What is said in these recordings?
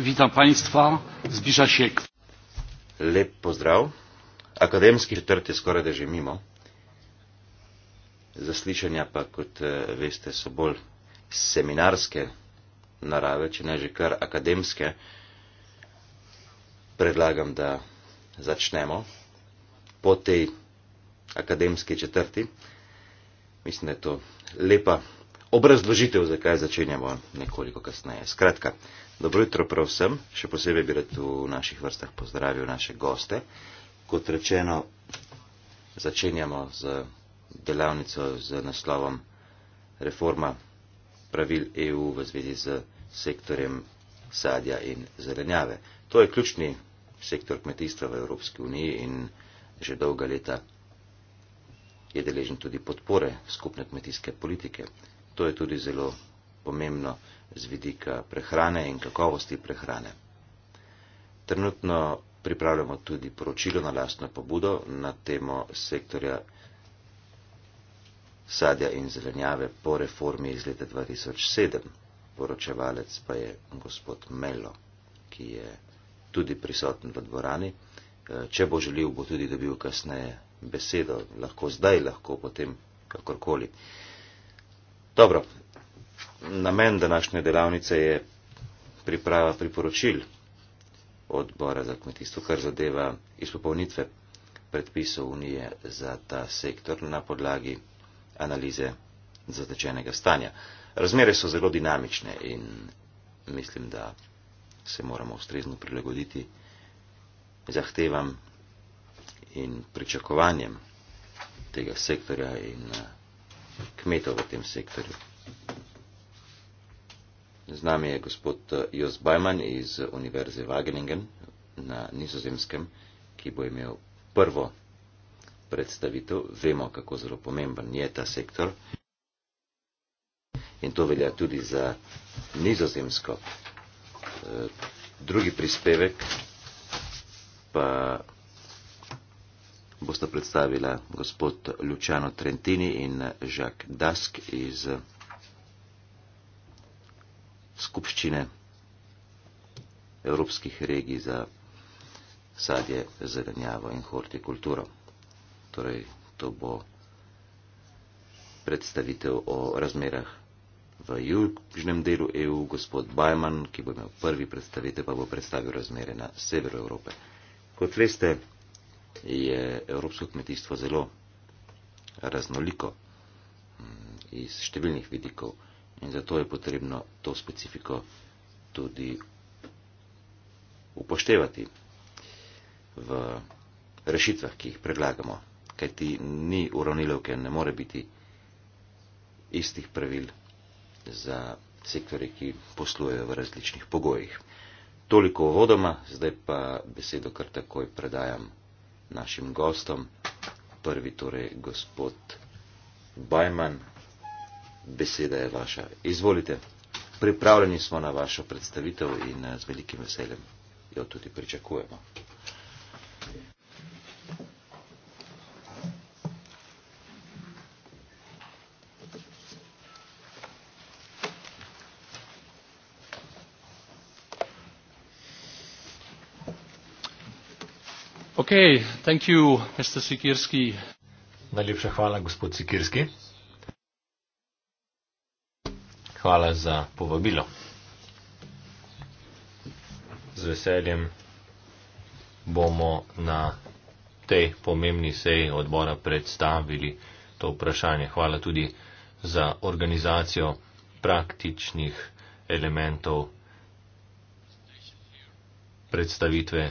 Witam Państwa. Zbliża się. Lep pozdrav. Akademski četrti skoraj da že mimo. Zaslišanja pa, kot eh, veste, so bolj seminarske narave, če ne že kar akademske. Predlagam, da začnemo po tej akademski četrti. Mislim, da je to lepa obrazložitev, zakaj začenjamo nekoliko kasneje. Skratka, dobro jutro prav vsem, še posebej bi rad v naših vrstah pozdravil naše goste. Kot rečeno, začenjamo z delavnico z naslovom Reforma pravil EU v zvezi z sektorjem sadja in zelenjave. To je ključni sektor kmetijstva v Evropski uniji in že dolga leta je deležen tudi podpore skupne kmetijske politike. To je tudi zelo pomembno z vidika prehrane in kakovosti prehrane. Trenutno pripravljamo tudi poročilo na lastno pobudo na temo sektorja sadja in zelenjave po reformi iz leta 2007. Poročevalec pa je gospod Melo, ki je tudi prisoten v dvorani. Eh, če bo želil, bo tudi dobil kasneje besedo, lahko zdaj, lahko potem kakorkoli. Dobro, namen današnje delavnice je priprava priporočil odbora za kmetijstvo, kar zadeva izpopolnitve predpisov Unije za ta sektor na podlagi analize zatečenega stanja. Razmere so zelo dinamične in mislim, da se moramo ustrezno prilagoditi zahtevam in pričakovanjem tega sektorja in uh, kmetov v tem sektorju. Z nami je gospod eh, Jos Bajman iz eh, Univerze Wageningen na nizozemskem, ki bo imel prvo predstavitev. Vemo, kako zelo pomemben je ta sektor. In to velja tudi za nizozemsko. Eh, drugi prispevek pa bosta predstavila gospod Lučano Trentini in Žak Dask iz skupščine evropskih regij za sadje, zelenjavo in hortikulturo. Torej, to bo predstavitev o razmerah v južnem delu EU, gospod Bajman, ki bo imel prvi predstavitev, pa bo predstavil razmere na severu Evrope. Kot veste, je evropsko kmetijstvo zelo raznoliko mm, iz številnih vidikov in zato je potrebno to specifiko tudi upoštevati v rešitvah, ki jih predlagamo, kajti ni uravnilovke, ne more biti istih pravil za sektorje, ki poslujejo v različnih pogojih. Toliko vodoma, zdaj pa besedo kar takoj predajam našim gostom. Prvi torej gospod Bajman, beseda je vaša. Izvolite, pripravljeni smo na vašo predstavitev in eh, z velikim veseljem jo tudi pričakujemo. Okay, thank you, Mr. Sikirski. Najlepša hvala, gospod Sikirski. Hvala za povabilo. Z veseljem bomo na tej pomembni seji odbora predstavili to vprašanje. Hvala tudi za organizacijo praktičnih elementov predstavitve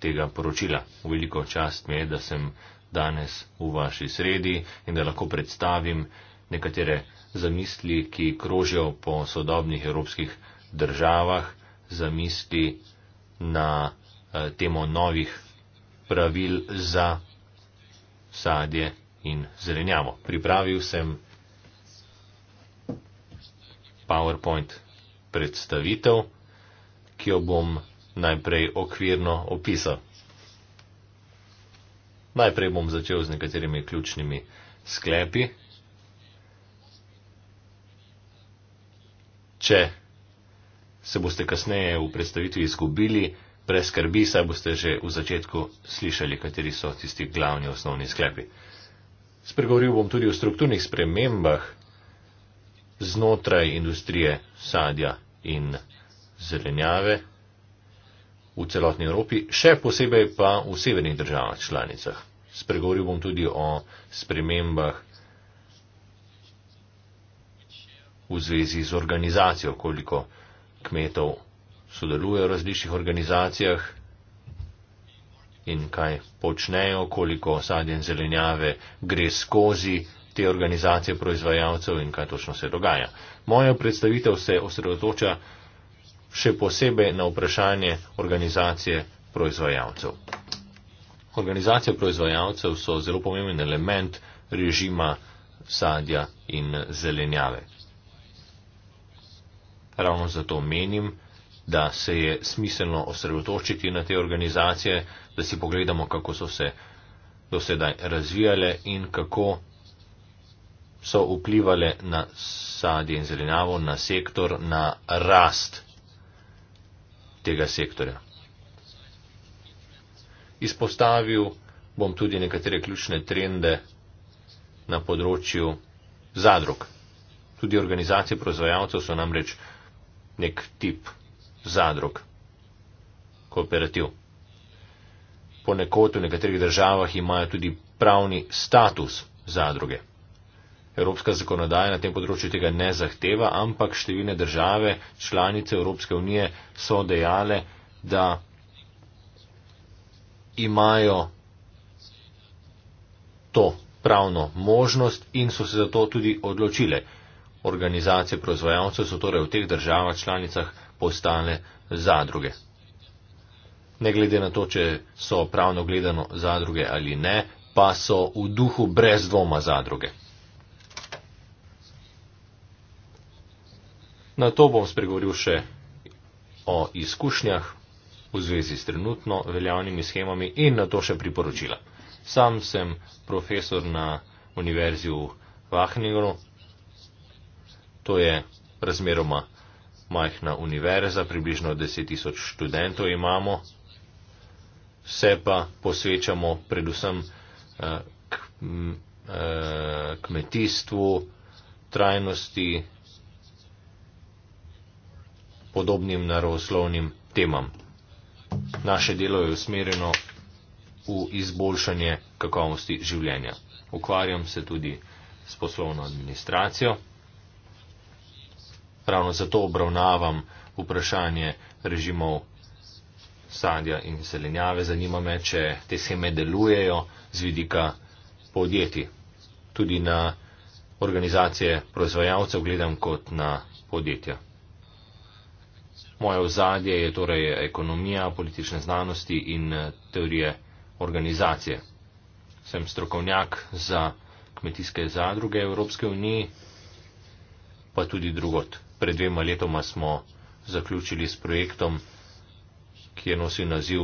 tega poročila. Veliko čast mi je, da sem danes v vaši sredi in da lahko predstavim nekatere zamisli, ki krožijo po sodobnih evropskih državah, zamisli na eh, temo novih pravil za sadje in zelenjavo. Pripravil sem PowerPoint predstavitev, ki jo bom najprej okvirno opisal. Najprej bom začel z nekaterimi ključnimi sklepi. Če se boste kasneje v predstavitvi izgubili, preskrbi, saj boste že v začetku slišali, kateri so tisti glavni osnovni sklepi. Spregovoril bom tudi o strukturnih spremembah znotraj industrije sadja in zelenjave v celotni Evropi, še posebej pa v severnih državah članicah. Spregovoril bom tudi o spremembah v zvezi z organizacijo, koliko kmetov sodeluje v različnih organizacijah in kaj počnejo, koliko sadje in zelenjave gre skozi te organizacije proizvajalcev in kaj točno se dogaja. Moja predstavitev se osredotoča še posebej na vprašanje organizacije proizvajalcev. Organizacije proizvajalcev so zelo pomemben element režima sadja in zelenjave. Ravno zato menim, da se je smiselno osredotočiti na te organizacije, da si pogledamo, kako so se do sedaj razvijale in kako so vplivale na sadje in zelenjavo, na sektor, na rast tega sektorja. Izpostavil bom tudi nekatere ključne trende na področju zadrug. Tudi organizacije proizvajalcev so namreč nek tip zadrug, kooperativ. Ponekod v nekaterih državah imajo tudi pravni status zadruge. Evropska zakonodaja na tem področju tega ne zahteva, ampak številne države, članice Evropske unije so dejale, da imajo to pravno možnost in so se za to tudi odločile. Organizacije proizvajalcev so torej v teh državah članicah postale zadruge. Ne glede na to, če so pravno gledano zadruge ali ne, pa so v duhu brez dvoma zadruge. Na to bom spregovoril še o izkušnjah v zvezi s trenutno veljavnimi schemami in na to še priporočila. Sam sem profesor na Univerzi v Vahningru. To je razmeroma majhna univerza, približno 10 tisoč študentov imamo. Vse pa posvečamo predvsem eh, eh, kmetijstvu, trajnosti, podobnim naravoslovnim temam. Naše delo je usmerjeno v izboljšanje kakovosti življenja. Ukvarjam se tudi s poslovno administracijo. Ravno zato obravnavam vprašanje režimov sadja in zelenjave. Zanima me, če te scheme delujejo z vidika podjetij. Tudi na organizacije proizvajalcev gledam kot na podjetja. Moje ozadje je torej ekonomija, politične znanosti in eh, teorije organizacije. Sem strokovnjak za kmetijske zadruge Evropske unije, pa tudi drugot. Pred dvema letoma smo zaključili s projektom, ki je nosil naziv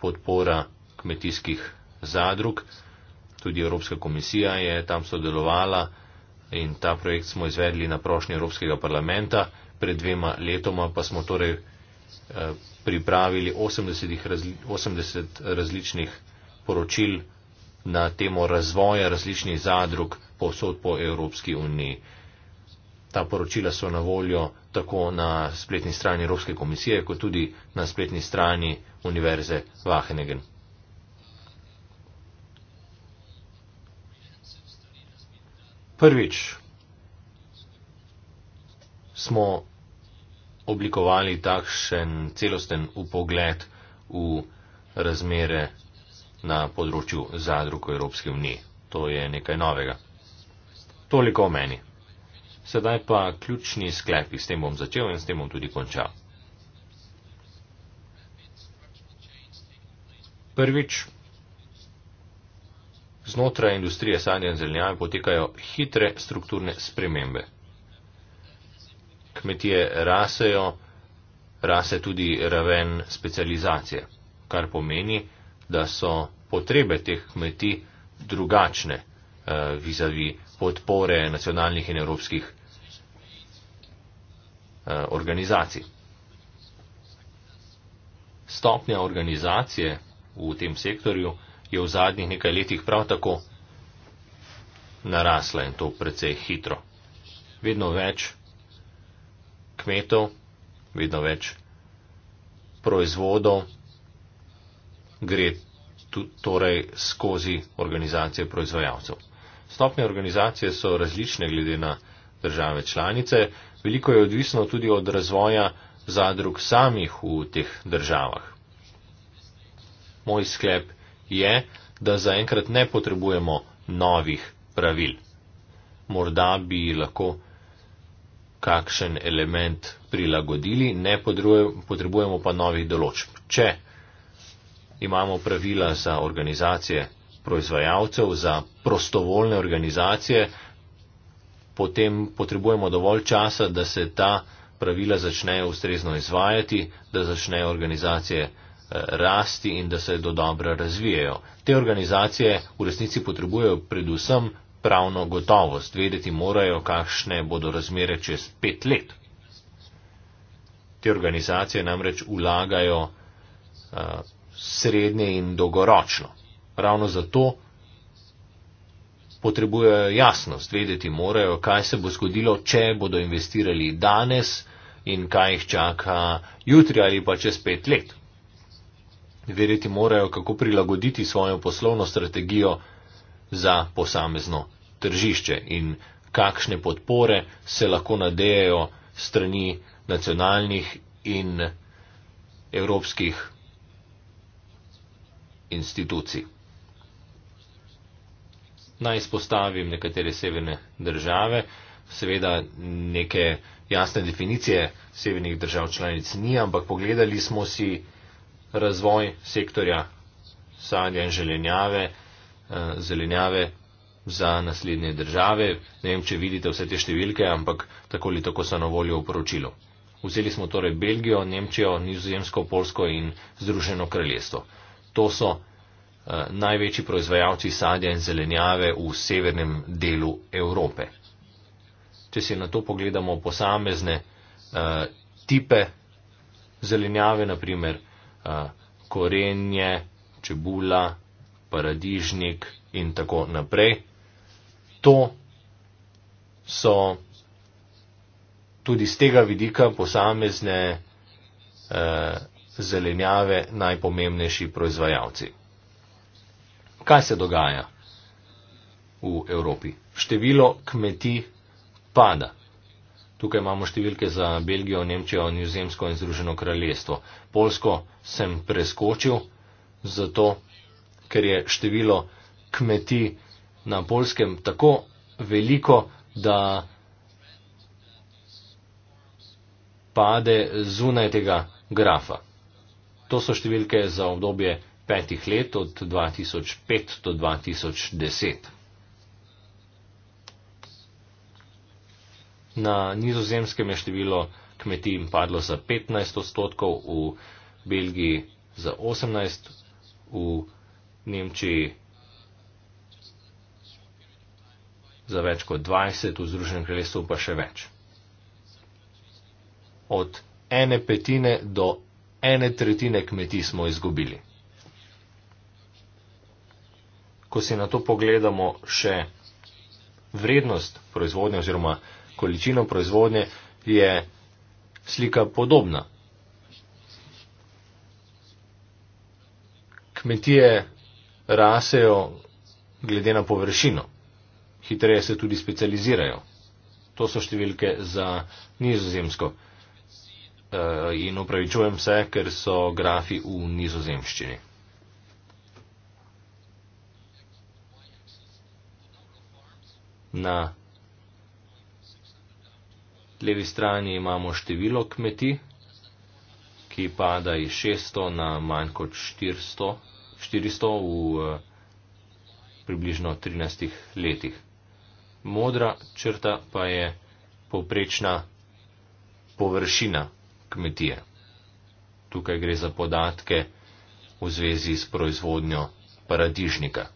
podpora kmetijskih zadrug. Tudi Evropska komisija je tam sodelovala in ta projekt smo izvedli na prošnje Evropskega parlamenta pred dvema letoma pa smo torej eh, pripravili 80, razli 80 različnih poročil na temo razvoja različnih zadrug povsod po Evropski uniji. Ta poročila so na voljo tako na spletni strani Evropske komisije, kot tudi na spletni strani Univerze Vahenegen. Prvič smo oblikovali takšen celosten upogled v razmere na področju zadrug v Evropski uniji. To je nekaj novega. Toliko o meni. Sedaj pa ključni sklepi. S tem bom začel in s tem bom tudi končal. Prvič, znotraj industrije sadja in zelenjave potekajo hitre strukturne spremembe kmetije rasejo, rase tudi raven specializacije, kar pomeni, da so potrebe teh kmetij drugačne eh, vizavi podpore nacionalnih in evropskih eh, organizacij. Stopnja organizacije v tem sektorju je v zadnjih nekaj letih prav tako narasla in to precej hitro. Vedno več kmetov, vedno več proizvodov gre torej skozi organizacije proizvajalcev. Stopnje organizacije so različne glede na države članice, veliko je odvisno tudi od razvoja zadrug samih v teh državah. Moj sklep je, da zaenkrat ne potrebujemo novih pravil. Morda bi lahko kakšen element prilagodili, ne potrebujemo pa novih določb. Če imamo pravila za organizacije proizvajalcev, za prostovoljne organizacije, potem potrebujemo dovolj časa, da se ta pravila začnejo ustrezno izvajati, da začnejo organizacije eh, rasti in da se do dobra razvijajo. Te organizacije v resnici potrebujejo predvsem pravno gotovost, vedeti morajo, kakšne bodo razmere čez pet let. Te organizacije namreč ulagajo uh, eh, srednje in dolgoročno. Ravno zato potrebujejo jasnost, vedeti morajo, kaj se bo zgodilo, če bodo investirali danes in kaj jih čaka jutri ali pa čez pet let. Vedeti morajo, kako prilagoditi svojo poslovno strategijo za posamezno tržišče in kakšne podpore se lahko nadejejo strani nacionalnih in evropskih institucij. Naj spostavim nekatere severne države, seveda neke jasne definicije severnih držav članic ni, ampak pogledali smo si razvoj sektorja sadja in želenjave, Eh, zelenjave za naslednje države. Ne vem, če vidite vse te številke, ampak tako ali tako so na voljo v poročilu. Vzeli smo torej Belgijo, Nemčijo, Nizozemsko, Polsko in Združeno kraljestvo. To so eh, največji proizvajalci sadja in zelenjave v severnem delu Evrope. Če si na to pogledamo posamezne uh, tipe zelenjave, naprimer uh, korenje, čebula, paradižnik in tako naprej. To so tudi z tega vidika posamezne eh, zelenjave najpomembnejši proizvajalci. Kaj se dogaja v Evropi? Število kmetij pada. Tukaj imamo številke za Belgijo, Nemčijo, Nizozemsko in Združeno kraljestvo. Polsko sem preskočil, zato ker je število kmetij na polskem tako veliko, da pade zunaj tega grafa. To so številke za obdobje petih let od 2005 do 2010. Na nizozemskem je število kmetij padlo za 15 odstotkov, v Belgiji za 18, v Nemčiji za več kot 20, v Združenem kraljestvu pa še več. Od ene petine do ene tretjine kmetij smo izgubili. Ko si na to pogledamo še vrednost proizvodnje oziroma količino proizvodnje, je slika podobna. Kmetije rasejo glede na površino. Hitreje se tudi specializirajo. To so številke za nizozemsko. Eh, in upravičujem se, ker so grafi v nizozemščini. Na levi strani imamo število kmetij, ki pada iz 600 na manj kot 400 400 v eh, približno 13 letih. Modra črta pa je povprečna površina kmetije. Tukaj gre za podatke v zvezi s proizvodnjo paradižnika.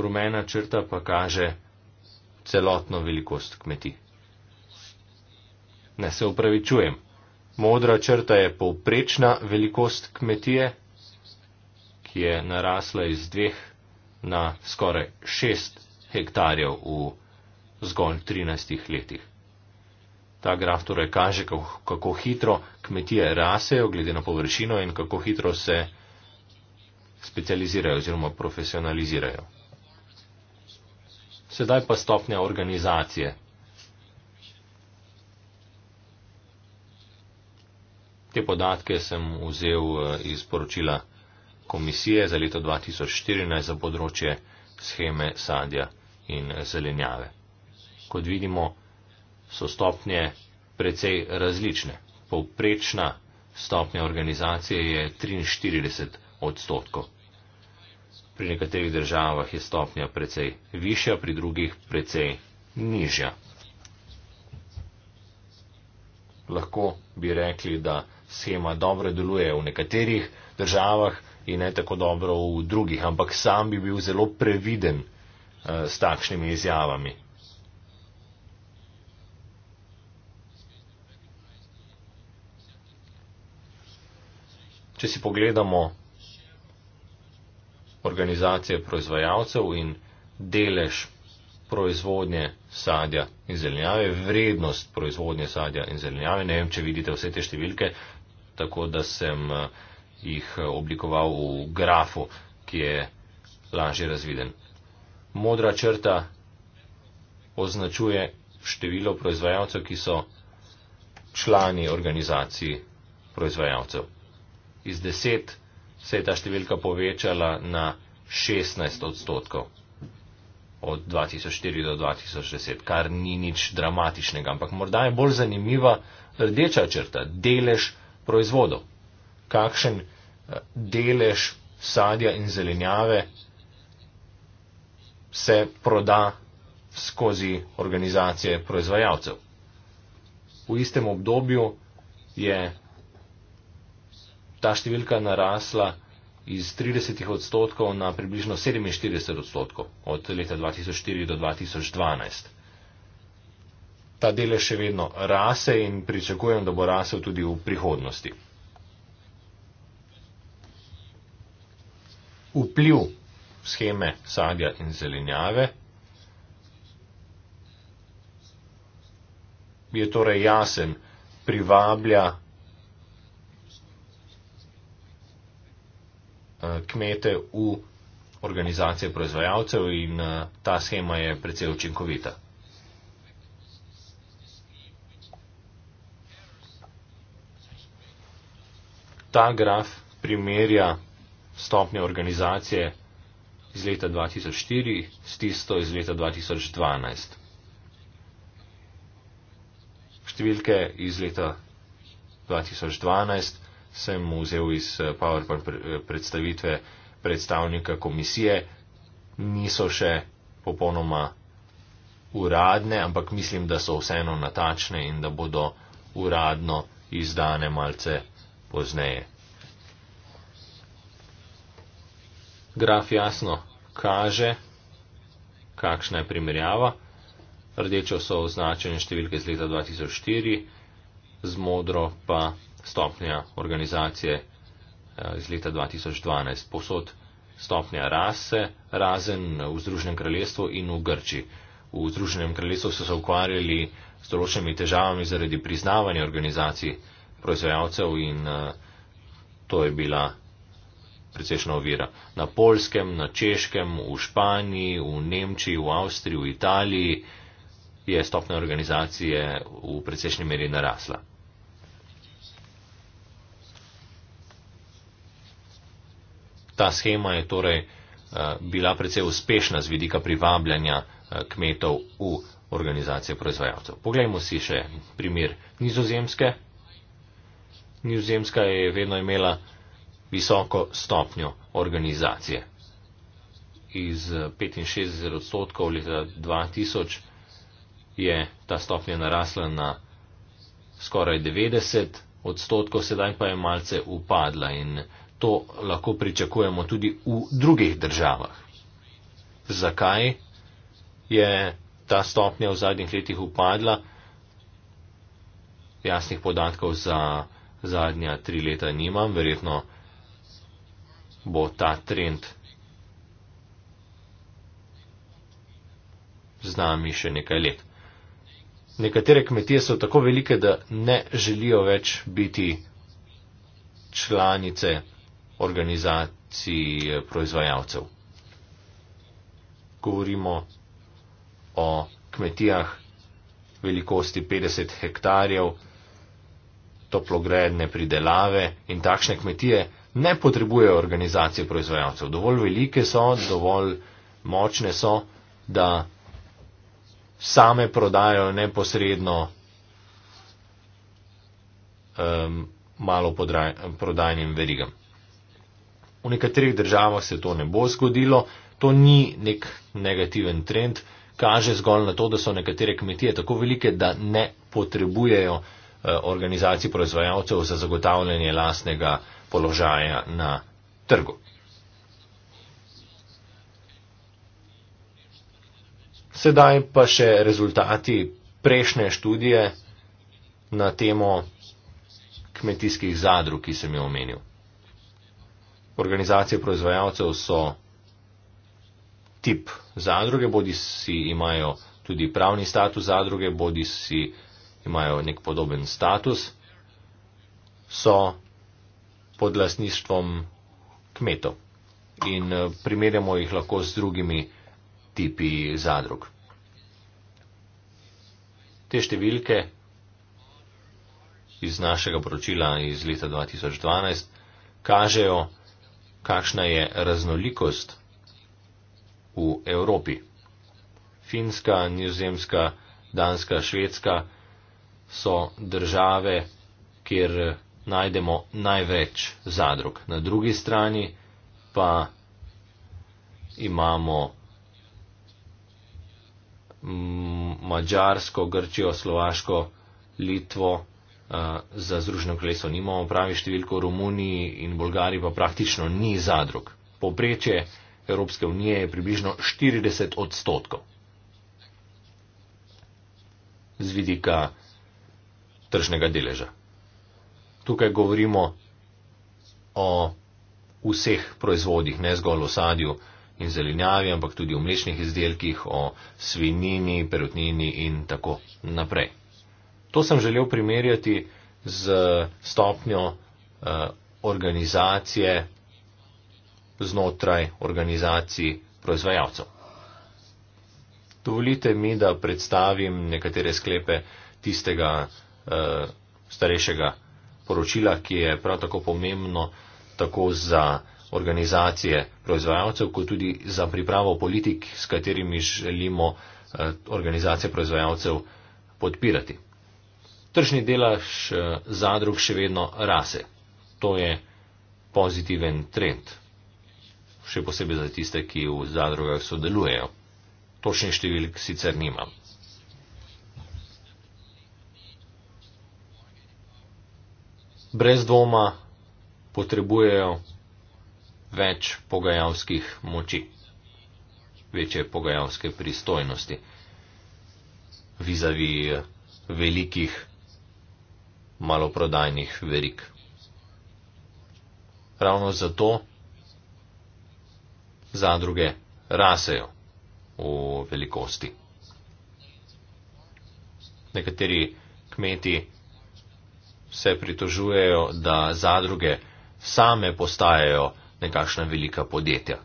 Rumena črta pa kaže celotno velikost kmetij. Ne se upravičujem. Modra črta je povprečna velikost kmetije, ki je narasla iz dveh na skoraj šest hektarjev v zgolj 13 letih. Ta graf torej kaže, kako hitro kmetije rasejo glede na površino in kako hitro se specializirajo oziroma profesionalizirajo. Sedaj pa stopnja organizacije Te podatke sem vzel eh, iz poročila komisije za leto 2014 za področje scheme sadja in eh, zelenjave. Kot vidimo, so stopnje precej različne. Povprečna stopnja organizacije je 43 odstotkov. Pri nekaterih državah je stopnja precej višja, pri drugih precej nižja. Lahko bi rekli, da schema dobro deluje v nekaterih državah in ne tako dobro v drugih, ampak sam bi bil zelo previden eh, s takšnimi izjavami. Če si pogledamo organizacije proizvajalcev in delež proizvodnje sadja in zelenjave, vrednost proizvodnje sadja in zelenjave, ne vem, če vidite vse te številke, tako da sem eh, jih eh, oblikoval v grafu, ki je lažje razviden. Modra črta označuje število proizvajalcev, ki so člani organizaciji proizvajalcev. Iz 10 se je ta številka povečala na 16 odstotkov od 2004 do 2010, kar ni nič dramatičnega, ampak morda je bolj zanimiva rdeča črta, delež proizvodov, kakšen eh, delež sadja in zelenjave se proda skozi organizacije proizvajalcev. V istem obdobju je ta številka narasla iz 30 odstotkov na približno 47 odstotkov od leta 2004 do 2012 ta dele še vedno rase in pričakujem, da bo rasel tudi v prihodnosti. Vpliv scheme sadja in zelenjave je torej jasen, privablja eh, kmete v organizacije proizvajalcev in eh, ta schema je precej učinkovita. ta graf primerja stopnje organizacije iz leta 2004 s tisto iz leta 2012. Številke iz leta 2012 sem vzel iz eh, PowerPoint eh, predstavitve predstavnika komisije, niso še popolnoma uradne, ampak mislim, da so vseeno natačne in da bodo uradno izdane malce pozneje. Graf jasno kaže, kakšna je primerjava. Rdečo so označene številke z leta 2004, z modro pa stopnja organizacije eh, iz leta 2012. Posod stopnja rase, razen v Združenem kraljestvu in v Grči. V Združenem kraljestvu so se ukvarjali s določenimi težavami zaradi priznavanja organizacij proizvajalcev in eh, to je bila precejšna ovira. Na polskem, na češkem, v Španiji, v Nemčiji, v Avstriji, v Italiji je stopna organizacije v precejšnji meri narasla. Ta schema je torej eh, bila precej uspešna z vidika privabljanja eh, kmetov v organizacije proizvajalcev. Poglejmo si še primer nizozemske Nizozemska je vedno imela visoko stopnjo organizacije. Iz 65 odstotkov leta 2000 je ta stopnja narasla na skoraj 90 odstotkov, sedaj pa je malce upadla in to lahko pričakujemo tudi v drugih državah. Zakaj je ta stopnja v zadnjih letih upadla? Jasnih podatkov za zadnja tri leta nimam, verjetno bo ta trend z nami še nekaj let. Nekatere kmetije so tako velike, da ne želijo več biti članice organizacij eh, proizvajalcev. Govorimo o kmetijah velikosti 50 hektarjev toplogredne pridelave in takšne kmetije ne potrebujejo organizacije proizvajalcev. Dovolj velike so, dovolj močne so, da same prodajo neposredno um, malo podraj, prodajnim verigam. V nekaterih državah se to ne bo zgodilo, to ni nek negativen trend, kaže zgolj na to, da so nekatere kmetije tako velike, da ne potrebujejo Eh, organizacij proizvajalcev za zagotavljanje lastnega položaja na trgu. Sedaj pa še rezultati prejšnje študije na temo kmetijskih zadrug, ki sem jo omenil. Organizacije proizvajalcev so tip zadruge, bodi si imajo tudi pravni status zadruge, bodi si imajo imajo nek podoben status, so pod lasništvom kmetov in eh, primerjamo jih lahko z drugimi tipi zadrug. Te številke iz našega poročila iz leta 2012 kažejo, kakšna je raznolikost v Evropi. Finska, nizozemska, danska, švedska, so države, kjer najdemo največ zadrug. Na drugi strani pa imamo Mačarsko, Grčijo, Slovaško, Litvo, eh, za Združeno kraljestvo nimamo pravi številko, v Romuniji in Bolgariji pa praktično ni zadrug. Poprečje Evropske unije je približno 40 odstotkov. Z vidika tržnega deleža. Tukaj govorimo o vseh proizvodih, ne zgolj o sadju in zelenjavi, ampak tudi o mlečnih izdelkih, o svinini, perutnini in tako naprej. To sem želel primerjati z stopnjo eh, organizacije znotraj organizacij proizvajalcev. Dovolite mi, da predstavim nekatere sklepe tistega Eh, starejšega poročila, ki je prav tako pomembno tako za organizacije proizvajalcev, kot tudi za pripravo politik, s katerimi želimo eh, organizacije proizvajalcev podpirati. Tržni delaš eh, zadrug še vedno rase. To je pozitiven trend. Še posebej za tiste, ki v zadrugah sodelujejo. Točnih številk sicer nimam. brez dvoma potrebujejo več pogajalskih moči, večje pogajalske pristojnosti vizavi eh, velikih maloprodajnih verik. Ravno zato zadruge rasejo v velikosti. Nekateri kmeti se pritožujejo, da zadruge same postajajo nekakšna velika podjetja.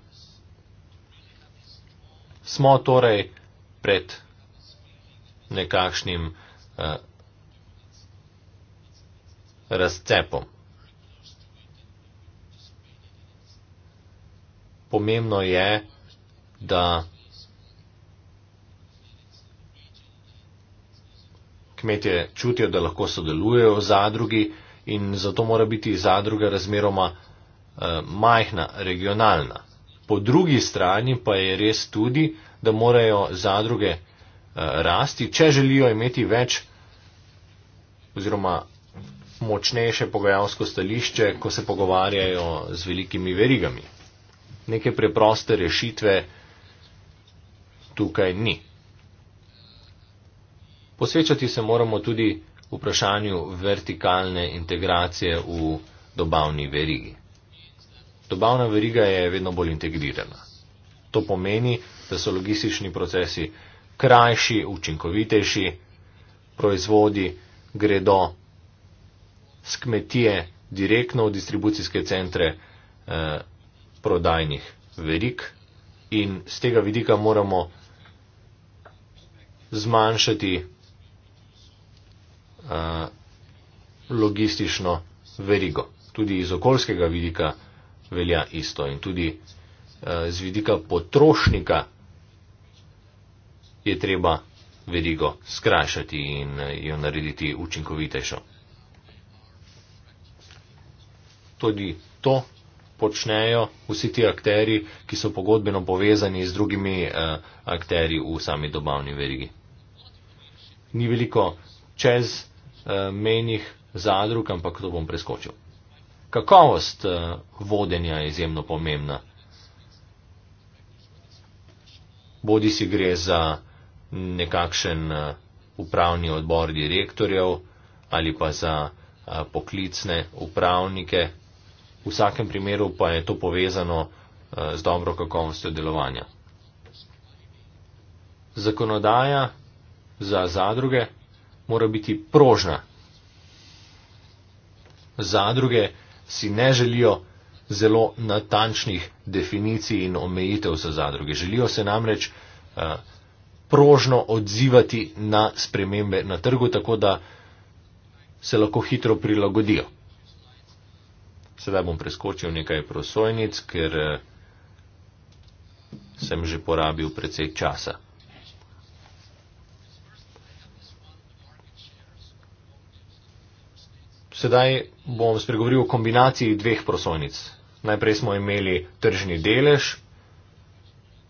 Smo torej pred nekakšnim eh, razcepom. Pomembno je, da kmetje čutijo, da lahko sodelujejo v zadrugi in zato mora biti zadruga razmeroma eh, majhna, regionalna. Po drugi strani pa je res tudi, da morajo zadruge eh, rasti, če želijo imeti več oziroma močnejše pogajalsko stališče, ko se pogovarjajo z velikimi verigami. Neke preproste rešitve tukaj ni. Posvečati se moramo tudi vprašanju vertikalne integracije v dobavni verigi. Dobavna veriga je vedno bolj integrirana. To pomeni, da so logistični procesi krajši, učinkovitejši, proizvodi gredo s kmetije direktno v distribucijske centre eh, prodajnih verig in z tega vidika moramo zmanjšati Eh, logistično verigo. Tudi iz okoljskega vidika velja isto in tudi eh, z vidika potrošnika je treba verigo skrajšati in eh, jo narediti učinkovitejšo. Tudi to počnejo vsi ti akteri, ki so pogodbeno povezani z drugimi akteri v sami dobavni verigi. Ni veliko čez Eh, menjih zadrug, ampak to bom preskočil. Kakovost eh, vodenja je izjemno pomembna. Bodi si gre za nekakšen eh, upravni odbor direktorjev ali pa za poklicne upravnike. V vsakem primeru pa je to povezano z dobro kakovostjo delovanja. Zakonodaja za zadruge mora biti prožna. Zadruge si ne želijo zelo natančnih definicij in omejitev za zadruge. Želijo se namreč uh, prožno odzivati na spremembe na trgu, tako da se lahko hitro prilagodijo. Sedaj bom preskočil nekaj prosojnic, ker uh, sem že porabil precej časa. sedaj bom spregovoril o kombinaciji dveh prosojnic. Najprej smo imeli tržni delež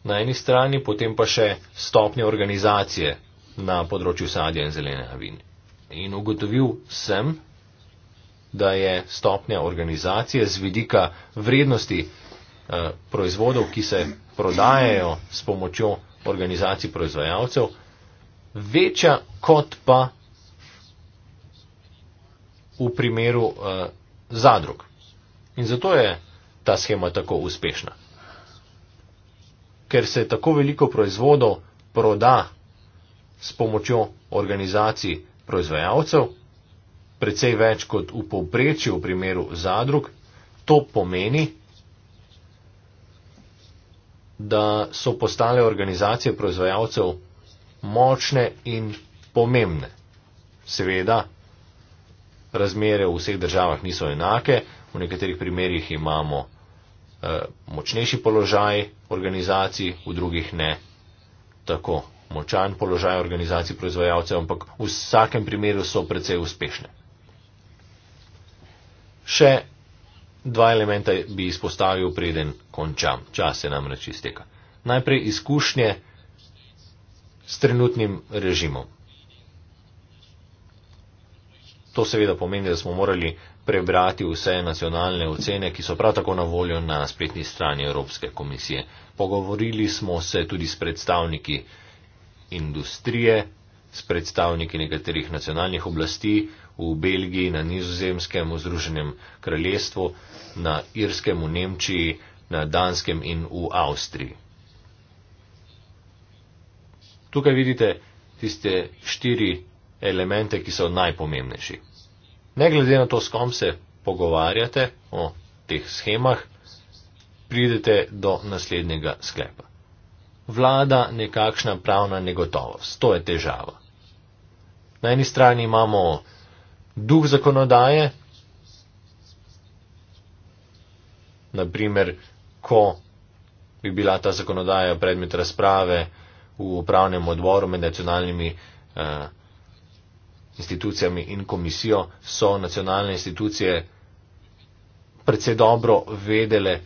na eni strani, potem pa še stopnje organizacije na področju sadja in zelenega vina. In ugotovil sem, da je stopnja organizacije z vidika vrednosti eh, proizvodov, ki se prodajajo s pomočjo organizacij proizvajalcev, večja kot pa v primeru uh, zadrug. In zato je ta schema tako uspešna. Ker se tako veliko proizvodov proda s pomočjo organizacij proizvajalcev, precej več kot v povprečju v primeru zadrug, to pomeni, da so postale organizacije proizvajalcev močne in pomembne. Seveda, razmere v vseh državah niso enake. V nekaterih primerjih imamo eh, močnejši položaj organizacij, v drugih ne tako močan položaj organizacij proizvajalcev, ampak v vsakem primeru so precej uspešne. Še dva elementa bi izpostavil, preden končam. Čas se namreč izteka. Najprej izkušnje s trenutnim režimom. To seveda pomeni, da smo morali prebrati vse nacionalne ocene, ki so prav tako na voljo na spletni strani Evropske komisije. Pogovorili smo se tudi s predstavniki industrije, s predstavniki nekaterih nacionalnih oblasti v Belgiji, na nizozemskem, v Združenem kraljestvu, na Irskem, v Nemčiji, na Danskem in v Avstriji. Tukaj vidite tiste štiri elemente, ki so najpomembnejši. Ne glede na to, s kom se pogovarjate o teh schemah, pridete do naslednjega sklepa. Vlada nekakšna pravna negotovost, to je težava. Na eni strani imamo duh zakonodaje, naprimer, ko bi bila ta zakonodaja predmet razprave v upravnem odboru med nacionalnimi eh, institucijami in komisijo so nacionalne institucije predvsej dobro vedele,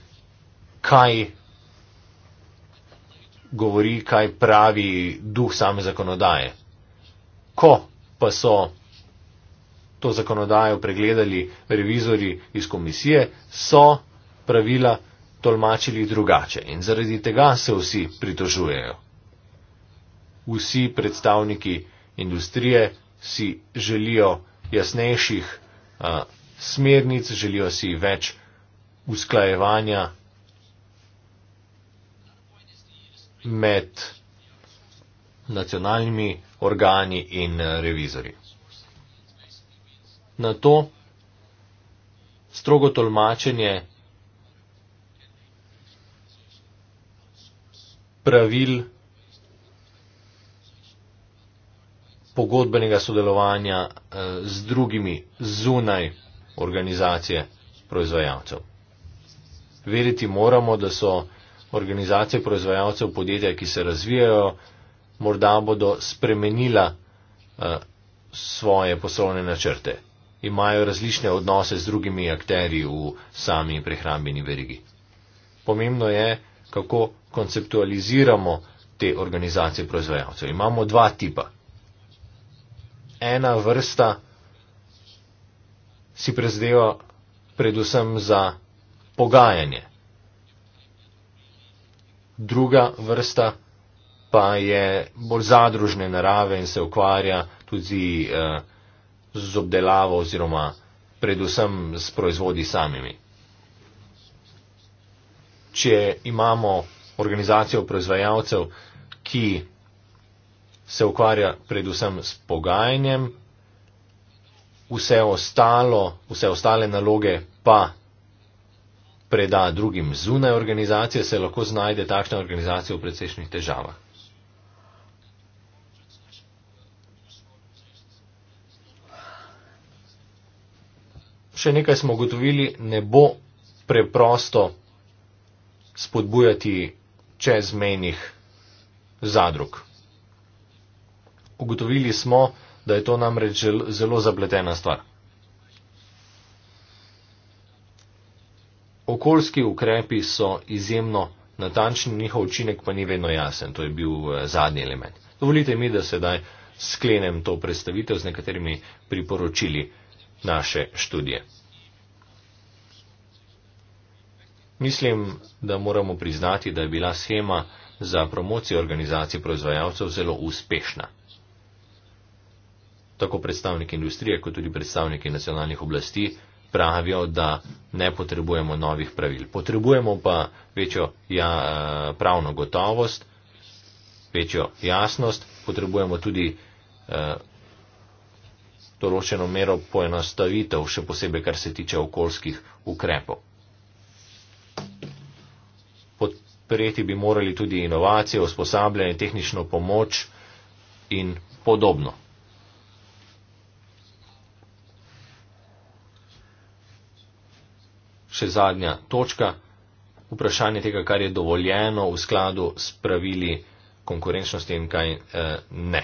kaj govori, kaj pravi duh same zakonodaje. Ko pa so to zakonodajo pregledali revizori iz komisije, so pravila tolmačili drugače in zaradi tega se vsi pritožujejo. Vsi predstavniki industrije, si želijo jasnejših a, smernic, želijo si več usklajevanja med nacionalnimi organi in revizori. Na to strogo tolmačenje pravil pogodbenega sodelovanja eh, z drugimi zunaj organizacije proizvajalcev. Veriti moramo, da so organizacije proizvajalcev podjetja, ki se razvijajo, morda bodo spremenila eh, svoje poslovne načrte. Imajo različne odnose z drugimi akteri v sami prehrambeni verigi. Pomembno je, kako konceptualiziramo te organizacije proizvajalcev. Imamo dva tipa ena vrsta si prezdeva predvsem za pogajanje. Druga vrsta pa je bolj zadružne narave in se ukvarja tudi eh, z obdelavo oziroma predvsem s proizvodi samimi. Če imamo organizacijo proizvajalcev, ki se ukvarja predvsem s pogajanjem, vse, ostalo, vse ostale naloge pa preda drugim zunaj organizacije, se lahko znajde takšna organizacija v precejšnjih težavah. Še nekaj smo ugotovili, ne bo preprosto spodbujati čezmenih zadrug ugotovili smo, da je to namreč zelo zapletena stvar. Okoljski ukrepi so izjemno natančni, njihov učinek pa ni vedno jasen. To je bil eh, zadnji element. Dovolite mi, da sedaj sklenem to predstavitev z nekaterimi priporočili naše študije. Mislim, da moramo priznati, da je bila schema za promocijo organizacij proizvajalcev zelo uspešna tako predstavniki industrije, kot tudi predstavniki nacionalnih oblasti, pravijo, da ne potrebujemo novih pravil. Potrebujemo pa večjo ja, eh, pravno gotovost, večjo jasnost, potrebujemo tudi eh, določeno eh, mero poenostavitev, še posebej, kar se tiče okoljskih ukrepov. Prijeti bi morali tudi inovacije, usposabljanje, tehnično pomoč in podobno. še zadnja točka, vprašanje tega, kar je dovoljeno v skladu s pravili konkurenčnosti in kaj eh, ne.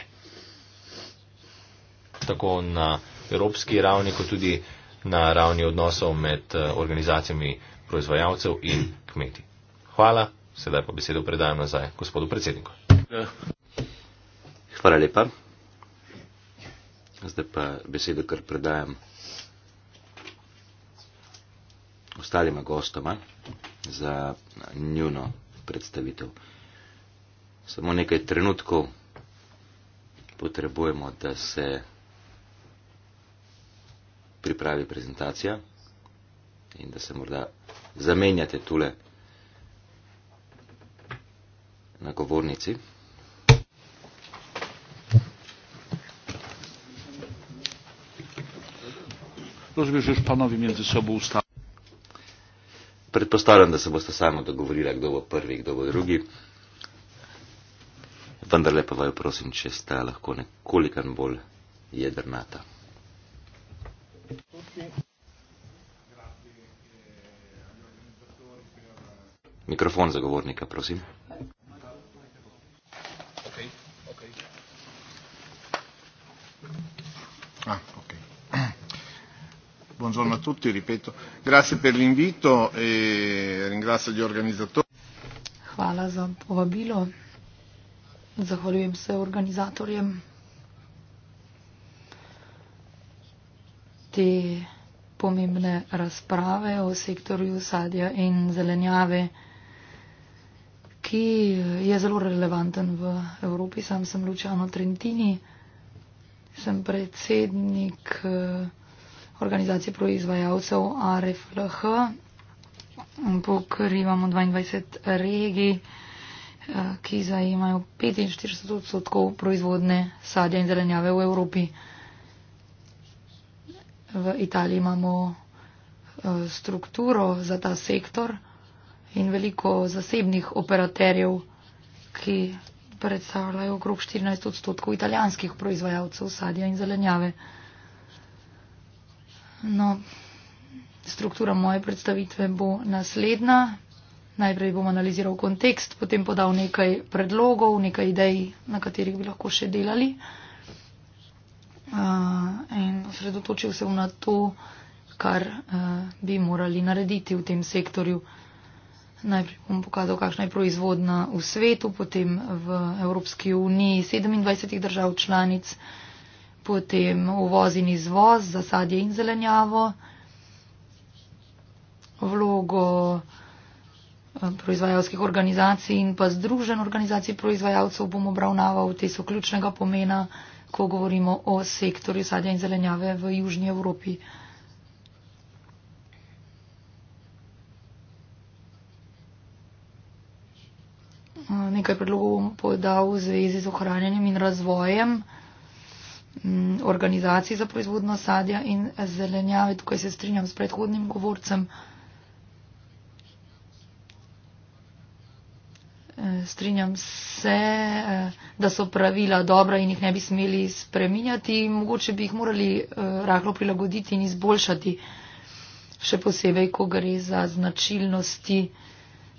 Tako na evropski ravni, kot tudi na ravni odnosov med eh, organizacijami proizvajalcev in kmeti. Hvala, sedaj pa besedo predajam nazaj gospodu predsedniku. Hvala lepa. Zdaj pa besedo, kar predajam ostalima gostoma za njuno predstavitev. Samo nekaj trenutkov potrebujemo, da se pripravi prezentacija in da se morda zamenjate tule na govornici. Rozbežeš panovi med sabo ustavljati predpostavljam, da se boste samo dogovorili, kdo bo prvi, kdo bo drugi. Vendar lepa vaju prosim, če sta lahko nekoliko bolj jedrnata. Mikrofon zagovornika, prosim. Okay. Okay. Ah. Buongiorno a tutti, ripeto, grazie per l'invito e ringrazio gli organizzatori. Hvala za povabilo. Zahvaljujem se organizatorjem te pomembne razprave o sektorju sadja in zelenjave, ki je zelo relevanten v Evropi. Sam sem Lučano Trentini, sem predsednik. Eh, organizacije proizvajalcev RFLH. Pokrivamo 22 regij, eh, ki zajemajo 45 odstotkov proizvodne sadja in zelenjave v Evropi. V Italiji imamo eh, strukturo za ta sektor in veliko zasebnih operaterjev, ki predstavljajo okrog 14 odstotkov italijanskih proizvajalcev sadja in zelenjave. No, struktura moje predstavitve bo naslednja. Najprej bom analiziral kontekst, potem podal nekaj predlogov, nekaj idej, na katerih bi lahko še delali. Uh, in osredotočil se na to, kar uh, bi morali narediti v tem sektorju. Najprej bom pokazal, kakšna je proizvodna v svetu, potem v Evropski uniji 27 držav članic potem uvoz in izvoz za sadje in zelenjavo, vlogo eh, proizvajalskih organizacij in pa združen organizacij proizvajalcev bom obravnaval, te so ključnega pomena, ko govorimo o sektorju sadja in zelenjave v Južnji Evropi. Eh, nekaj predlogov bom podal v zvezi z ohranjanjem in razvojem. Mm, organizacij za proizvodno sadja in zelenjave, tukaj se strinjam s predhodnim govorcem. E, strinjam se, e, da so pravila dobra in jih ne bi smeli spreminjati, mogoče bi jih morali e, rahlo prilagoditi in izboljšati, še posebej, ko gre za značilnosti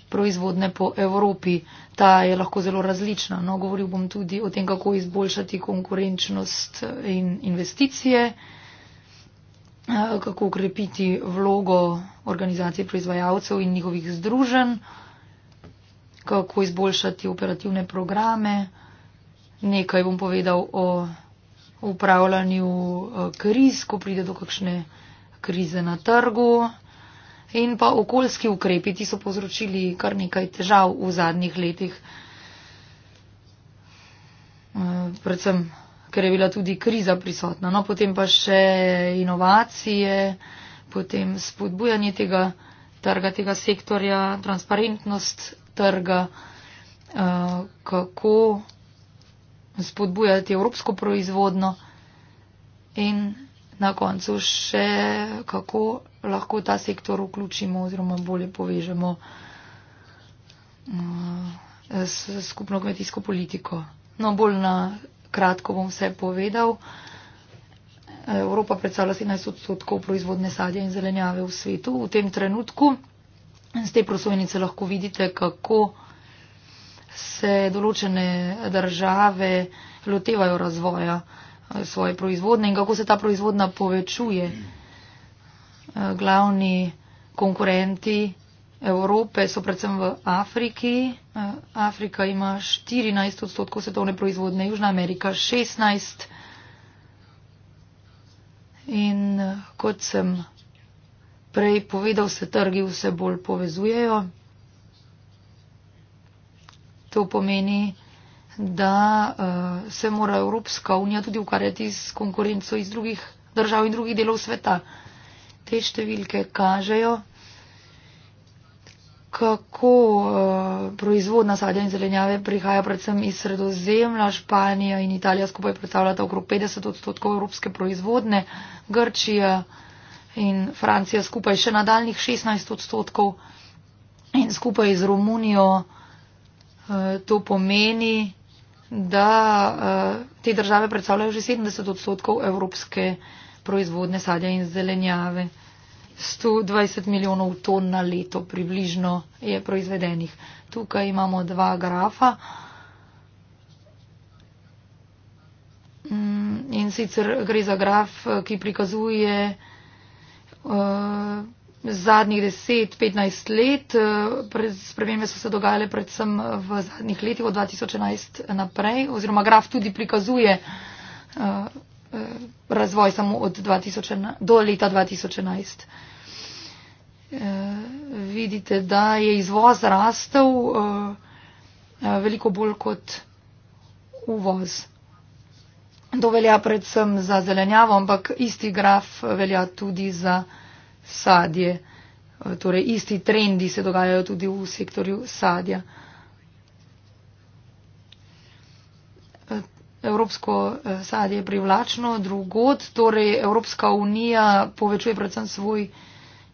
proizvodne po Evropi. Ta je lahko zelo različna. No, govoril bom tudi o tem, kako izboljšati konkurenčnost in investicije, kako ukrepiti vlogo organizacije proizvajalcev in njihovih združen, kako izboljšati operativne programe. Nekaj bom povedal o upravljanju eh, kriz, ko pride do kakšne krize na trgu, in pa okoljski ukrepi, ti so povzročili kar nekaj težav v zadnjih letih. Eh, predvsem, ker je bila tudi kriza prisotna. No, potem pa še inovacije, potem spodbujanje tega trga, tega sektorja, transparentnost trga, eh, kako spodbujati evropsko proizvodno in na koncu še kako lahko ta sektor vključimo oziroma bolje povežemo eh, s skupno kmetijsko politiko. No, bolj na kratko bom vse povedal. Evropa predstavlja 17 odstotkov proizvodne sadja in zelenjave v svetu v tem trenutku. Z te prosojnice lahko vidite, kako se določene države lotevajo razvoja eh, svoje proizvodne in kako se ta proizvodna povečuje. Mm. Eh, glavni konkurenti Evrope so predvsem v Afriki. Eh, Afrika ima 14 odstotkov svetovne proizvodne, Južna Amerika 16. In eh, kot sem prej povedal, se trgi vse bolj povezujejo. To pomeni, da se mora Evropska unija tudi ukvarjati s konkurenco iz drugih držav in drugih delov sveta te številke kažejo, kako eh, proizvodna sadja in zelenjave prihaja predvsem iz sredozemlja. Španija in Italija skupaj predstavljata okrog 50 odstotkov evropske proizvodne, Grčija in Francija skupaj še nadaljnih 16 odstotkov in skupaj z Romunijo eh, to pomeni, da eh, te države predstavljajo že 70 odstotkov evropske proizvodne proizvodne sadja in zelenjave. 120 milijonov ton na leto približno je proizvedenih. Tukaj imamo dva grafa. Mm, in sicer gre za graf, ki prikazuje uh, zadnjih 10-15 let. Spremembe so se dogajale predvsem v zadnjih letih od 2011 naprej. Oziroma graf tudi prikazuje. Uh, Eh, razvoj samo od 2000, do leta 2011. Eh, vidite, da je izvoz rastel eh, veliko bolj kot uvoz. To velja predvsem za zelenjavo, ampak isti graf velja tudi za sadje. Torej, isti trendi se dogajajo tudi v sektorju sadja. evropsko eh, sadje privlačno, drugod, torej Evropska unija povečuje predvsem svoj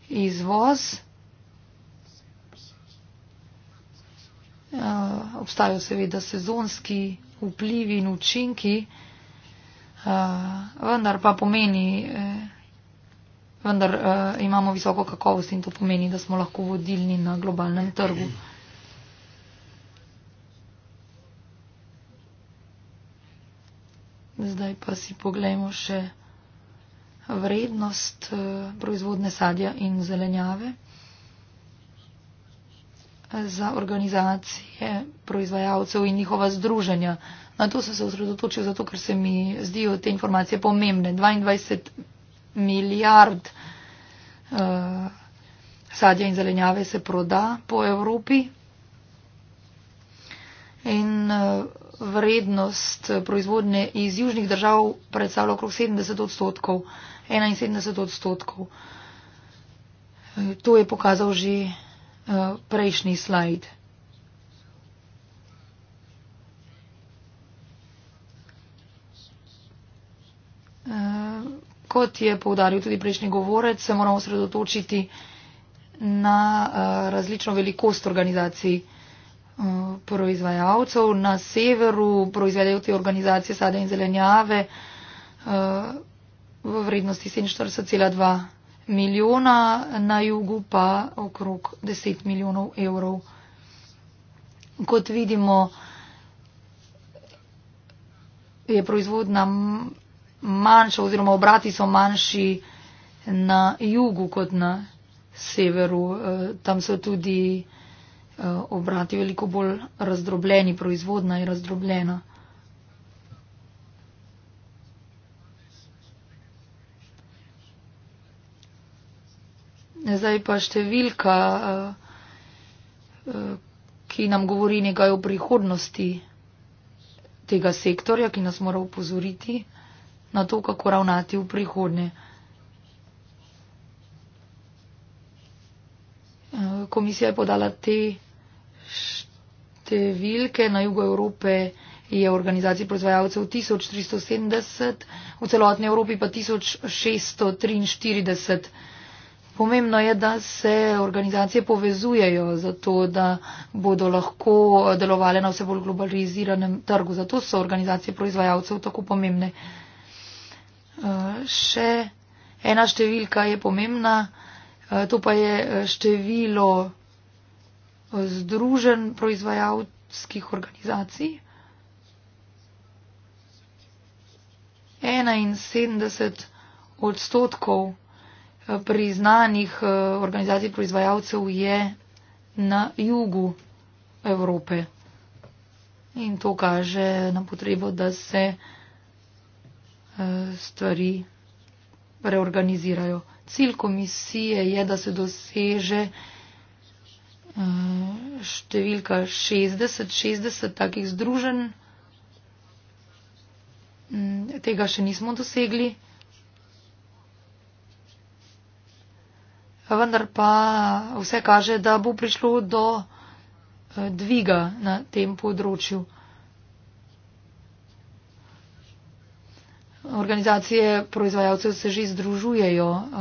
izvoz. Eh, obstajajo seveda sezonski vplivi in učinki, eh, vendar pa pomeni, vendar imamo visoko kakovost in to pomeni, da smo lahko vodilni na globalnem trgu. Zdaj pa si poglejmo še vrednost eh, proizvodne sadja in zelenjave. Za organizacije proizvajalcev in njihova združenja. Na to sem se osredotočil, zato ker se mi zdijo te informacije pomembne. 22 milijard uh, sadja in zelenjave se proda po Evropi. In uh, vrednost proizvodnje iz južnih držav predstavlja okrog 70 odstotkov, 71 odstotkov. To je pokazal že eh, prejšnji slajd. Eh, kot je povdaril tudi prejšnji govorec, se moramo sredotočiti na eh, različno velikost organizacij. Eh, proizvajalcev. Na severu proizvedejo te organizacije sada in zelenjave eh, v vrednosti 47,2 milijona, na jugu pa okrog 10 milijonov evrov. Kot vidimo, je proizvodna manjša oziroma obrati so manjši na jugu kot na severu. Eh, tam so tudi uh, Eh, obrati veliko bolj razdrobljeni, proizvodna je razdrobljena. Zdaj pa številka, eh, eh, ki nam govori nekaj o prihodnosti tega sektorja, ki nas mora upozoriti na to, kako ravnati v prihodnje. Komisija je podala te številke. Na jugu Evrope je organizacij proizvajalcev 1370, v celotni Evropi pa 1643. Pomembno je, da se organizacije povezujejo, zato da bodo lahko delovale na vse bolj globaliziranem trgu. Zato so organizacije proizvajalcev tako pomembne. Še ena številka je pomembna. Eh, to pa je eh, število eh, združen proizvajalskih organizacij. 71 odstotkov priznanih organizacij proizvajalcev je na jugu Evrope. In to kaže na potrebo, da se stvari reorganizirajo. Cilj komisije je, da se doseže eh, številka 60, 60 takih združen. Mm, tega še nismo dosegli. Vendar pa vse kaže, da bo prišlo do eh, dviga na tem področju. organizacije proizvajalcev se že združujejo eh,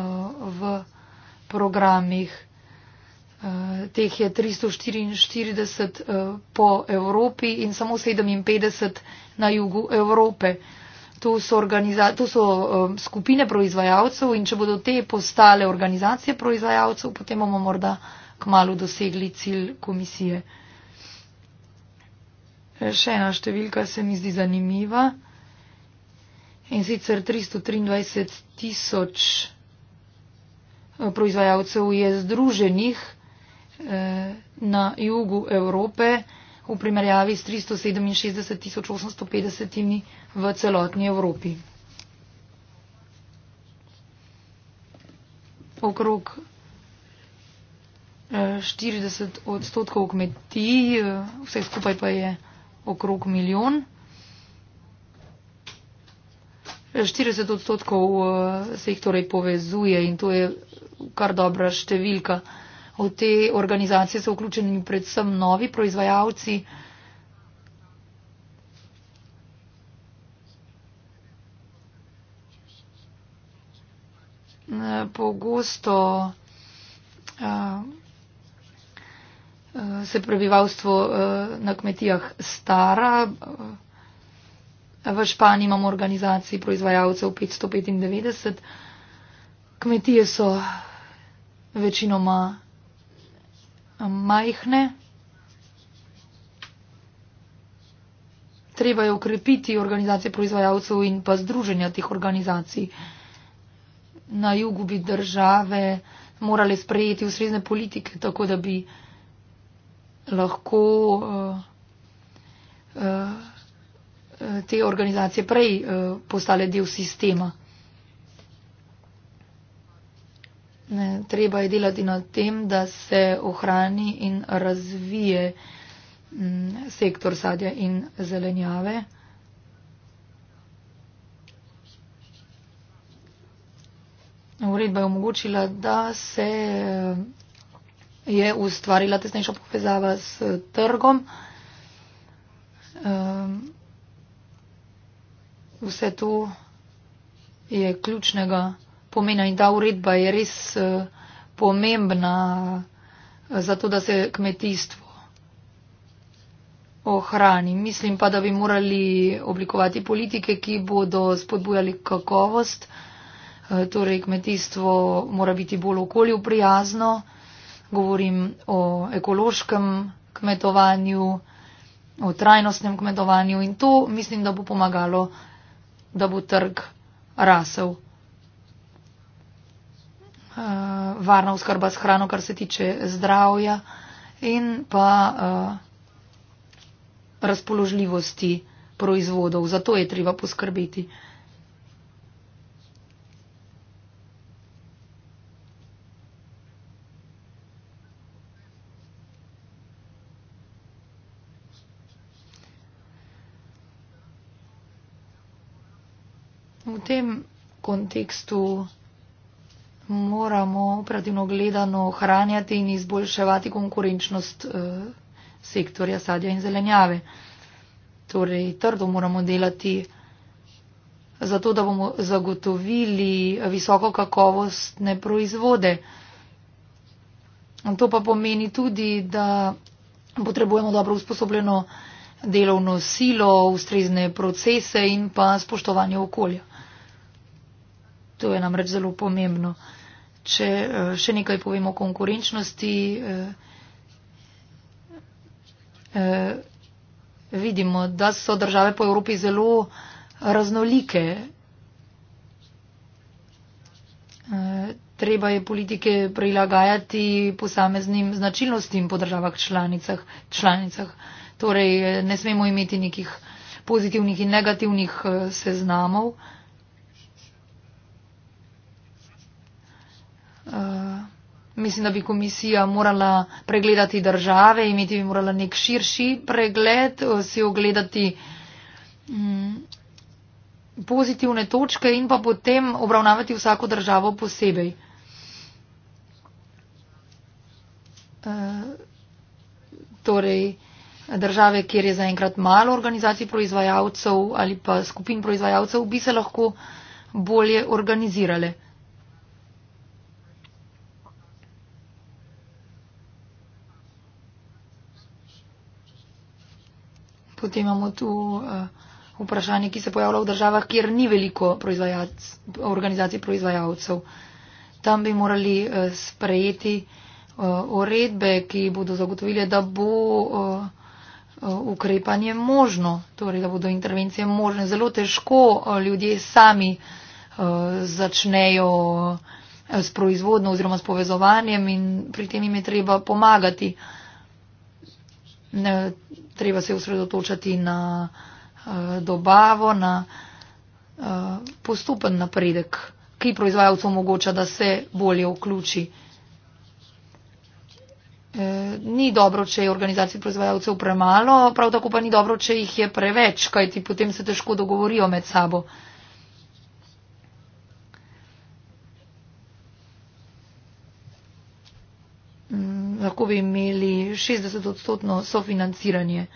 v programih. Eh, teh je 344 eh, po Evropi in samo 57 na jugu Evrope. To so, to so skupine proizvajalcev in če bodo te postale organizacije proizvajalcev, potem bomo morda kmalo dosegli cilj komisije. Še ena številka se mi zdi zanimiva in sicer 323 tisoč eh, proizvajalcev je združenih eh, na jugu Evrope v primerjavi s 367 tisoč 850 v celotni Evropi. Okrog 40 eh, odstotkov kmetij, vse skupaj pa je okrog milijon. 40 odstotkov eh, se jih torej povezuje in to je kar dobra številka. V te organizacije so vključeni predvsem novi proizvajalci. Eh, pogosto eh, se prebivalstvo na kmetijah stara. V Španiji imamo organizacijo proizvajalcev 595. Kmetije so večinoma um, majhne. Treba je ukrepiti organizacije proizvajalcev in pa združenja teh organizacij. Na jugu bi države morale sprejeti ustrezne politike, tako da bi lahko. Uh, uh, te organizacije prej eh, postale del sistema. Ne, treba je delati na tem, da se ohrani in razvije mm, sektor sadja in zelenjave. Uredba je omogočila, da se eh, je ustvarila tesnejša povezava s trgom. Eh, vse to je ključnega pomena in ta uredba je res eh, pomembna eh, za to, da se kmetijstvo ohrani. Mislim pa, da bi morali oblikovati politike, ki bodo spodbujali kakovost, eh, torej kmetijstvo mora biti bolj okolju prijazno, govorim o ekološkem kmetovanju, o trajnostnem kmetovanju in to mislim, da bo pomagalo da bo trg rasel. Uh, varna oskrba s hrano, kar se tiče zdravja in pa uh, razpoložljivosti proizvodov. Zato je treba poskrbeti. Uh, tem kontekstu moramo operativno gledano ohranjati in izboljševati konkurenčnost eh, sektorja sadja in zelenjave. Torej, trdo moramo delati zato, da bomo zagotovili visoko kakovostne proizvode. To pa pomeni tudi, da potrebujemo dobro usposobljeno delovno silo, ustrezne procese in pa spoštovanje okolja. To je namreč zelo pomembno. Če eh, še nekaj povemo o konkurenčnosti, eh, eh, vidimo, da so države po Evropi zelo raznolike. Treba je politike prilagajati posameznim značilnostim po državah članicah. članicah. Torej, ne smemo imeti nekih pozitivnih in negativnih seznamov. Eh, mislim, da bi komisija morala pregledati države, imeti bi morala nek širši pregled, eh, si ogledati um, pozitivne točke in pa potem obravnavati vsako državo posebej. Uh, torej, države, kjer je zaenkrat malo organizacij proizvajalcev ali pa skupin proizvajalcev, bi se lahko bolje organizirale. Potem imamo tu uh, vprašanje, ki se pojavlja v državah, kjer ni veliko proizvajalc, organizacij proizvajalcev. Tam bi morali uh, sprejeti uh, uredbe, ki bodo zagotovile, da bo uh, uh, ukrepanje možno, torej da bodo intervencije možne. Zelo težko uh, ljudje sami uh, začnejo uh, s proizvodno oziroma s povezovanjem in pri tem jim je treba pomagati. Uh, ne, treba se usredotočati na uh, dobavo, na uh, postopen napredek, ki proizvajalcu omogoča, da se bolje vključi. Eh, ni dobro, če je organizacij proizvajalcev premalo, prav tako pa ni dobro, če jih je preveč, kajti potem se težko dogovorijo med sabo. Uh, lahko bi imeli 60-odstotno sofinanciranje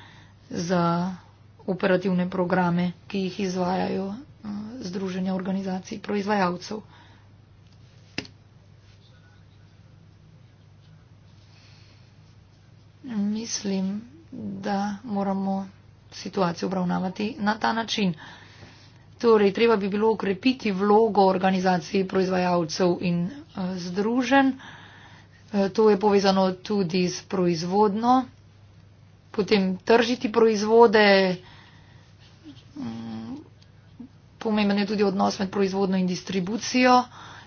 za operativne programe, ki jih izvajajo eh, združenja organizacij proizvajalcev. Mislim, da moramo situacijo obravnavati na ta način. Torej, treba bi bilo ukrepiti vlogo organizacij proizvajalcev in eh, združenj. Eh, to je povezano tudi s proizvodno, potem tržiti proizvode, mm, pomemben je tudi odnos med proizvodno in distribucijo,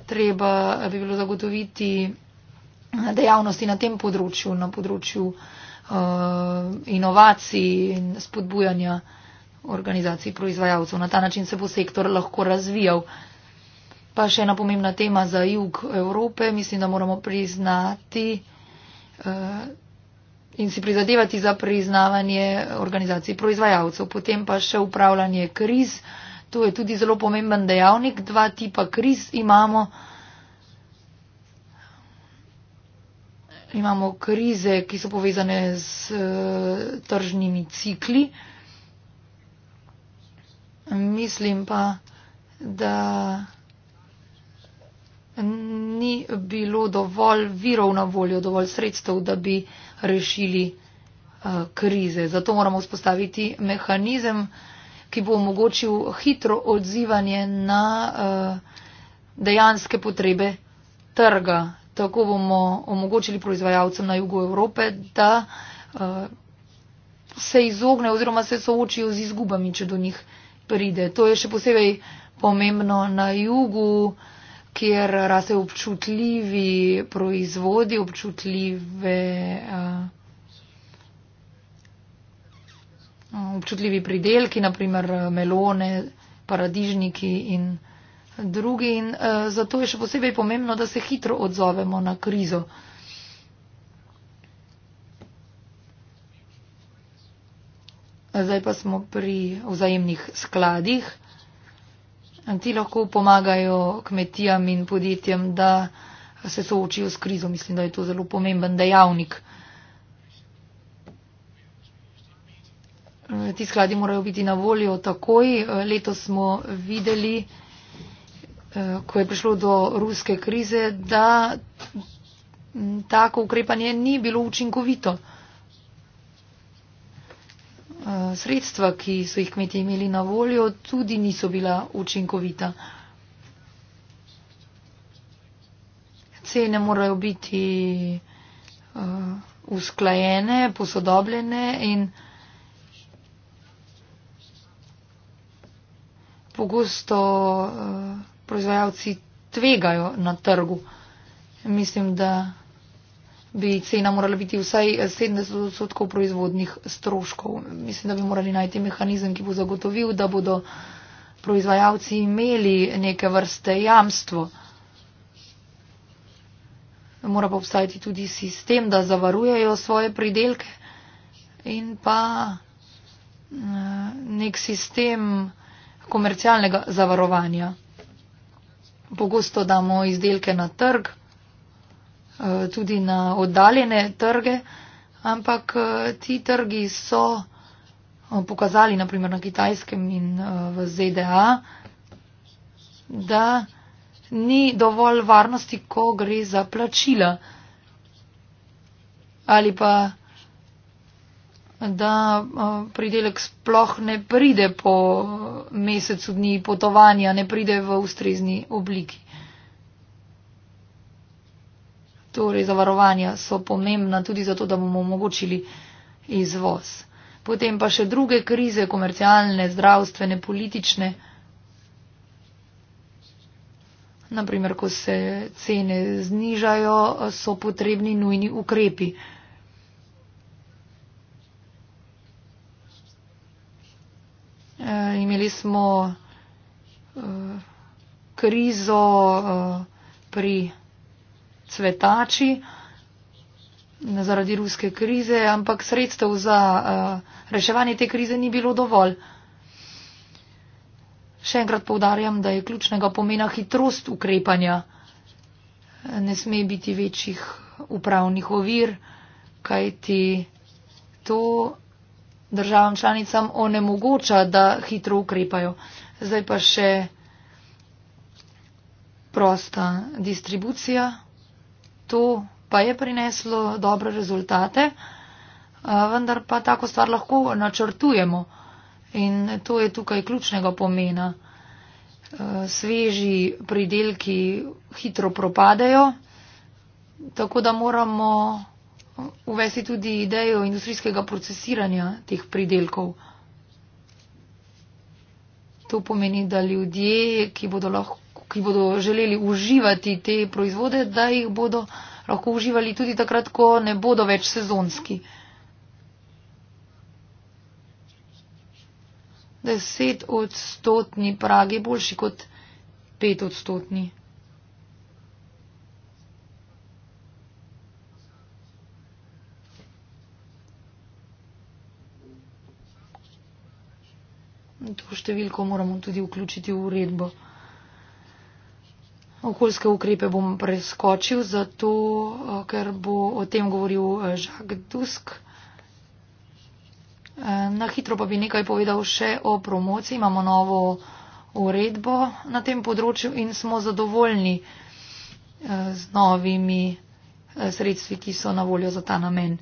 treba bi bilo zagotoviti eh, dejavnosti na tem področju, na področju eh, inovacij in spodbujanja organizacij proizvajalcev. Na ta način se bo sektor lahko razvijal. Pa še ena pomembna tema za jug Evrope. Mislim, da moramo priznati uh, in si prizadevati za priznavanje organizacij proizvajalcev. Potem pa še upravljanje kriz. To je tudi zelo pomemben dejavnik. Dva tipa kriz imamo. Imamo krize, ki so povezane z uh, eh, tržnimi cikli. Mislim pa, da ni bilo dovolj virov na voljo, dovolj sredstev, da bi rešili eh, krize. Zato moramo vzpostaviti mehanizem, ki bo omogočil hitro odzivanje na eh, dejanske potrebe trga. Tako bomo omogočili proizvajalcem na jugu Evrope, da eh, se izognejo oziroma se soočijo z izgubami, če do njih pride. To je še posebej pomembno na jugu kjer rase občutljivi proizvodi, občutljive, uh, občutljivi pridelki, naprimer melone, paradižniki in drugi. In, uh, zato je še posebej pomembno, da se hitro odzovemo na krizo. Zdaj pa smo pri vzajemnih skladih. Ti lahko pomagajo kmetijam in podjetjem, da se soočijo s krizo. Mislim, da je to zelo pomemben dejavnik. Ti skladi morajo biti na voljo takoj. Leto smo videli, ko je prišlo do ruske krize, da tako ukrepanje ni bilo učinkovito. Eh, sredstva, ki so jih kmeti imeli na voljo, tudi niso bila učinkovita. Cene morajo biti uh, usklajene, posodobljene in pogosto uh, proizvajalci tvegajo na trgu. Mislim, da bi cena morala biti vsaj 70 odstotkov proizvodnih stroškov. Mislim, da bi morali najti mehanizem, ki bo zagotovil, da bodo proizvajalci imeli neke vrste jamstvo. Mora pa obstajati tudi sistem, da zavarujejo svoje pridelke in pa eh, nek sistem komercialnega zavarovanja. Pogosto damo izdelke na trg Eh, tudi na oddaljene trge, ampak eh, ti trgi so eh, pokazali, naprimer na Kitajskem in v ZDA, da ni dovolj varnosti, ko gre za plačila. Ali pa, da pridelek sploh ne pride po mesecu dni potovanja, ne pride v ustrezni obliki. Torej, zavarovanja so pomembna tudi zato, da bomo omogočili izvoz. Potem pa še druge krize, komercialne, zdravstvene, politične. Naprimer, ko se cene znižajo, so potrebni nujni ukrepi. E, imeli smo e, krizo e, pri cvetači zaradi ruske krize, ampak sredstev za uh, reševanje te krize ni bilo dovolj. Še enkrat povdarjam, da je ključnega pomena hitrost ukrepanja. Ne sme biti večjih upravnih ovir, kajti to državam članicam onemogoča, da hitro ukrepajo. Zdaj pa še prosta distribucija to pa je prineslo dobre rezultate, eh, vendar pa tako stvar lahko načrtujemo in to je tukaj ključnega pomena. Eh, sveži pridelki hitro propadajo, tako da moramo uvesti tudi idejo industrijskega procesiranja teh pridelkov. To pomeni, da ljudje, ki bodo lahko ki bodo želeli uživati te proizvode, da jih bodo lahko uživali tudi takrat, ko ne bodo več sezonski. Deset odstotni prag je boljši kot pet odstotni. To številko moramo tudi vključiti v uredbo. Okoljske ukrepe bom preskočil, zato, eh, ker bo o tem govoril Žak eh, Dusk. Eh, na hitro pa bi nekaj povedal še o promociji. Imamo novo uredbo na tem področju in smo zadovoljni z novimi sredstvi, ki so na voljo za ta namen.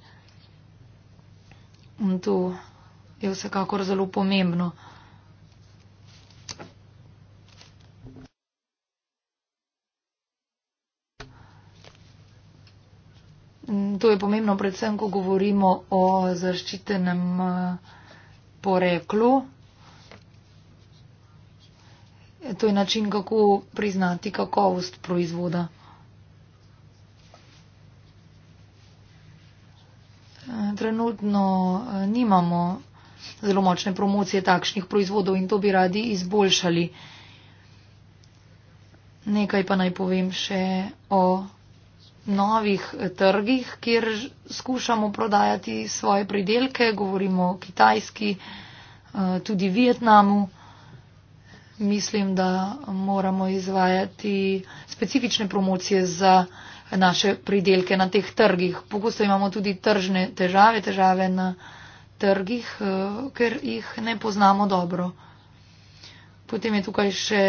In to je vsekakor zelo pomembno. Mm, to je pomembno predvsem, ko govorimo o zaščitenem eh, poreklu. To je način, kako priznati kakovost proizvoda. Eh, trenutno eh, nimamo zelo močne promocije takšnih proizvodov in to bi radi izboljšali. Nekaj pa naj povem še o novih eh, trgih, kjer skušamo prodajati svoje pridelke, govorimo o Kitajski, eh, tudi Vietnamu. Mislim, da moramo izvajati specifične promocije za naše pridelke na teh trgih. Pogosto imamo tudi tržne težave, težave na trgih, eh, ker jih ne poznamo dobro. Potem je tukaj še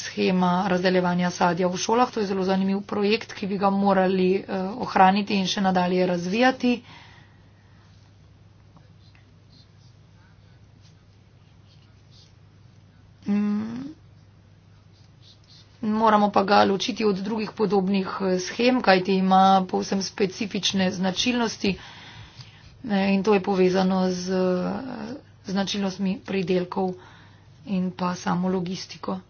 schema razdeljevanja sadja v šolah. To je zelo zanimiv projekt, ki bi ga morali eh, ohraniti in še nadalje razvijati. Mm. Moramo pa ga ločiti od drugih podobnih eh, schem, kajti ima povsem specifične značilnosti eh, in to je povezano z značilnostmi pridelkov in pa samo logistiko.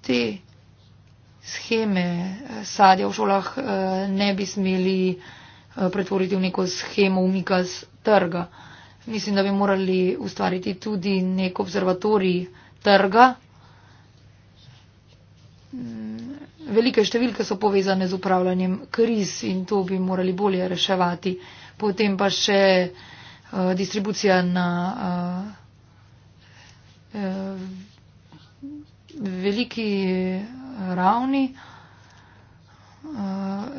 Te Scheme eh, sadja v šolah eh, ne bi smeli eh, pretvoriti v neko schemo umika z trga. Mislim, da bi morali ustvariti tudi nek observatorij trga. Mm, velike številke so povezane z upravljanjem kriz in to bi morali bolje reševati. Potem pa še. Eh, distribucija na eh, eh, veliki ravni.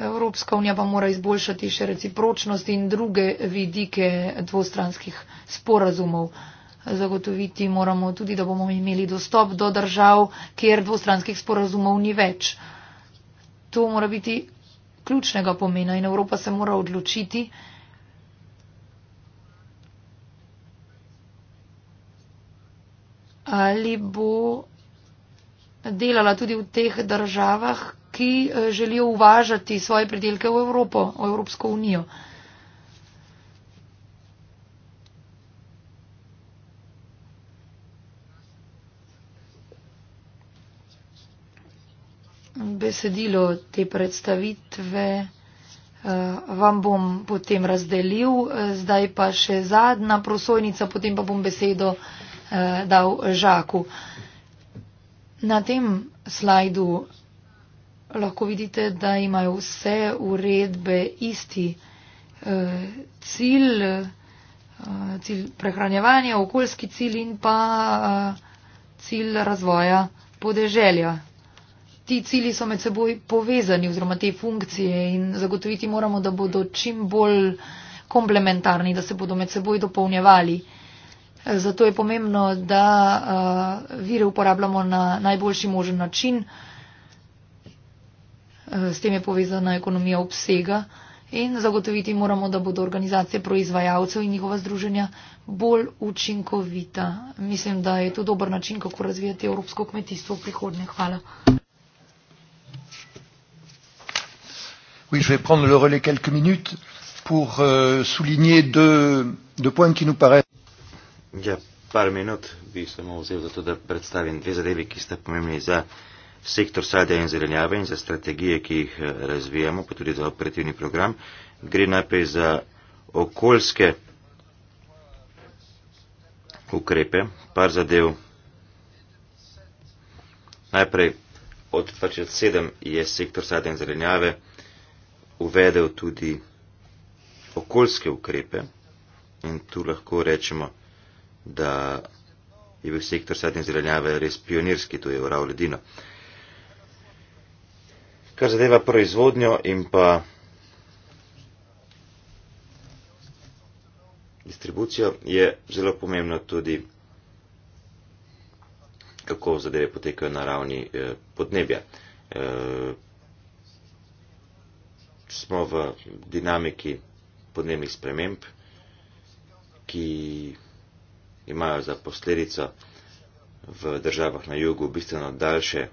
Evropska unija pa mora izboljšati še recipročnost in druge vidike dvostranskih sporazumov. Zagotoviti moramo tudi, da bomo imeli dostop do držav, kjer dvostranskih sporazumov ni več. To mora biti ključnega pomena in Evropa se mora odločiti, ali bo delala tudi v teh državah, ki eh, želijo uvažati svoje pridelke v Evropo, v Evropsko unijo. Besedilo te predstavitve eh, vam bom potem razdelil. Eh, zdaj pa še zadnja prosojnica, potem pa bom besedo. Eh, dal žaku. Na tem slajdu lahko vidite, da imajo vse uredbe isti eh, cilj, eh, cilj prehranjevanja, okoljski cilj in pa cilj razvoja podeželja. Ti cili so med seboj povezani oziroma te funkcije in zagotoviti moramo, da bodo čim bolj komplementarni, da se bodo med seboj dopolnjevali. Zato je pomembno, da eh, vire uporabljamo na najboljši možen način. Eh, s tem je povezana ekonomija obsega in zagotoviti moramo, da bodo organizacije proizvajalcev in njihova združenja bolj učinkovita. Mislim, da je to dober način, kako razvijati evropsko kmetijstvo v prihodnje. Hvala. Oui, je vais prendre le relais quelques minutes pour euh, souligner deux, deux points qui nous paraissent. Ja, par minut bi samo vzel za to, da predstavim dve zadevi, ki sta pomembni za sektor sadja in zelenjave in za strategije, ki jih eh, razvijamo, pa tudi za operativni program. Gre najprej za okoljske ukrepe, par zadev. Najprej od 2007 je sektor sadja in zelenjave uvedel tudi okoljske ukrepe in tu lahko rečemo, da je bil sektor sadne zelenjave res pionirski, tu je oral ledino. Kar zadeva proizvodnjo in pa distribucijo, je zelo pomembno tudi, kako zadeve potekajo na ravni eh, podnebja. Eh, smo v dinamiki podnebnih sprememb, ki imajo za posledico v državah na jugu bistveno daljše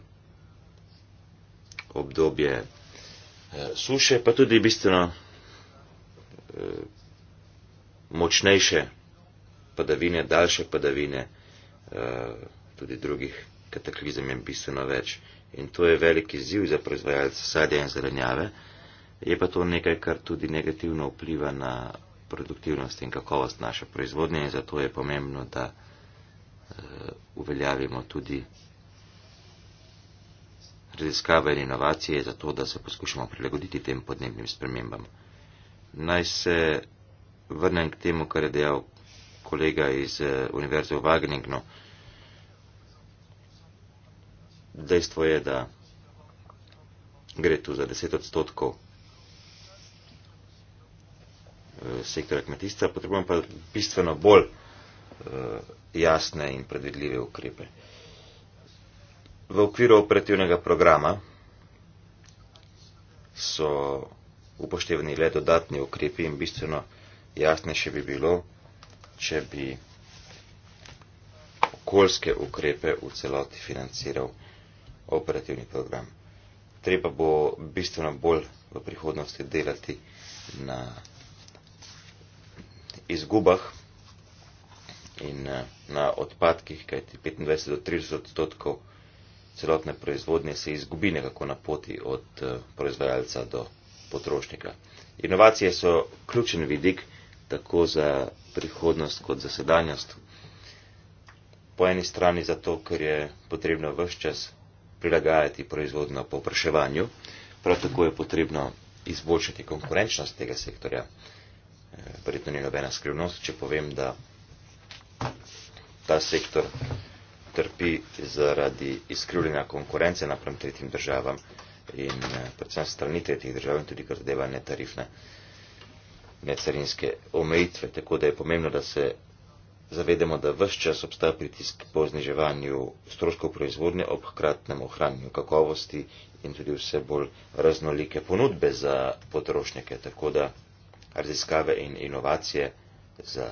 obdobje eh, suše, pa tudi bistveno eh, močnejše padavine, daljše padavine, eh, tudi drugih kataklizem je bistveno več. In to je veliki ziv za proizvajalce sadja in zelenjave. Je pa to nekaj, kar tudi negativno vpliva na produktivnost in kakovost naše proizvodnje in zato je pomembno, da uh, uveljavimo tudi raziskave in inovacije, zato da se poskušamo prilagoditi tem podnebnim spremembam. Naj se vrnem k temu, kar je dejal kolega iz uh, Univerze v Wageningenu. Dejstvo je, da gre tu za 10 odstotkov sektora kmetijstva, potrebujemo pa bistveno bolj eh, jasne in predvidljive ukrepe. V okviru operativnega programa so upoštevani le dodatni ukrepi in bistveno jasnejše bi bilo, če bi okoljske ukrepe v celoti financiral operativni program. Treba bo bistveno bolj v prihodnosti delati na izgubah in eh, na odpadkih, kajti 25 do 30 odstotkov celotne proizvodnje se izgubi nekako na poti od eh, proizvajalca do potrošnika. Inovacije so ključen vidik tako za prihodnost kot za sedanjost. Po eni strani zato, ker je potrebno vse čas prilagajati proizvodno popraševanju, prav tako je potrebno izboljšati konkurenčnost tega sektorja verjetno ni nobena skrivnost, če povem, da ta sektor trpi zaradi izkrivljena konkurence naprem tretjim državam in eh, predvsem strani tretjih držav in tudi kar zadeva netarifne necarinske omejitve. Tako da je pomembno, da se zavedemo, da vse čas obstaja pritisk po zniževanju stroškov proizvodnje ob hkratnem ohranjanju kakovosti in tudi vse bolj raznolike ponudbe za potrošnike. Tako da raziskave in inovacije, za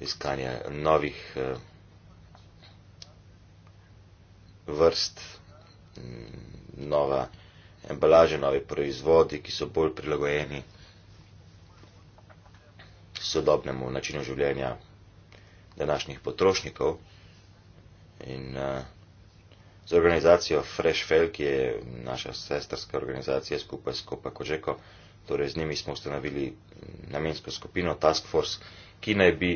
iskanje novih eh, vrst, mm, nova embalaža, nove proizvodi, ki so bolj prilagojeni sodobnemu načinu življenja današnjih potrošnikov. In eh, z organizacijo Fresh Fell, ki je naša sestrska organizacija skupaj s Kopa Kožeko, torej z njimi smo ustanovili namensko skupino Task Force, ki naj bi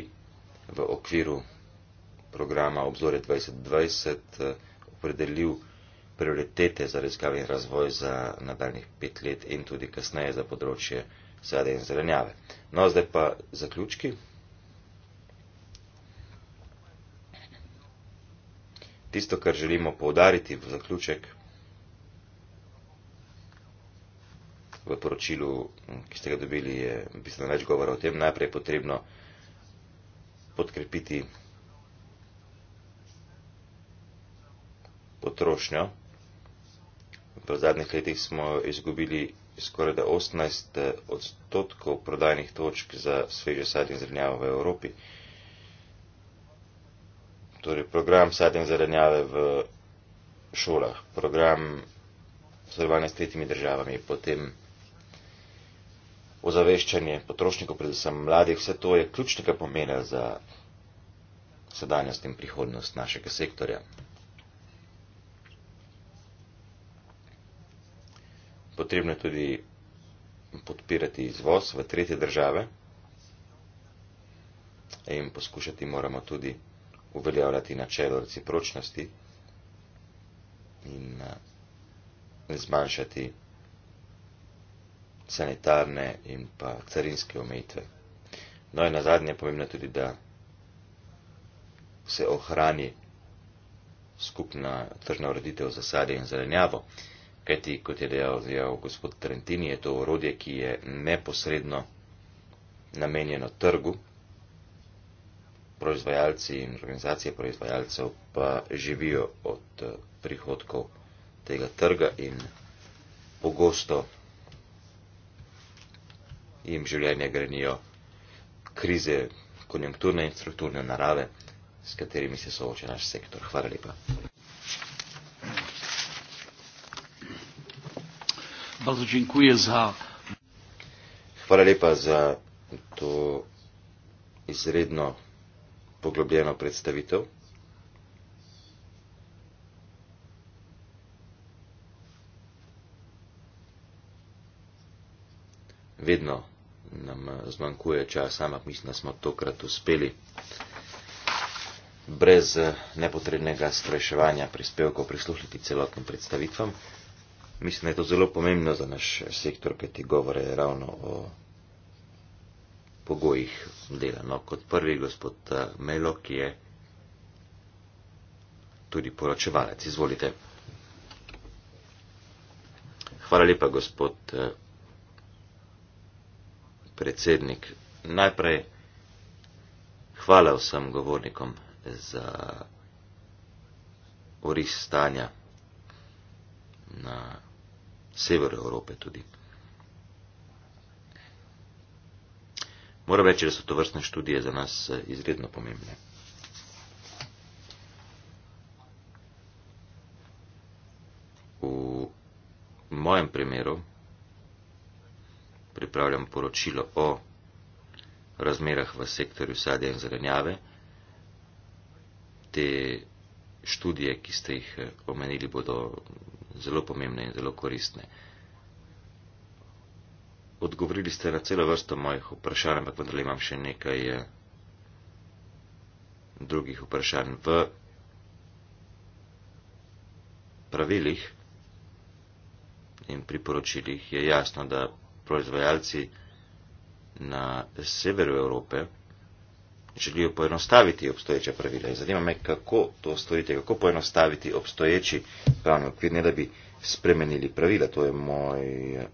v okviru programa Obzore 2020 eh, opredelil prioritete za raziskave in razvoj za nadaljnih pet let in tudi kasneje za področje sade in zelenjave. No, zdaj pa zaključki. Tisto, kar želimo poudariti v zaključek. v poročilu, ki ste ga dobili, je bistveno več govora o tem. Najprej je potrebno podkrepiti potrošnjo. V zadnjih letih smo izgubili skoraj 18 eh, odstotkov prodajnih točk za sveže sadje in zelenjavo v Evropi. Torej, program sadje in zelenjave v šolah, program sodelovanja s tretjimi državami, potem ozaveščanje potrošnikov, predvsem mladih, vse to je ključnega pomena za sedanjost in prihodnost našega sektorja. Potrebno je tudi podpirati izvoz v tretje države in poskušati moramo tudi uveljavljati načelo recipročnosti in eh, zmanjšati sanitarne in pa carinske omejitve. No in na zadnje je pomembno tudi, da se ohrani skupna tržna ureditev za sadje in zelenjavo, kajti, kot je dejal, dejal gospod Trentini, je to orodje, ki je neposredno namenjeno trgu, proizvajalci in organizacije proizvajalcev pa živijo od prihodkov tega trga in pogosto jim življenje grenijo krize konjunkturne in strukturne narave, s katerimi se sooča naš sektor. Hvala lepa. Hvala lepa za to izredno poglobljeno predstavitev. vedno nam zmanjkuje časa, ampak mislim, da smo tokrat uspeli brez eh, nepotrebnega skrajševanja prispevkov prisluhniti celotnim predstavitvam. Mislim, da je to zelo pomembno za naš sektor, ker ti govore ravno o pogojih dela. No, kot prvi gospod eh, Melo, ki je tudi poročevalec. Izvolite. Hvala lepa, gospod eh, predsednik. Najprej hvala vsem govornikom za oris stanja na severu Evrope tudi. Moram reči, da so to vrstne študije za nas eh, izredno pomembne. V mojem primeru pripravljam poročilo o razmerah v sektorju sadja in zelenjave. Te študije, ki ste jih eh, omenili, bodo zelo pomembne in zelo koristne. Odgovorili ste na celo vrsto mojih vprašanj, ampak vendar imam še nekaj eh, drugih vprašanj. V pravilih in priporočilih je jasno, da proizvajalci na severu Evrope želijo poenostaviti obstoječe pravila. In zanima me, kako to storite, kako poenostaviti obstoječi pravni okvir, ne da bi spremenili pravila. To je moje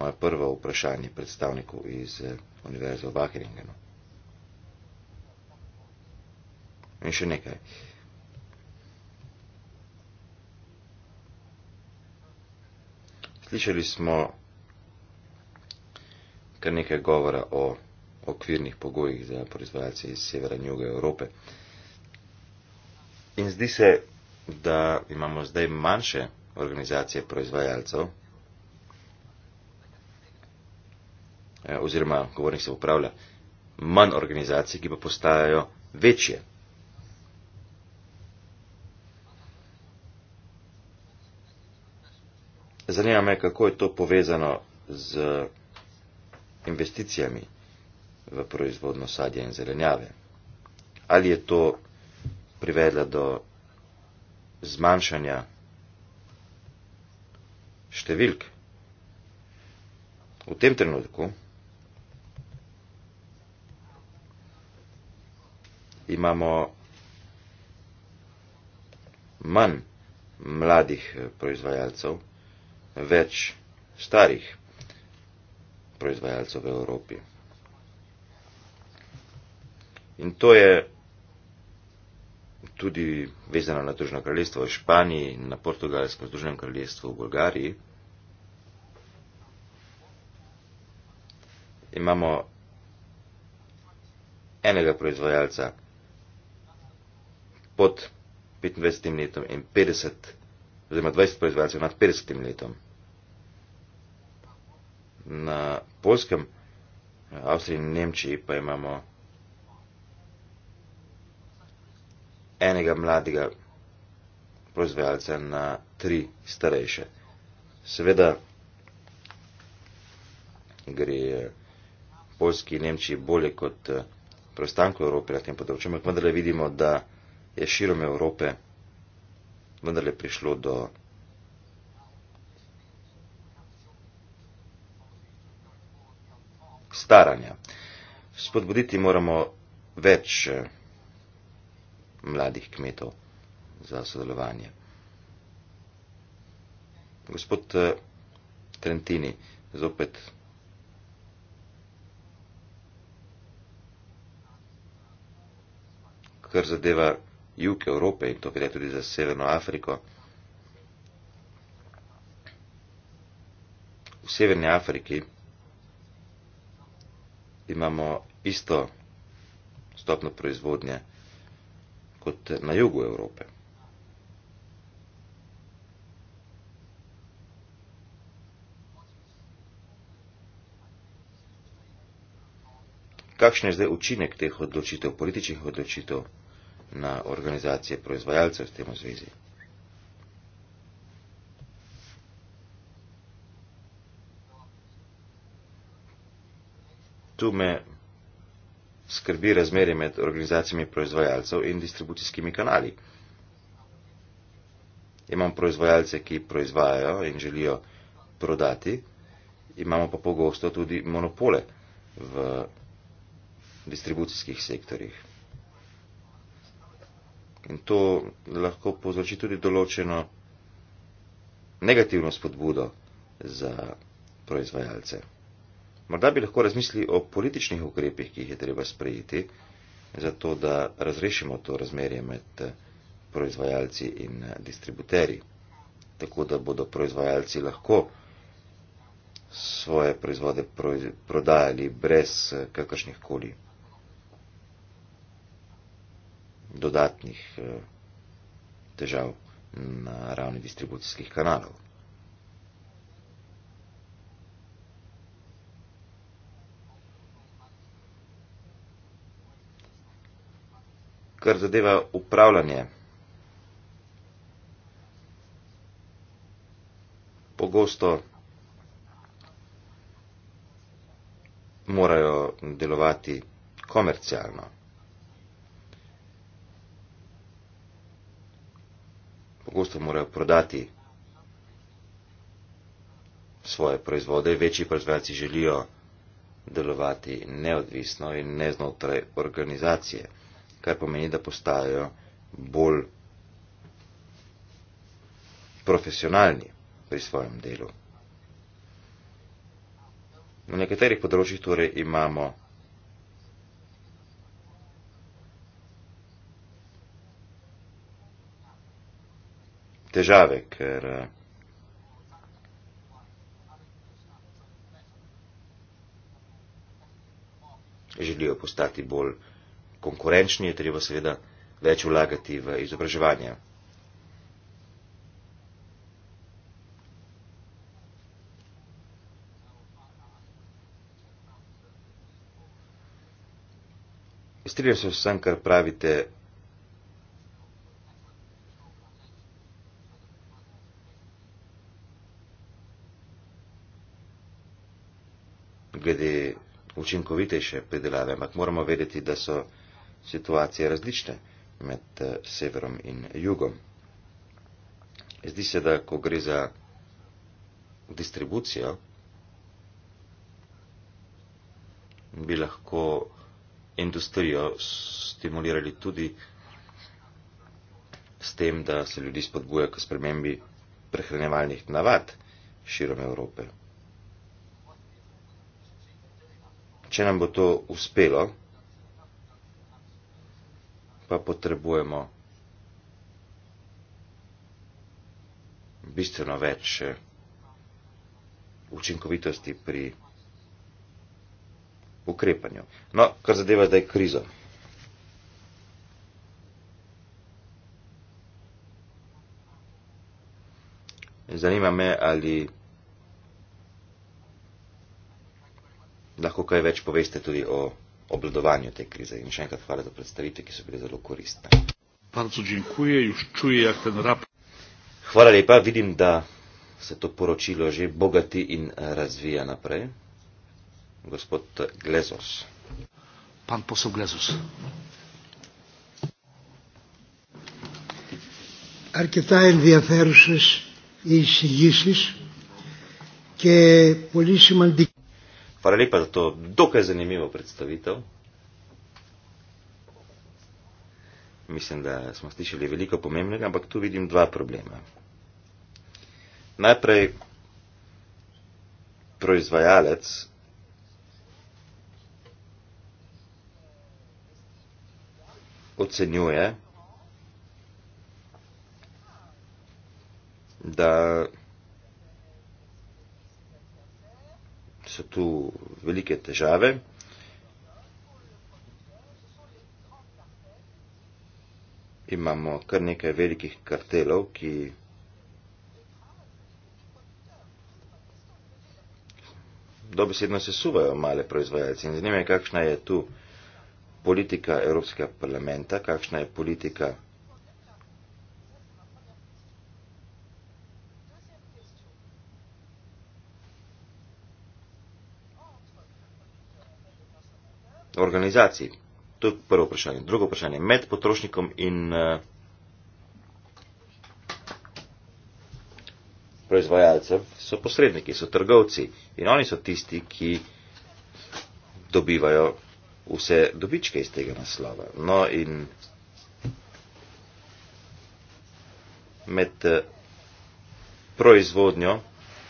moj prvo vprašanje predstavniku iz eh, Univerze v Bahringenu. In še nekaj. Slišali smo kar nekaj govora o okvirnih pogojih za proizvajalce iz severa in juga Evrope. In zdi se, da imamo zdaj manjše organizacije proizvajalcev, eh, oziroma govornik se upravlja, manj organizacij, ki pa postajajo večje. Zanima me, kako je to povezano z investicijami v proizvodno sadja in zelenjave? Ali je to privedlo do zmanjšanja številk? V tem trenutku imamo manj mladih proizvajalcev, več starih proizvajalcev v Evropi. In to je tudi vezano na Združeno kraljestvo v Španiji, na Portugalsko, v Združenem kraljestvu v Bolgariji. Imamo enega proizvajalca pod 25 letom in 50, oziroma 20 proizvajalcev nad 50 letom на польском, Австрии, Немчии, поймамо enega mladega proizvajalca na tri starejše. Seveda gre eh, Poljski in Nemčiji bolje kot eh, preostanku Evrope na tem področju, ampak vendarle vidimo, da je širom Evrope vendarle prišlo do staranja. Spodbuditi moramo več eh, mladih kmetov za sodelovanje. Gospod eh, Trentini, zopet. kar zadeva jug Evrope in to velja tudi za Severno Afriko. V Severni Afriki imamo isto stopno proizvodnje kot na jugu Evrope. Kakšen je zdaj učinek teh odločitev, političnih odločitev na organizacije proizvajalcev v tem zvezi? Tu me skrbi razmerje med organizacijami proizvajalcev in distribucijskimi kanali. Imamo proizvajalce, ki proizvajajo in želijo prodati, imamo pa pogosto tudi monopole v distribucijskih sektorjih. In to lahko povzroči tudi določeno negativno spodbudo za proizvajalce. Morda bi lahko razmislili o političnih ukrepih, ki jih je treba sprejeti, zato da razrešimo to razmerje med eh, proizvajalci in eh, distributeri, tako da bodo proizvajalci lahko svoje proizvode proiz prodajali brez eh, kakršnih koli dodatnih težav na ravni distribucijskih kanalov. kar zadeva upravljanje. Pogosto morajo delovati komercialno. Pogosto morajo prodati svoje proizvode. Večji proizvajalci želijo delovati neodvisno in ne znotraj organizacije kar pomeni, da postajajo bolj profesionalni pri svojem delu. Na nekaterih področjih torej imamo težave, ker eh, želijo postati bolj profesionalni konkurenčni, je treba seveda več vlagati v izobraževanje. Strinjam se vsem, kar pravite. glede učinkovitejše predelave, ampak moramo vedeti, da so situacije različne med eh, severom in jugom. Zdi se, da ko gre za distribucijo, bi lahko industrijo stimulirali tudi s tem, da se ljudi spodbuja k spremembi prehranevalnih navad širom Evrope. Če nam bo to uspelo, pa potrebujemo bistveno več eh, učinkovitosti pri ukrepanju. No, kar zadeva zdaj krizo. Zanima me, ali lahko kaj več poveste tudi o obladovanju te krize. In še enkrat hvala za predstavitve, ki so bile zelo koristne. Hvala lepa, vidim, da se to poročilo že bogati in eh, razvija naprej. Gospod Glezos. Pan posel Glezos. Arketa je vjeferušeš in si jisiš, ki je polišimandik. Hvala lepa za to dokaj zanimivo predstavitev. Mislim, da smo slišali veliko pomembnega, ampak tu vidim dva problema. Najprej proizvajalec ocenjuje, da so tu velike težave. Imamo kar nekaj velikih kartelov, ki dobesedno se suvajo male proizvajalce in zanimajo, kakšna je tu politika Evropskega parlamenta, kakšna je politika organizaciji? To je prvo vprašanje. Drugo vprašanje. Med potrošnikom in eh, proizvajalcem so posredniki, so trgovci in oni so tisti, ki dobivajo vse dobičke iz tega naslova. No in med eh, proizvodnjo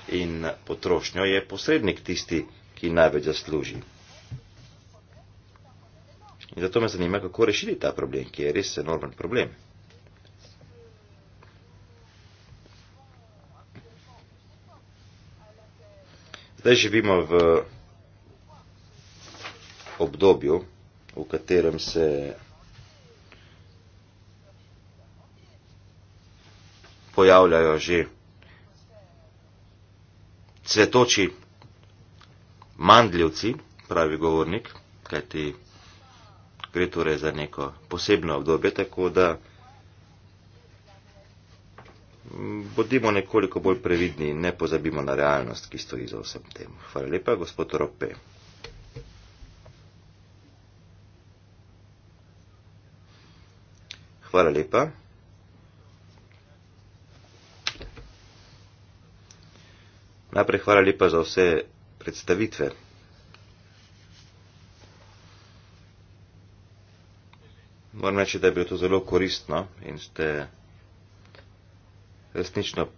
in potrošnjo je posrednik tisti, ki največ zasluži. In zato me zanima, kako rešiti ta problem, ki je res enormen problem. Zdaj živimo v obdobju, v katerem se pojavljajo že cvetoči mandljivci, pravi govornik, kajti gre torej za neko posebno obdobje, tako da bodimo nekoliko bolj previdni in ne pozabimo na realnost, ki stoji za vsem tem. Hvala lepa, gospod Rope. Hvala lepa. Najprej hvala lepa za vse predstavitve. moram reči, da je bilo to zelo koristno in ste resnično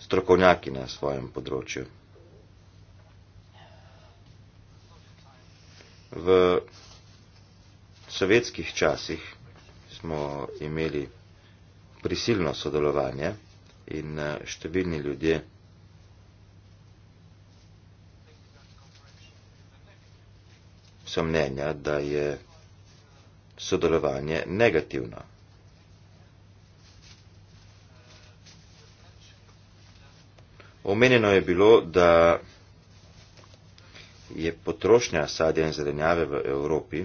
strokovnjaki na svojem področju. V sovjetskih časih smo imeli prisilno sodelovanje in eh, številni ljudje so mnenja, da je sodelovanje negativno. Omenjeno je bilo, da je potrošnja sadja in zelenjave v Evropi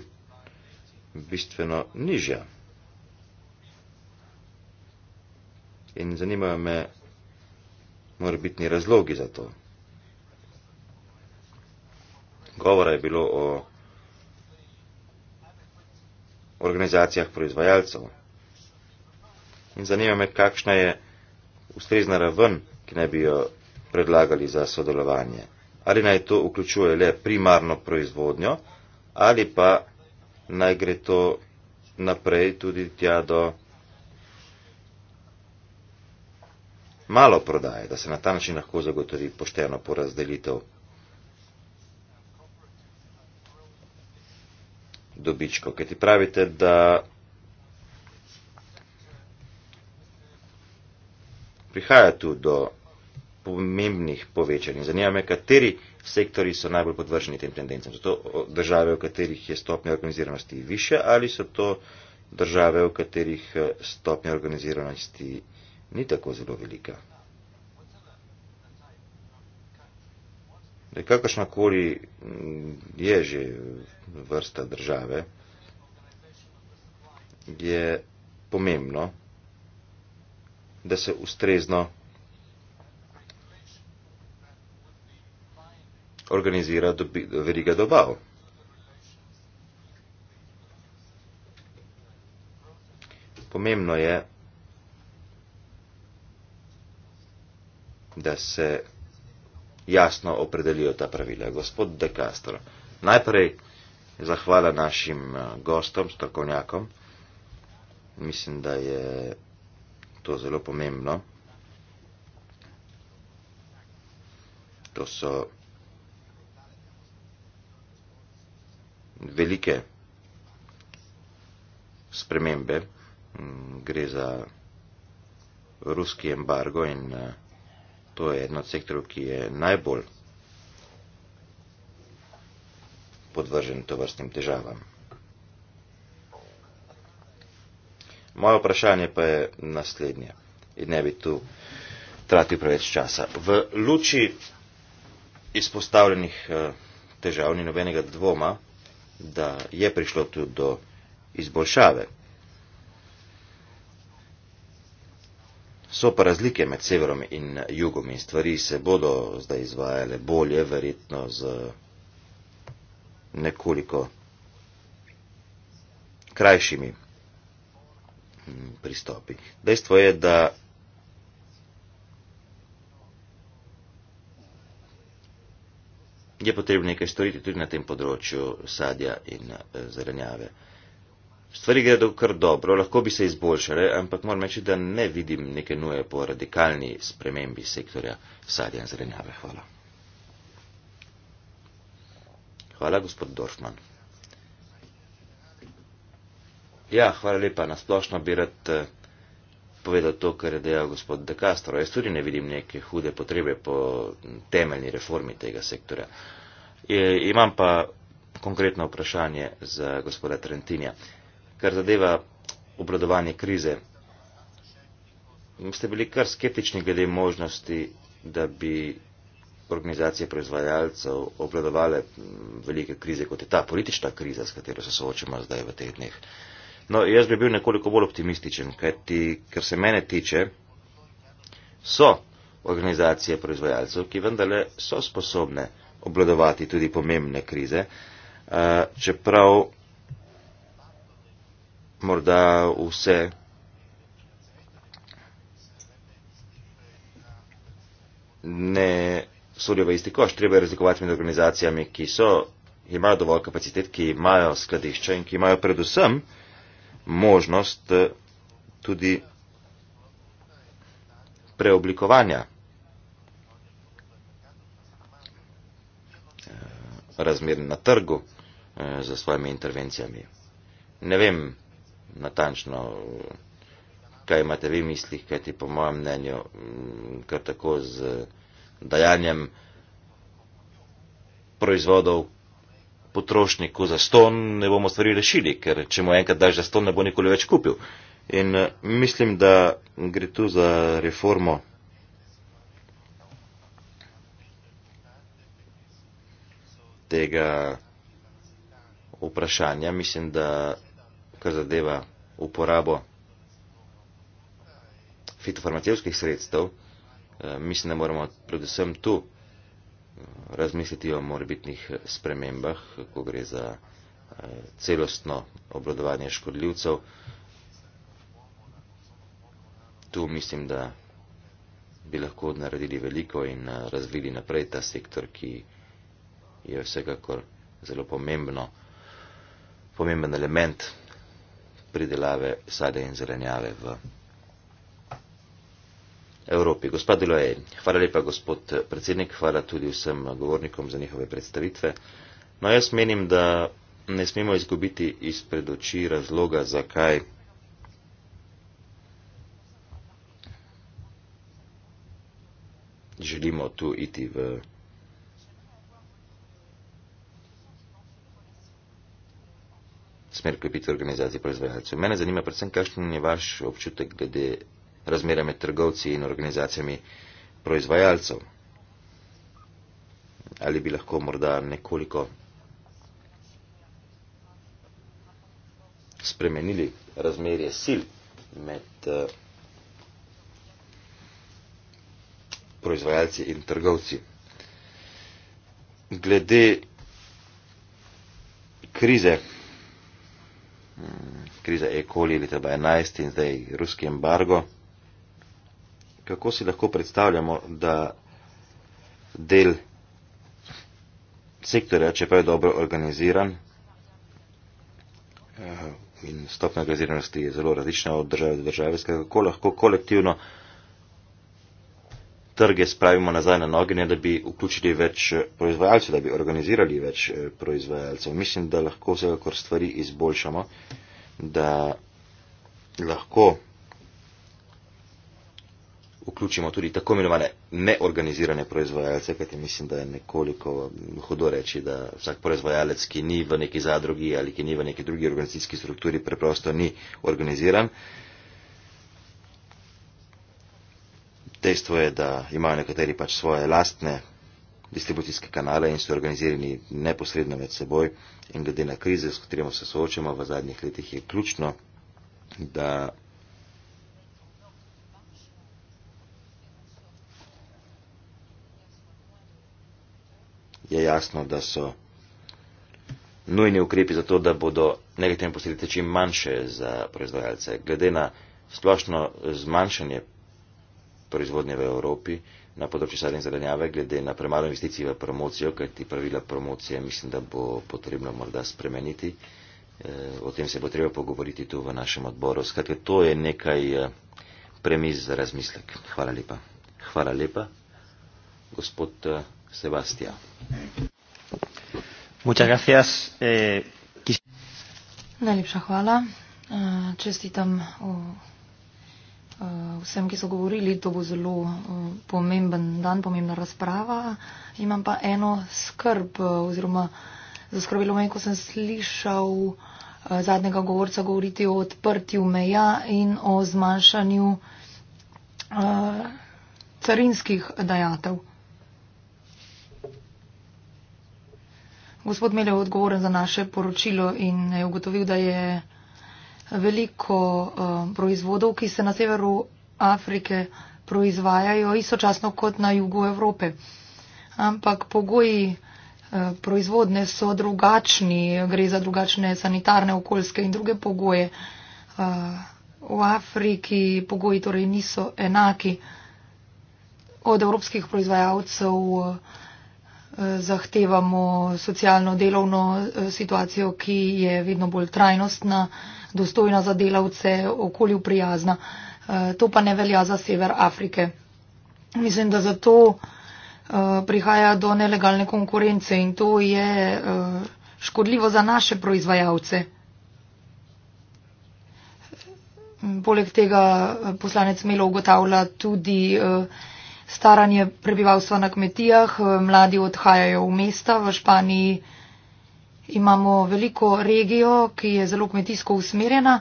bistveno nižja. In zanimajo me morbitni razlogi za to. Govora je bilo o organizacijah proizvajalcev. In zanima me, kakšna je ustrezna raven, ki naj bi jo predlagali za sodelovanje. Ali naj to vključuje le primarno proizvodnjo, ali pa naj gre to naprej tudi tja do malo prodaje, da se na ta način lahko zagotovi pošteno porazdelitev dobičko. Kaj ti pravite, da prihaja tu do pomembnih povečanj. Zanima me, kateri sektori so najbolj podvrženi tem tendencem. So to države, v katerih je stopnja organiziranosti više ali so to države, v katerih eh, stopnja organiziranosti ni tako zelo velika. kakršnakoli mm, je že vrsta države, je pomembno, da se ustrezno organizira veriga dobav. Pomembno je, da se jasno opredelijo ta pravila. Gospod De Castro, najprej zahvala našim eh, gostom, strokovnjakom. Mislim, da je to zelo pomembno. To so velike spremembe. Mm, gre za ruski embargo in uh, To je eden od sektorov, ki je najbolj podvržen tovrstnim težavam. Moje vprašanje pa je naslednje in ne bi tu tratil preveč časa. V luči izpostavljenih eh, težav ni nobenega dvoma, da je prišlo tudi do izboljšave So pa razlike med severom in jugom in stvari se bodo zdaj izvajale bolje, verjetno z nekoliko krajšimi mm, pristopi. Dejstvo je, da je potrebno nekaj storiti tudi na tem področju sadja in eh, zelenjave stvari gredo kar dobro, lahko bi se izboljšale, ampak moram reči, da ne vidim neke nuje po radikalni spremembi sektorja sadja in zelenjave. Hvala. Hvala, gospod Dorfman. Ja, hvala lepa. Nasplošno bi rad eh, povedal to, kar je dejal gospod De Castro. Jaz tudi ne vidim neke hude potrebe po temeljni reformi tega sektora. E, imam pa konkretno vprašanje za gospoda Trentinja kar zadeva obladovanje krize. Ste bili kar skeptični glede možnosti, da bi organizacije proizvajalcev obladovale velike krize, kot je ta politična kriza, s katero se soočamo zdaj v teh dneh. No, jaz bi bil nekoliko bolj optimističen, kajti, ker se mene tiče, so organizacije proizvajalcev, ki vendarle so sposobne obladovati tudi pomembne krize, eh, čeprav morda vse. Ne sodijo v isti koš, treba je razlikovati med organizacijami, ki so, imajo dovolj kapacitet, ki imajo skladišče in ki imajo predvsem možnost eh, tudi preoblikovanja eh, razmer na trgu eh, za svojimi intervencijami. Ne vem, natančno, kaj imate vi mislih, kajti po mojem mnenju, mm, kar tako z dajanjem proizvodov potrošniku za ston, ne bomo stvari rešili, ker če mu enkrat daš za ston, ne bo nikoli več kupil. In eh, mislim, da gre tu za reformo. tega vprašanja. Mislim, da kar zadeva uporabo fitofarmacevskih sredstev, eh, mislim, da moramo predvsem tu eh, razmisliti o morbitnih spremembah, ko gre za eh, celostno obladovanje škodljivcev. Tu mislim, da bi lahko naredili veliko in razvili naprej ta sektor, ki je vsekakor zelo pomembno, pomemben element pridelave sade in zelenjave v Evropi. Gospod Deloje, hvala lepa, gospod predsednik, hvala tudi vsem govornikom za njihove predstavitve. No, jaz menim, da ne smemo izgubiti izpred oči razloga, zakaj želimo tu iti v Evropi. smer pripiti organizaciji proizvajalcev. Mene zanima predvsem, kakšen je vaš občutek glede razmera med trgovci in organizacijami proizvajalcev. Ali bi lahko morda nekoliko spremenili razmerje sil med eh, proizvajalci in trgovci. Glede krize, kriza E. coli leta 2011 in zdaj ruski embargo. Kako si lahko predstavljamo, da del sektorja, čeprav je dobro organiziran eh, in stopna organiziranosti je zelo različna od države do države, kako lahko kolektivno trge spravimo nazaj na noge, ne da bi vključili več eh, proizvajalcev, da bi organizirali več eh, proizvajalcev. Mislim, da lahko vsekakor stvari izboljšamo, da lahko vključimo tudi tako imenovane neorganizirane proizvajalce, kajti mislim, da je nekoliko hudo reči, da vsak proizvajalec, ki ni v neki zadrugi ali ki ni v neki drugi organizacijski strukturi, preprosto ni organiziran. Uh, dejstvo je, da imajo nekateri pač svoje lastne distribucijske kanale in so organizirani neposredno med seboj in glede na krize, s katerimo se soočamo v zadnjih letih, je ključno, da je jasno, da so nujni ukrepi za to, da bodo negativne posledice čim manjše za proizvajalce. Glede na splošno zmanjšanje proizvodnje v Evropi na področju sadja in zelenjave, glede na premalo investicij v promocijo, kaj ti pravila promocije mislim, da bo potrebno morda spremeniti. Eh, o tem se bo treba pogovoriti tu v našem odboru. Skratka, to je nekaj eh, premiz za razmislek. Hvala lepa. Hvala lepa, gospod eh, Sebastija. Najlepša hvala. Čestitam v. Eh, vsem, ki so govorili, to bo zelo eh, pomemben dan, pomembna razprava. Imam pa eno skrb eh, oziroma zaskrbilo me, ko sem slišal zadnjega govorca govoriti o odprtju meja in o zmanjšanju carinskih dajatev. Gospod Mele je odgovoren za naše poročilo in je ugotovil, da je veliko uh, proizvodov, ki se na severu Afrike proizvajajo, istočasno kot na jugu Evrope. Ampak pogoji uh, eh, proizvodne so drugačni, gre za drugačne sanitarne, okoljske in druge pogoje. Uh, v Afriki pogoji torej niso enaki od evropskih proizvajalcev. Uh, zahtevamo socialno delovno eh, situacijo, ki je vedno bolj trajnostna, dostojna za delavce, okolju prijazna. Eh, to pa ne velja za sever Afrike. Mislim, da zato eh, prihaja do nelegalne konkurence in to je škodljivo za naše proizvajalce. Poleg tega poslanec Melo ugotavlja tudi uh, staranje prebivalstva na kmetijah, eh, mladi odhajajo v mesta. V Španiji imamo veliko regijo, ki je zelo kmetijsko usmerjena,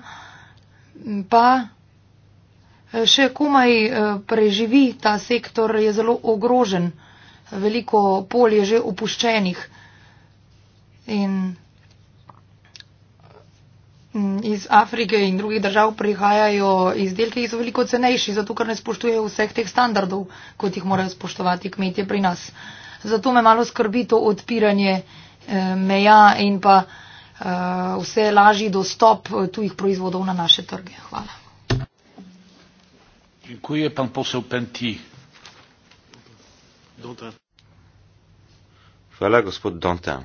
pa eh, še komaj eh, preživi ta sektor, je zelo ogrožen. Veliko polj je že opuščenih. In Mm, iz Afrike in drugih držav prihajajo izdelke, ki so veliko cenejši, zato ker ne spoštujejo vseh teh standardov, kot jih morajo spoštovati kmetje pri nas. Zato me malo skrbi to odpiranje eh, meja in pa eh, vse lažji dostop eh, tujih proizvodov na naše trge. Hvala. Dziękuję. Pan poseł Penti. Voilà, gospod Dantin.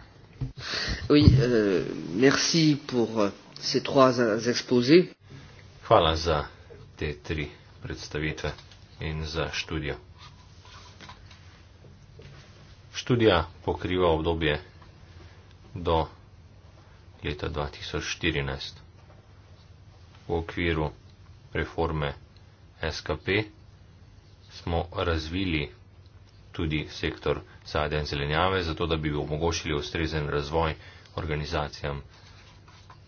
Oui, euh, merci pour euh, ces trois exposés. Hvala za te tri predstavitve in za študijo. Študija pokriva obdobje do leta 2014 v okviru reforme SKP. Smo razvili tudi sektor sadja in zelenjave, zato da bi omogočili ustrezen razvoj organizacijam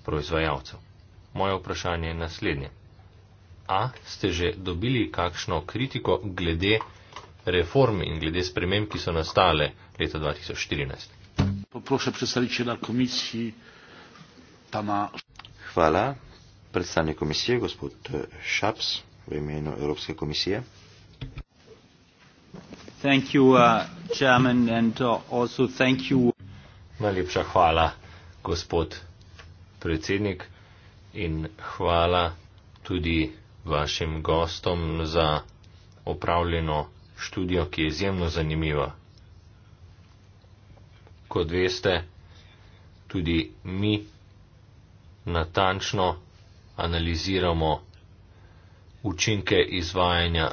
proizvajalcev. Moje vprašanje je naslednje. A ste že dobili kakšno kritiko glede reform in glede sprememb, ki so nastale leta 2014? Poprošam predstaviče na komisiji Tama. Hvala. Predstavnik komisije, gospod eh, Šaps, v imenu Evropske komisije. Thank you, uh, and, uh, also thank you. Najlepša hvala, gospod predsednik, in hvala tudi vašim gostom za opravljeno študijo, ki je izjemno zanimiva. Kot veste, tudi mi natančno analiziramo učinke izvajanja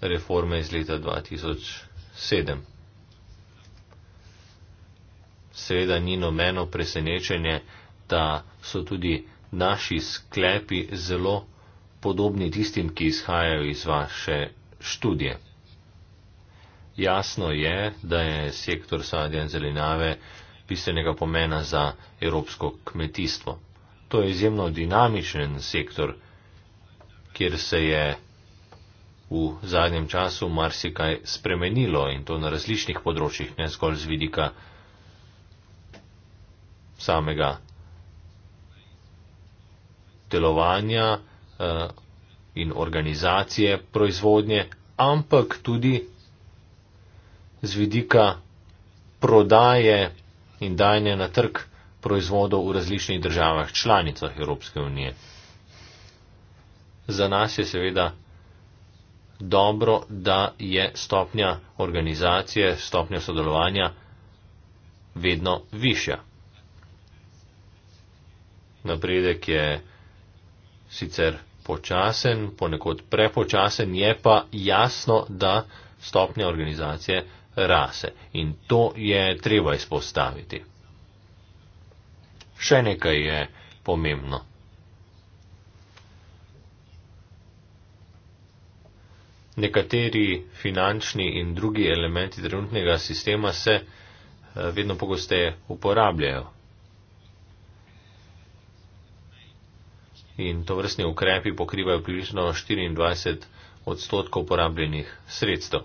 reforme iz leta 2007. Seveda ni nobeno presenečenje, da so tudi naši sklepi zelo podobni tistim, ki izhajajo iz vaše študije. Jasno je, da je sektor sadja in zelenjave bistvenega pomena za evropsko kmetijstvo. To je izjemno dinamičen sektor, kjer se je v zadnjem času marsikaj spremenilo in to na različnih področjih, ne zgolj z vidika samega delovanja eh, in organizacije proizvodnje, ampak tudi z vidika prodaje in dajanja na trg proizvodov v različnih državah članicah Evropske unije. Za nas je seveda dobro, da je stopnja organizacije, stopnja sodelovanja vedno višja. Napredek je sicer počasen, ponekod prepočasen, je pa jasno, da stopnja organizacije rase. In to je treba izpostaviti. Še nekaj je pomembno. Nekateri finančni in drugi elementi trenutnega sistema se eh, vedno pogosteje uporabljajo. in to vrstni ukrepi pokrivajo približno 24 odstotkov porabljenih sredstev.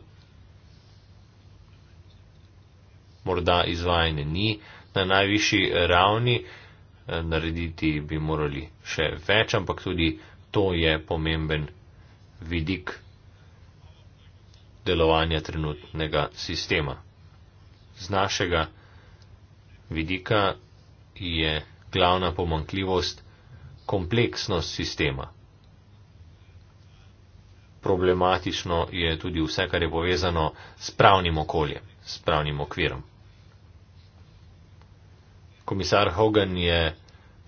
Morda izvajanje ni na najvišji ravni, eh, narediti bi morali še več, ampak tudi to je pomemben vidik delovanja trenutnega sistema. Z našega vidika je glavna pomankljivost, kompleksnost sistema. Problematično je tudi vse, kar je povezano s pravnim okoljem, s pravnim okvirom. Komisar Hogan je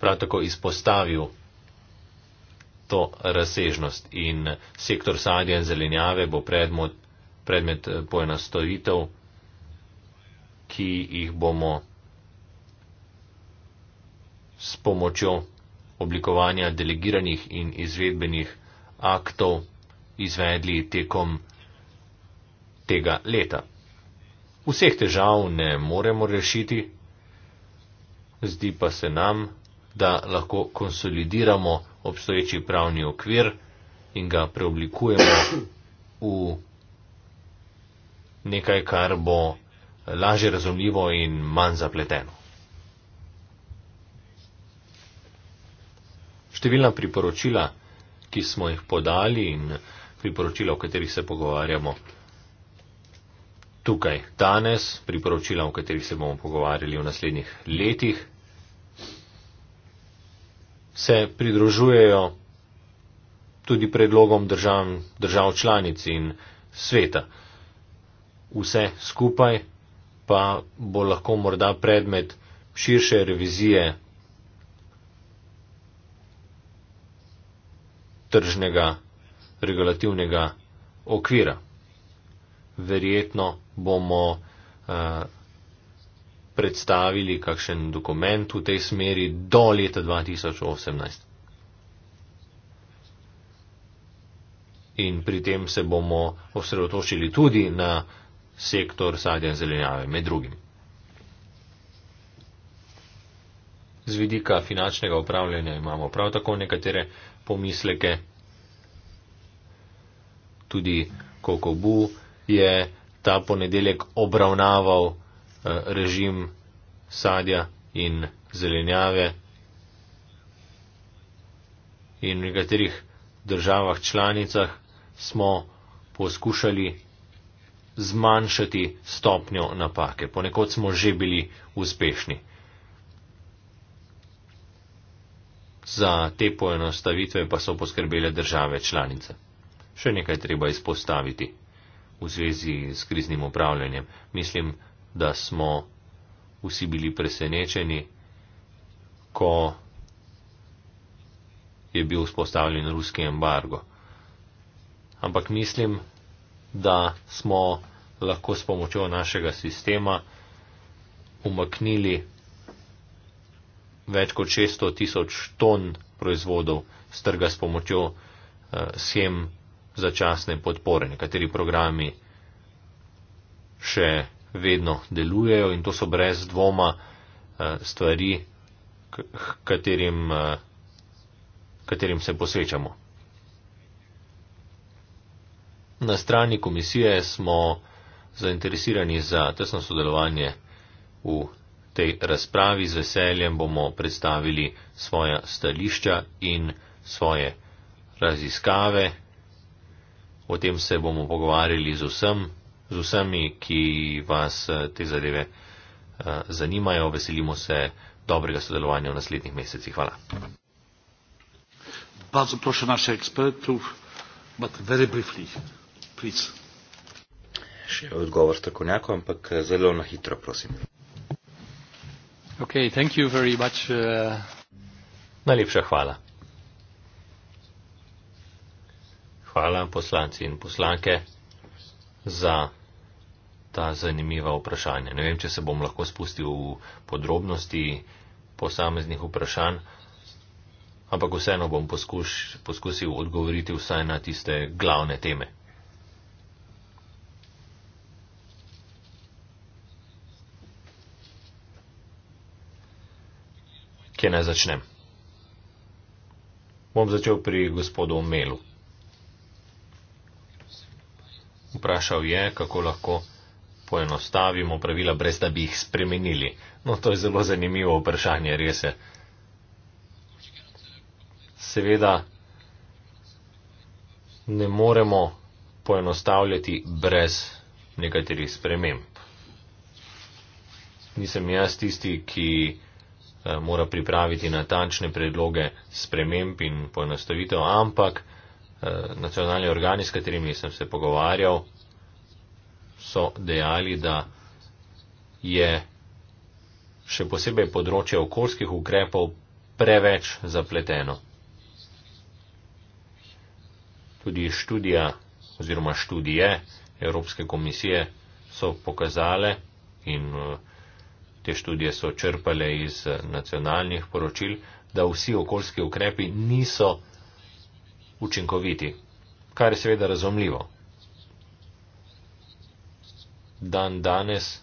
prav tako izpostavil to razsežnost in sektor sadja in zelenjave bo predmet, predmet eh, poenostavitev, ki jih bomo s pomočjo oblikovanja delegiranih in izvedbenih aktov izvedli tekom tega leta. Vseh težav ne moremo rešiti, zdi pa se nam, da lahko konsolidiramo obstoječi pravni okvir in ga preoblikujemo v nekaj, kar bo lažje razumljivo in manj zapleteno. Številna priporočila, ki smo jih podali in priporočila, o katerih se pogovarjamo tukaj danes, priporočila, o katerih se bomo pogovarjali v naslednjih letih, se pridružujejo tudi predlogom držav, držav članic in sveta. Vse skupaj pa bo lahko morda predmet širše revizije tržnega regulativnega okvira. Verjetno bomo uh, predstavili kakšen dokument v tej smeri do leta 2018. In pri tem se bomo osredotočili tudi na sektor sadja in zelenjave, med drugim. Z vidika finančnega upravljanja imamo prav tako nekatere pomisleke. Tudi Kokobu je ta ponedeljek obravnaval eh, režim sadja in zelenjave. In v nekaterih državah članicah smo poskušali zmanjšati stopnjo napake. Ponekod smo že bili uspešni. Za te poenostavitve pa so poskrbele države članice. Še nekaj treba izpostaviti v zvezi s kriznim upravljanjem. Mislim, da smo vsi bili presenečeni, ko je bil vzpostavljen ruski embargo. Ampak mislim, da smo lahko s pomočjo našega sistema umaknili več kot 600 tisoč ton proizvodov strga s pomočjo uh, eh, schem začasne podpore. Nekateri programi še vedno delujejo in to so brez dvoma uh, stvari, katerim, uh, katerim se posvečamo. Na strani komisije smo zainteresirani za tesno sodelovanje v tej razpravi z veseljem bomo predstavili svoja stališča in svoje raziskave. O tem se bomo pogovarjali z, vsem, z vsemi, ki vas eh, te zadeve eh, zanimajo. Veselimo se dobrega sodelovanja v naslednjih mesecih. Hvala. Bardzo proszę naszych ekspertów, but very briefly, please. Še odgovor strokovnjakov, ampak eh, zelo na hitro, prosim. Okay, thank you very much. Uh... Najlepša hvala. Hvala poslanci in poslanke za ta zanimiva vprašanja. Ne vem, če se bom lahko spustil v podrobnosti posameznih vprašanj, ampak vseeno bom poskuš, poskusil odgovoriti vsaj na tiste glavne teme. kje naj začnem? Bom začel pri gospodu Melu. Vprašal je, kako lahko poenostavimo pravila, brez da bi jih spremenili. No, to je zelo zanimivo vprašanje, res je. Seveda ne moremo poenostavljati brez nekaterih sprememb. Nisem jaz tisti, ki Eh, mora pripraviti natančne predloge sprememb in poenostavitev, ampak eh, nacionalni organi, s katerimi sem se pogovarjal, so dejali, da je še posebej področje okoljskih ukrepov preveč zapleteno. Tudi študija oziroma študije Evropske komisije so pokazale in uh, te študije so črpale iz eh, nacionalnih poročil, da vsi okoljski ukrepi niso učinkoviti, kar je seveda razumljivo. Dan danes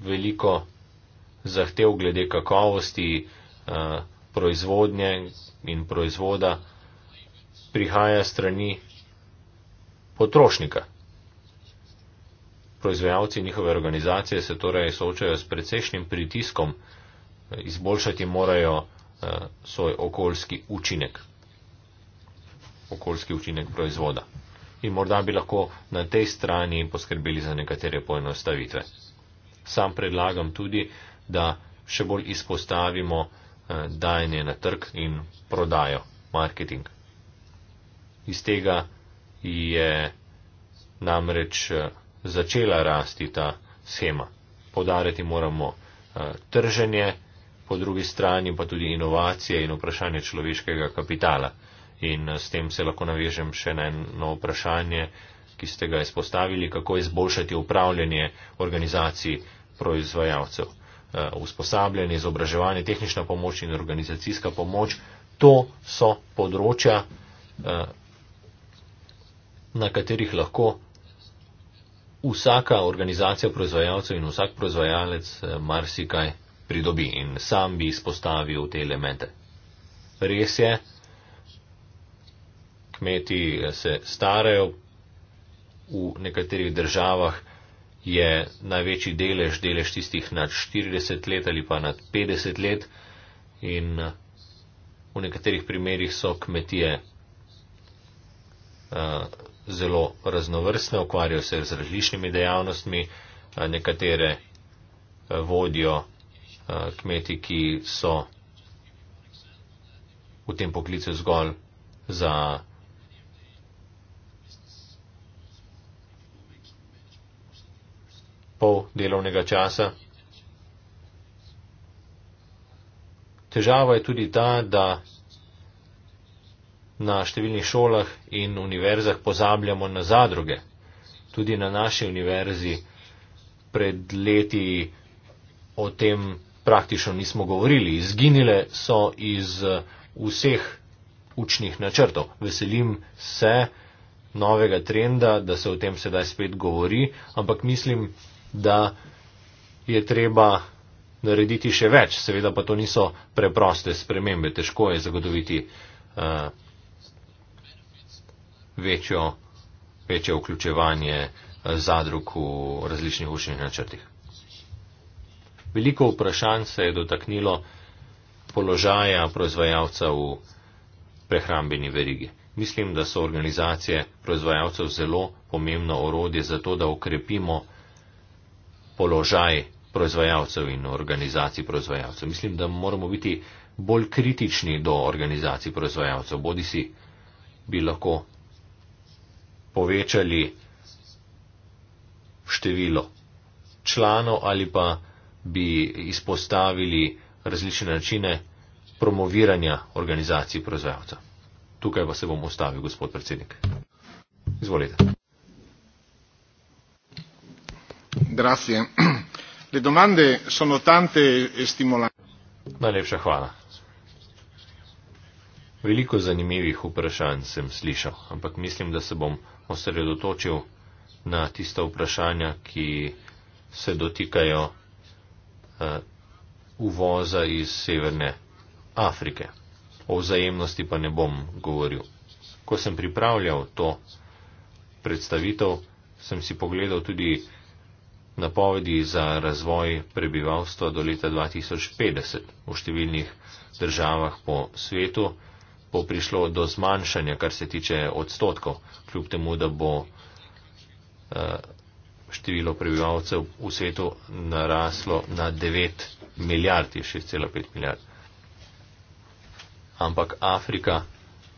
veliko zahtev glede kakovosti eh, proizvodnje in proizvoda prihaja strani potrošnika. Proizvajalci njihove organizacije se torej soočajo s precejšnjim pritiskom, izboljšati morajo eh, svoj okoljski učinek, okoljski učinek proizvoda. In morda bi lahko na tej strani poskrbeli za nekatere poenostavitve. Sam predlagam tudi, da še bolj izpostavimo eh, dajanje na trg in prodajo, marketing. Iz tega je namreč eh, začela rasti ta schema. Podariti moramo eh, trženje, po drugi strani pa tudi inovacije in vprašanje človeškega kapitala. In eh, s tem se lahko navežem še na eno vprašanje, ki ste ga izpostavili, kako izboljšati upravljanje organizacij proizvajalcev. Eh, usposabljanje, izobraževanje, tehnična pomoč in organizacijska pomoč, to so področja, na katerih lahko vsaka organizacija proizvajalcev in vsak proizvajalec eh, marsikaj pridobi in sam bi izpostavil te elemente. Res je, kmeti eh, se starajo, v nekaterih državah je največji delež, delež tistih nad 40 let ali pa nad 50 let in eh, v nekaterih primerjih so kmetije. Uh, zelo raznovrstne, ukvarjajo se z različnimi dejavnostmi, nekatere vodijo kmeti, ki so v tem poklicu zgolj za pol delovnega časa. Težava je tudi ta, da na številnih šolah in univerzah pozabljamo na zadruge. Tudi na naši univerzi pred leti o tem praktično nismo govorili. Izginile so iz eh, vseh učnih načrtov. Veselim se novega trenda, da se o tem sedaj spet govori, ampak mislim, da je treba narediti še več. Seveda pa to niso preproste spremembe, težko je zagotoviti. Uh, večjo, večje vključevanje eh, zadrug v različnih učnih načrtih. Veliko vprašanj se je dotaknilo položaja proizvajalca v prehrambeni verigi. Mislim, da so organizacije proizvajalcev zelo pomembno orodje za to, da okrepimo položaj proizvajalcev in organizacij proizvajalcev. Mislim, da moramo biti bolj kritični do organizacij proizvajalcev, bodi si bi lahko povečali število članov ali pa bi izpostavili različne načine promoviranja organizacij proizvajalcev. Tukaj pa se bom ustavil, gospod predsednik. Izvolite. Grazie. Le domande sono tante e stimolanti. Najlepša hvala. Veliko zanimivih vprašanj sem slišal, ampak mislim, da se bom osredotočil na tista vprašanja, ki se dotikajo eh, uvoza iz Severne Afrike. O vzajemnosti pa ne bom govoril. Ko sem pripravljal to predstavitev, sem si pogledal tudi napovedi za razvoj prebivalstva do leta 2050 v številnih državah po svetu bo prišlo do zmanjšanja, kar se tiče odstotkov, kljub temu, da bo eh, število prebivalcev v svetu naraslo na 9 milijard, je 6,5 milijard. Ampak Afrika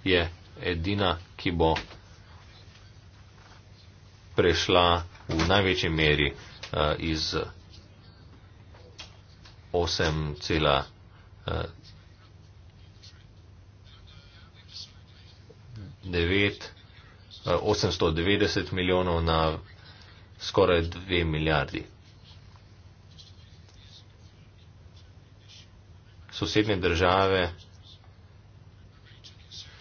je edina, ki bo prešla v največji meri eh, iz 8,3. 9, 890 eh, milijonov na skoraj 2 milijardi. Sosednje države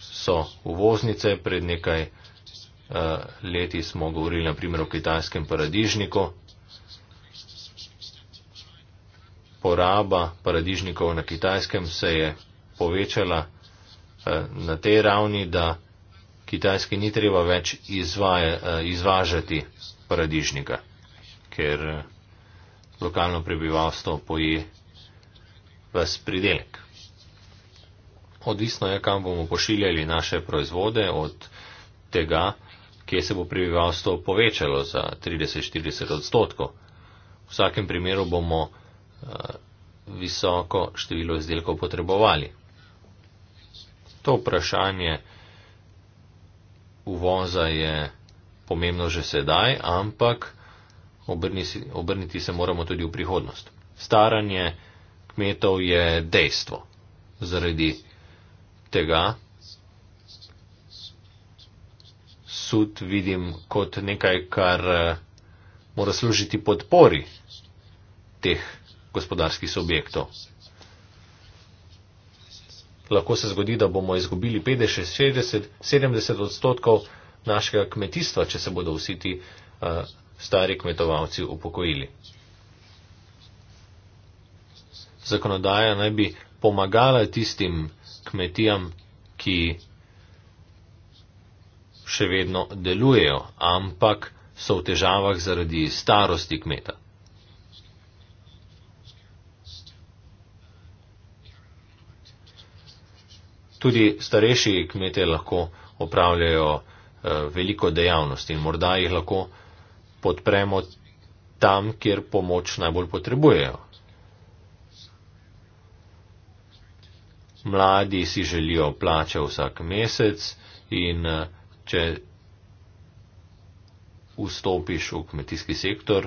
so uvoznice, pred nekaj eh, leti smo govorili naprimer o kitajskem paradižniku. Poraba paradižnikov na kitajskem se je povečala eh, na tej ravni, da Kitajski ni treba več izvaja, eh, izvažati paradižnika, ker eh, lokalno prebivalstvo poje ves pridelek. Odvisno je, kam bomo pošiljali naše proizvode od tega, kje se bo prebivalstvo povečalo za 30-40 odstotkov. V vsakem primeru bomo uh, visoko število izdelkov potrebovali. To vprašanje uh, uvoza je pomembno že sedaj, ampak obrniti se moramo tudi v prihodnost. Staranje kmetov je dejstvo. Zaradi tega sud vidim kot nekaj, kar eh, mora služiti podpori teh gospodarskih subjektov. Lahko se zgodi, da bomo izgubili 50, 60, 70 odstotkov našega kmetijstva, če se bodo vsi ti eh, stari kmetovalci upokojili. Zakonodaja naj bi pomagala tistim kmetijam, ki še vedno delujejo, ampak so v težavah zaradi starosti kmeta. tudi starejši kmete lahko opravljajo eh, veliko dejavnosti in morda jih lahko podpremo tam, kjer pomoč najbolj potrebujejo. Mladi si želijo plače vsak mesec in eh, če vstopiš v kmetijski sektor,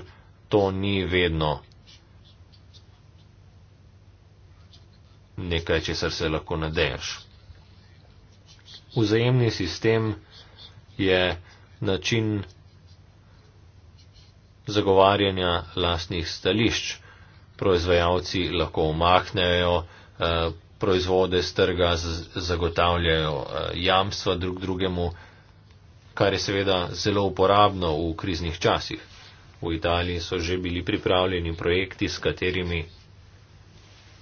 to ni vedno nekaj, česar se lahko nadejaš. Vzajemni sistem je način zagovarjanja lastnih stališč. Proizvajalci lahko omahnejo eh, proizvode z trga, zagotavljajo eh, jamstva drug drugemu, kar je seveda zelo uporabno v kriznih časih. V Italiji so že bili pripravljeni projekti, s katerimi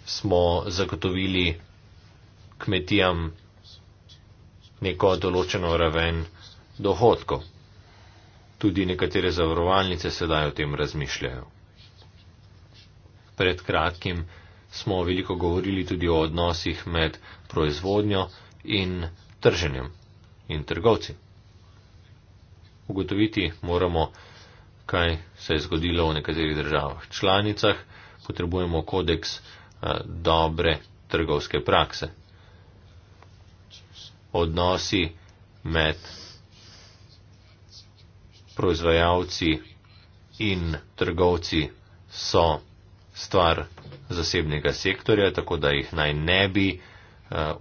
smo zagotovili kmetijam neko določeno raven dohodkov. Tudi nekatere zavarovalnice sedaj o tem razmišljajo. Pred kratkim smo veliko govorili tudi o odnosih med proizvodnjo in trženjem in trgovci. Ugotoviti moramo, kaj se je zgodilo v nekaterih državah članicah, potrebujemo kodeks eh, dobre trgovske prakse odnosi med proizvajalci in trgovci so stvar zasebnega sektorja, tako da jih naj ne bi eh,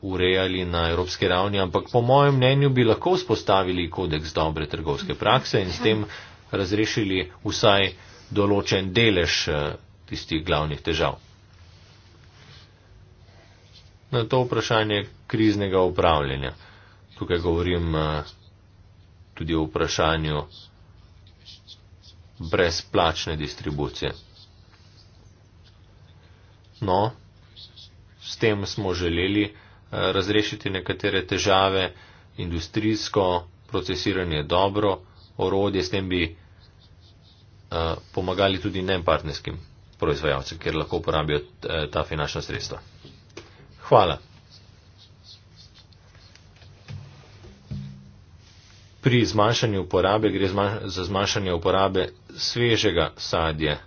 urejali na evropski ravni, ampak po mojem mnenju bi lahko vzpostavili kodeks dobre trgovske prakse in s tem razrešili vsaj določen delež eh, tistih glavnih težav. Na to vprašanje kriznega upravljanja tukaj govorim eh, tudi o vprašanju brezplačne distribucije. No, s tem smo želeli eh, razrešiti nekatere težave, industrijsko procesiranje dobro, orodje, s tem bi eh, pomagali tudi nepartnerskim proizvajalcem, ker lahko uporabijo ta finančna sredstva. Hvala. pri zmanjšanju uporabe gre za zmanjšanje uporabe svežega sadja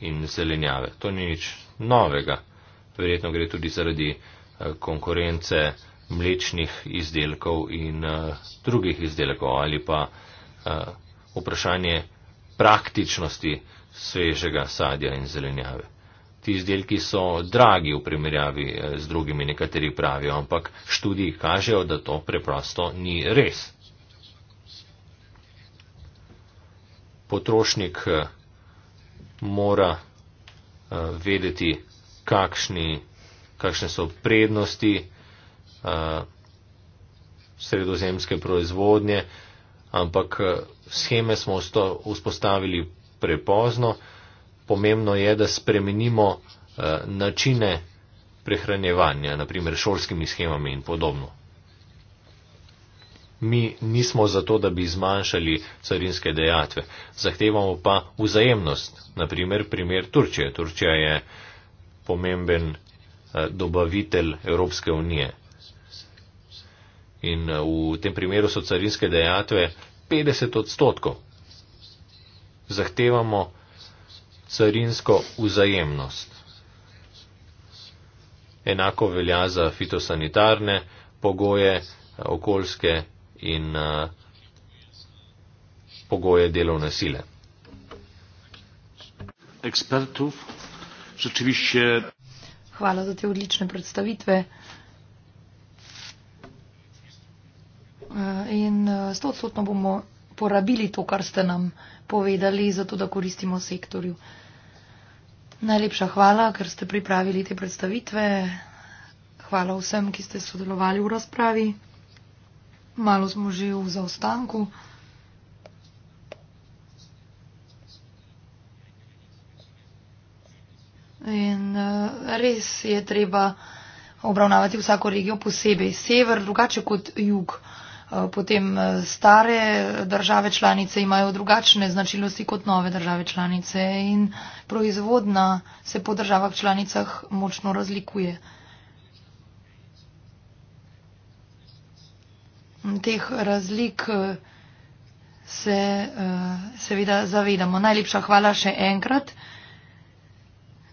in zelenjave. To ni nič novega. Verjetno gre tudi zaradi eh, konkurence mlečnih izdelkov in uh, drugih izdelkov ali pa uh, vprašanje praktičnosti svežega sadja in zelenjave. Ti izdelki so dragi v primerjavi z drugimi, nekateri pravijo, ampak študiji kažejo, da to preprosto ni res. potrošnik eh, mora eh, vedeti, kakšni, kakšne so prednosti eh, sredozemske proizvodnje, ampak scheme smo vzpostavili prepozno. Pomembno je, da spremenimo načine prehranjevanja, naprimer šolskimi schemami in podobno mi nismo zato, da bi zmanjšali carinske dejatve. Zahtevamo pa vzajemnost. Naprimer, primer Turčije. Turčija je pomemben eh, dobavitelj Evropske unije. In eh, v tem primeru so carinske dejatve 50 odstotkov. Zahtevamo carinsko vzajemnost. Enako velja za fitosanitarne pogoje, eh, okoljske in uh, pogoje delovne sile. Ekspertov, rečevišče. Hvala za te odlične predstavitve. E, in e, stotsotno bomo porabili to, kar ste nam povedali, zato da koristimo sektorju. Najlepša hvala, ker ste pripravili te predstavitve. Hvala vsem, ki ste sodelovali v razpravi. Malo smo že v zaostanku. In eh, res je treba obravnavati vsako regijo posebej. Sever drugače kot jug. Eh, potem eh, stare države članice imajo drugačne značilnosti kot nove države članice in proizvodna se po državah članicah močno razlikuje. teh razlik eh, se eh, seveda zavedamo. Najlepša hvala še enkrat.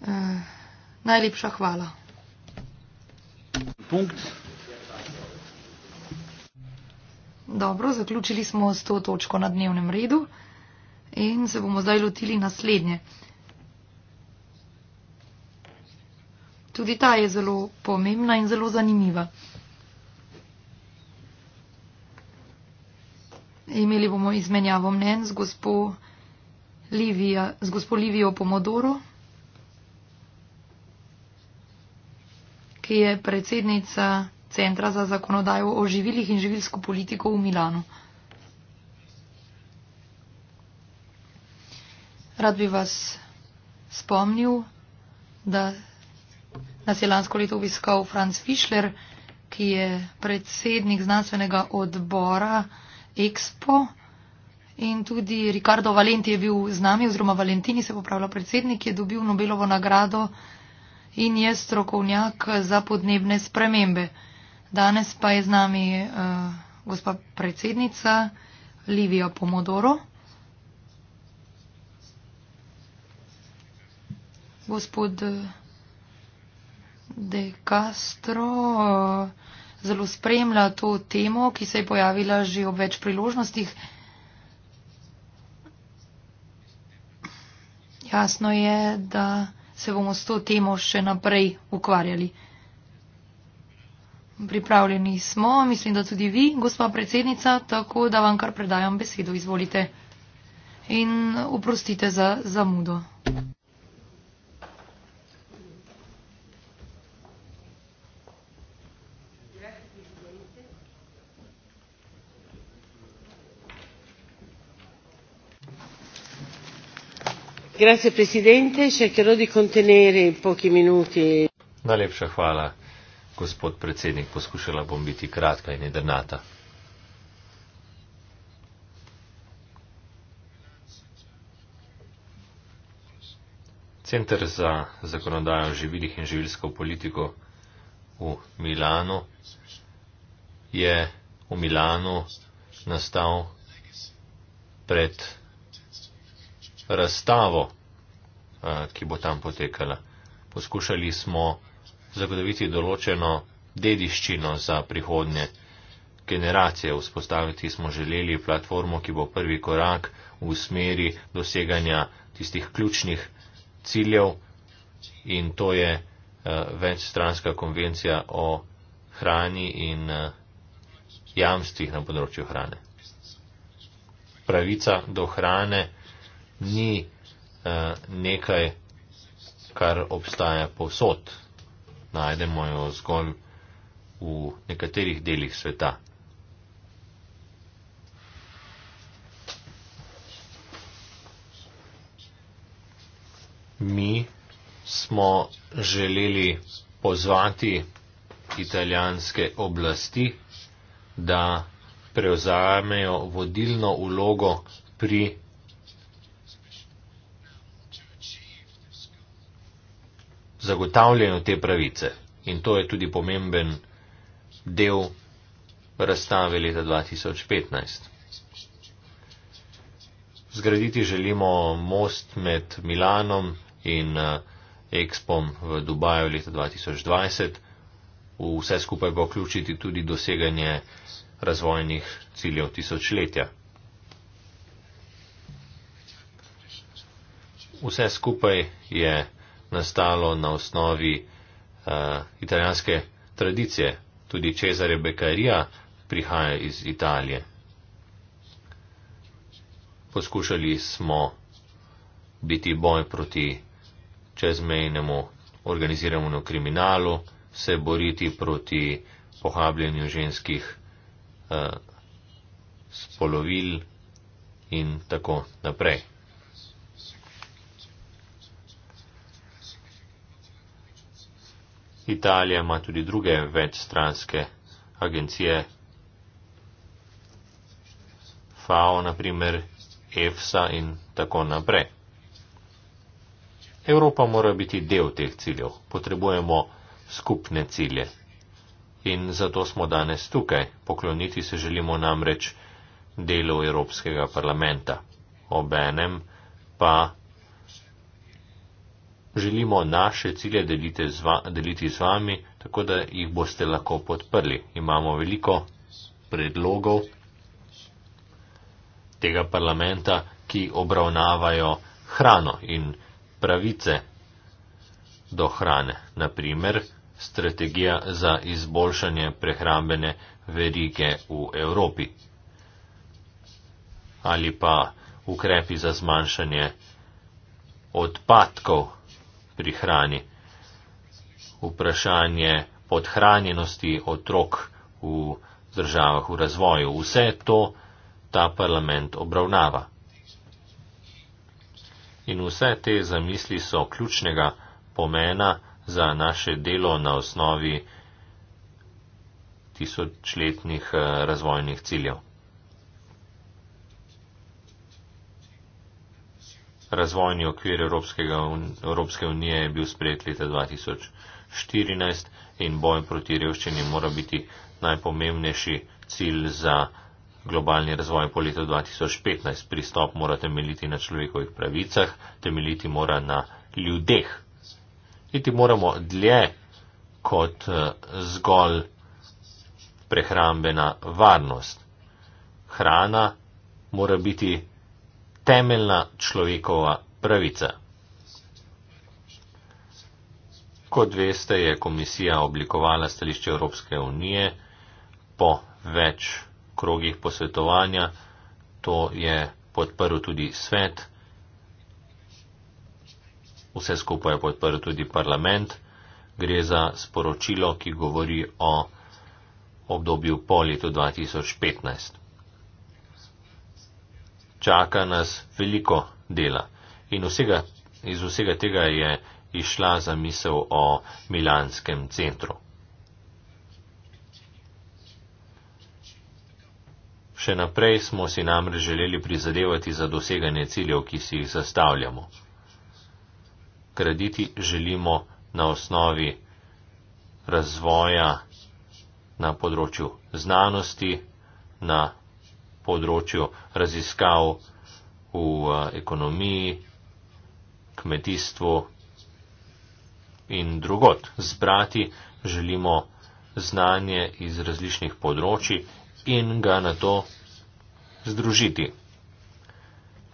Eh, najlepša hvala. Punkt. Dobro, zaključili smo s to točko na dnevnem redu in se bomo zdaj lotili naslednje. Tudi ta je zelo pomembna in zelo zanimiva. Imeli bomo izmenjavo mnen z gospo, Livija, z gospo Livijo Pomodoro, ki je predsednica Centra za zakonodajo o živilih in živilsko politiko v Milanu. Rad bi vas spomnil, da nas je lansko leto obiskal Franz Fischler, ki je predsednik znanstvenega odbora Expo. In tudi Ricardo Valenti je bil z nami, oziroma Valentini se popravlja predsednik, je dobil Nobelovo nagrado in je strokovnjak za podnebne spremembe. Danes pa je z nami uh, gospa predsednica Livija Pomodoro. Gospod eh, De Castro. Uh, zelo spremlja to temo, ki se je pojavila že ob več priložnostih. Jasno je, da se bomo s to temo še naprej ukvarjali. Pripravljeni smo, mislim, da tudi vi, gospa predsednica, tako da vam kar predajam besedo. Izvolite. In oprostite za zamudo. signor presidente cercherò di contenere in pochi minuti. najlepša hvala gospod predsednik poskušala bom biti kratka in jedrnata. center za zakonodajo o živilih in živilsko politiko v milanu je v milanu nastal pred razstavo, ki bo tam potekala. Poskušali smo zagotoviti določeno dediščino za prihodnje generacije. Vzpostaviti smo želeli platformo, ki bo prvi korak v smeri doseganja tistih ključnih ciljev in to je večstranska konvencija o hrani in jamstvih na področju hrane. Pravica do hrane ni uh, nekaj, kar obstaja povsod. Najdemo jo zgolj v nekaterih delih sveta. Mi smo želeli pozvati italijanske oblasti, da prevzamejo vodilno ulogo pri zagotavljajo te pravice. In to je tudi pomemben del razstave leta 2015. Zgraditi želimo most med Milanom in eh, Expom v Dubaju leta 2020. V vse skupaj pa vključiti tudi doseganje razvojnih ciljev tisočletja. Vse skupaj je nastalo na osnovi uh, italijanske tradicije. Tudi Cezare Beccaria prihaja iz Italije. Poskušali smo biti boj proti čezmejnemu organiziranemu kriminalu, se boriti proti pohabljenju ženskih uh, spolovil in tako naprej. Italija ima tudi druge večstranske agencije. FAO, naprimer, EFSA in tako naprej. Evropa mora biti del teh ciljev. Potrebujemo skupne cilje. In zato smo danes tukaj. Pokloniti se želimo namreč delu Evropskega parlamenta. Obenem pa želimo naše cilje deliti z vami, tako da jih boste lahko podprli. Imamo veliko predlogov tega parlamenta, ki obravnavajo hrano in pravice do hrane. Naprimer, strategija za izboljšanje prehrambene verige v Evropi ali pa ukrepi za zmanjšanje odpadkov pri hrani. Vprašanje podhranjenosti otrok v državah v razvoju. Vse to ta parlament obravnava. In vse te zamisli so ključnega pomena za naše delo na osnovi tisočletnih eh, razvojnih ciljev. Razvojni okvir Evropskega, Evropske unije je bil sprejet leta 2014 in boj proti revščini mora biti najpomembnejši cilj za globalni razvoj po letu 2015. Pristop mora temeljiti na človekovih pravicah, temeljiti mora na ljudeh. Iti moramo dlje kot eh, zgolj prehrambena varnost. Hrana mora biti temeljna človekova pravica. Kot veste, je komisija oblikovala stališče Evropske unije po več krogih posvetovanja, to je podprl tudi svet, vse skupaj je podprl tudi parlament, gre za sporočilo, ki govori o obdobju po letu 2015 čaka nas veliko dela. In vsega, iz vsega tega je išla za misel o Milanskem centru. Še naprej smo si namreč želeli prizadevati za doseganje ciljev, ki si jih zastavljamo. Graditi želimo na osnovi razvoja na področju znanosti, na področju raziskav v eh, ekonomiji, kmetijstvu in drugot. Zbrati želimo znanje iz različnih področji in ga na to združiti.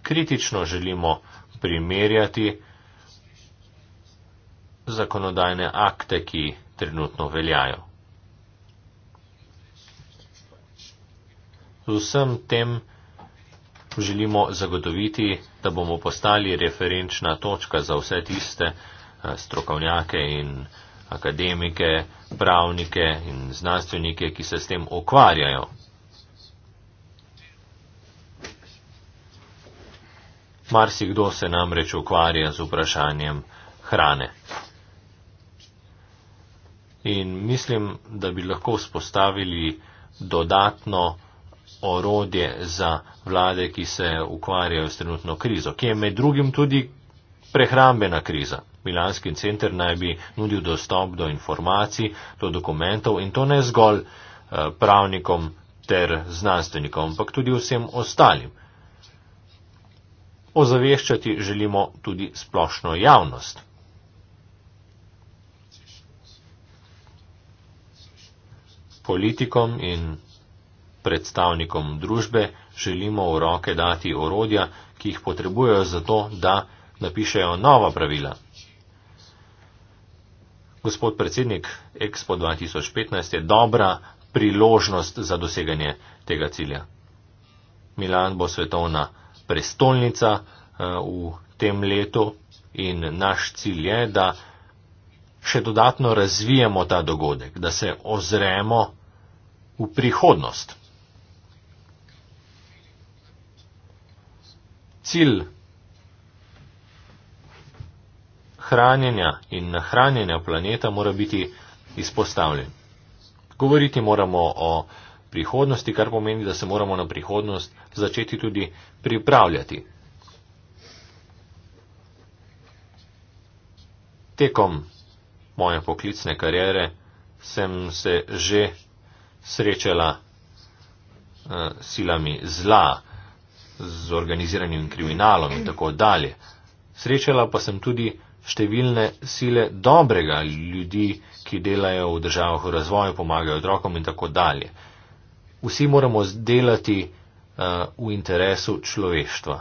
Kritično želimo primerjati zakonodajne akte, ki trenutno veljajo. Z vsem tem želimo zagotoviti, da bomo postali referenčna točka za vse tiste eh, strokovnjake in akademike, pravnike in znanstvenike, ki se s tem ukvarjajo. Marsikdo se namreč ukvarja z vprašanjem hrane. In mislim, da bi lahko vzpostavili dodatno orodje za vlade, ki se ukvarjajo s trenutno krizo, ki je med drugim tudi prehrambena kriza. Milanski center naj bi nudil dostop do informacij, do dokumentov in to ne zgolj eh, pravnikom ter znanstvenikom, ampak tudi vsem ostalim. Ozaveščati želimo tudi splošno javnost. Politikom in predstavnikom družbe želimo v roke dati orodja, ki jih potrebujejo za to, da napišejo nova pravila. Gospod predsednik, Expo 2015 je dobra priložnost za doseganje tega cilja. Milan bo svetovna prestolnica eh, v tem letu in naš cilj je, da še dodatno razvijemo ta dogodek, da se ozremo v prihodnost. cilj hranjenja in nahranjenja planeta mora biti izpostavljen. Govoriti moramo o prihodnosti, kar pomeni, da se moramo na prihodnost začeti tudi pripravljati. Tekom moje poklicne kariere sem se že srečala uh, silami zla. Uh, z organiziranim kriminalom in tako dalje. Srečala pa sem tudi številne sile dobrega ljudi, ki delajo v državah v razvoju, pomagajo otrokom in tako dalje. Vsi moramo delati uh, v interesu človeštva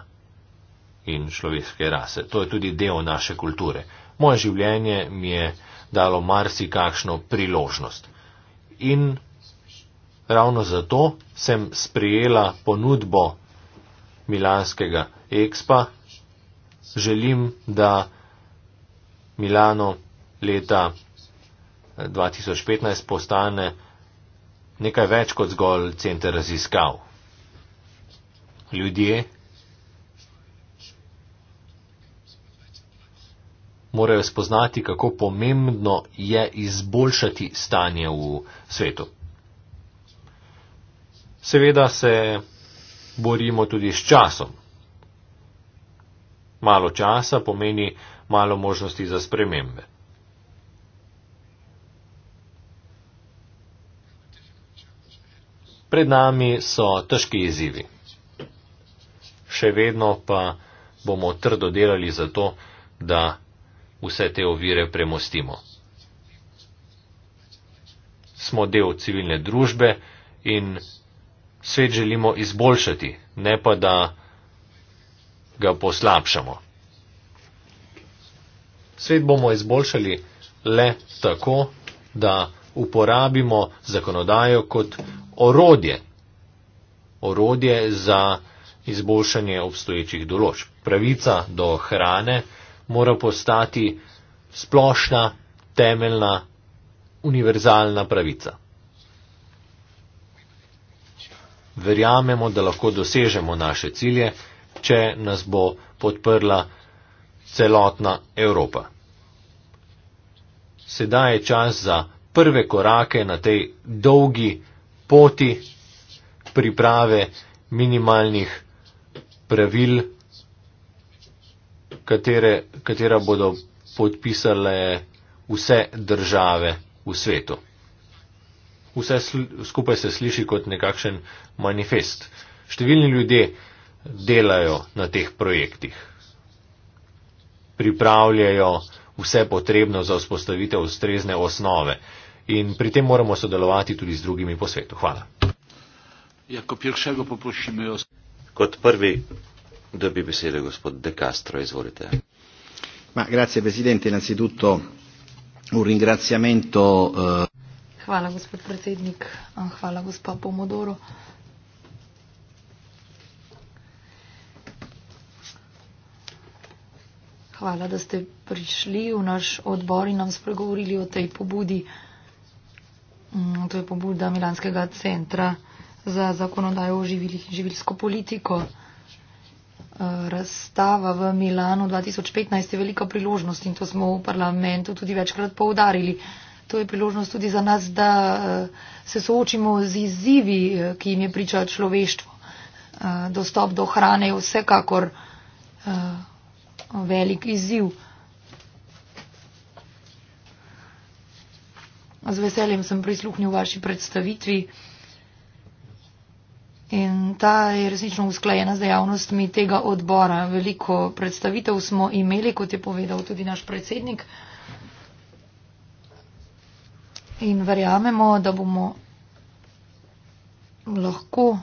in človeške rase. To je tudi del naše kulture. Moje življenje mi je dalo marsikakšno priložnost. In ravno zato sem sprejela ponudbo milanskega ekspa. Želim, da Milano leta 2015 eh, postane nekaj več kot zgolj center raziskav. Ljudje morajo spoznati, kako pomembno je izboljšati stanje v svetu. Seveda se borimo tudi s časom. Malo časa pomeni malo možnosti za spremembe. Pred nami so težki izzivi. Še vedno pa bomo trdo delali za to, da vse te ovire premostimo. Smo del civilne družbe in svet želimo izboljšati, ne pa da ga poslabšamo. Svet bomo izboljšali le tako, da uporabimo zakonodajo kot orodje, orodje za izboljšanje obstoječih določb. Pravica do hrane mora postati splošna, temeljna, univerzalna pravica. verjamemo, da lahko dosežemo naše cilje, če nas bo podprla celotna Evropa. Sedaj je čas za prve korake na tej dolgi poti priprave minimalnih pravil, katere, katera bodo podpisale vse države v svetu vse skupaj se sliši kot nekakšen manifest. Številni ljudje delajo na teh projektih, pripravljajo vse potrebno za vzpostavitev ustrezne osnove in pri tem moramo sodelovati tudi z drugimi po svetu. Hvala. Kot prvi, da bi besede gospod De Castro, izvolite. Ma, grazie, Presidente, innanzitutto un ringraziamento. Eh... Hvala, gospod predsednik. Hvala, gospod Pomodoro. Hvala, da ste prišli v naš odbor in nam spregovorili o tej pobudi. Mm, to je pobuda Milanskega centra za zakonodajo o živilih in živilsko politiko. E, razstava v Milano 2015 je velika priložnost in to smo v parlamentu tudi večkrat poudarili to je priložnost tudi za nas, da eh, se soočimo z izzivi, eh, ki jim je priča človeštvo. Eh, dostop do hrane je vsekakor velik izziv. Z veseljem sem prisluhnil vaši predstavitvi in ta je resnično usklajena z dejavnostmi tega odbora. Veliko predstavitev smo imeli, kot je povedal tudi naš predsednik in verjamemo, da bomo lahko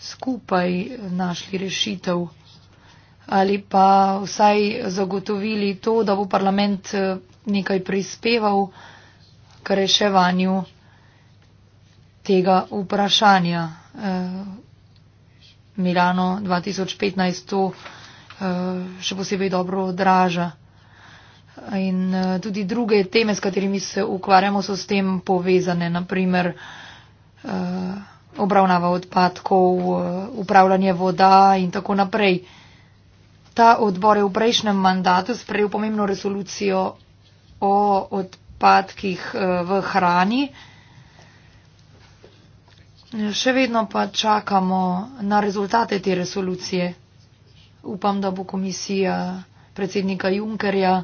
skupaj našli rešitev ali pa vsaj zagotovili to, da bo parlament eh, nekaj prispeval k reševanju tega vprašanja. Eh, Milano 2015 to eh, še posebej dobro odraža. In eh, tudi druge teme, s katerimi se ukvarjamo, so s tem povezane, naprimer eh, obravnava odpadkov, eh, upravljanje voda in tako naprej. Ta odbor je v prejšnjem mandatu sprejel pomembno resolucijo o odpadkih v hrani. Še vedno pa čakamo na rezultate te resolucije. Upam, da bo komisija predsednika Junkerja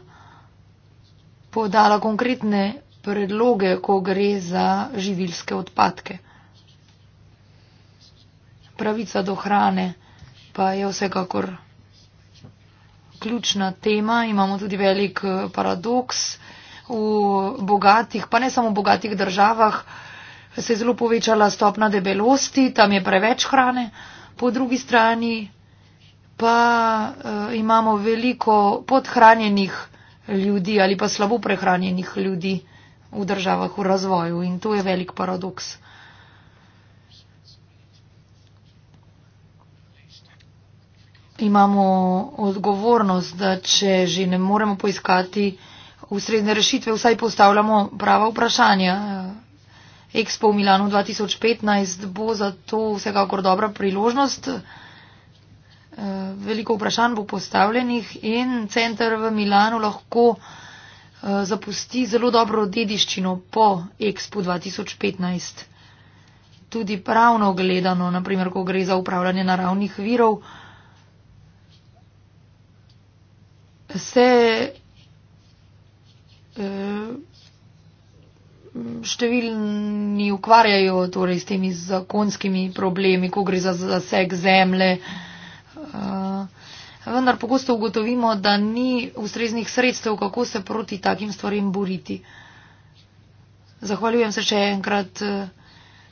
podala konkretne predloge, ko gre za živilske odpadke. Pravica do hrane pa je vsekakor ključna tema. Imamo tudi velik eh, paradoks. V bogatih, pa ne samo v bogatih državah, se je zelo povečala stopna debelosti, tam je preveč hrane. Po drugi strani pa uh, imamo veliko podhranjenih ljudi ali pa slabo prehranjenih ljudi v državah v razvoju in to je velik paradoks. Imamo odgovornost, da če že ne moremo poiskati ustrezne rešitve, vsaj postavljamo prava vprašanja. Expo v Milano 2015 bo zato vsekakor dobra priložnost. Eh, veliko vprašanj bo postavljenih in center v Milano lahko eh, zapusti zelo dobro dediščino po Expo 2015. Tudi pravno gledano, naprimer, ko gre za upravljanje naravnih virov, se eh, številni ukvarjajo torej, s temi zakonskimi problemi, ko gre za zaseg zemlje, Eh, vendar pogosto ugotovimo, da ni ustreznih sredstev, kako se proti takim stvarem boriti. Zahvaljujem se še enkrat eh,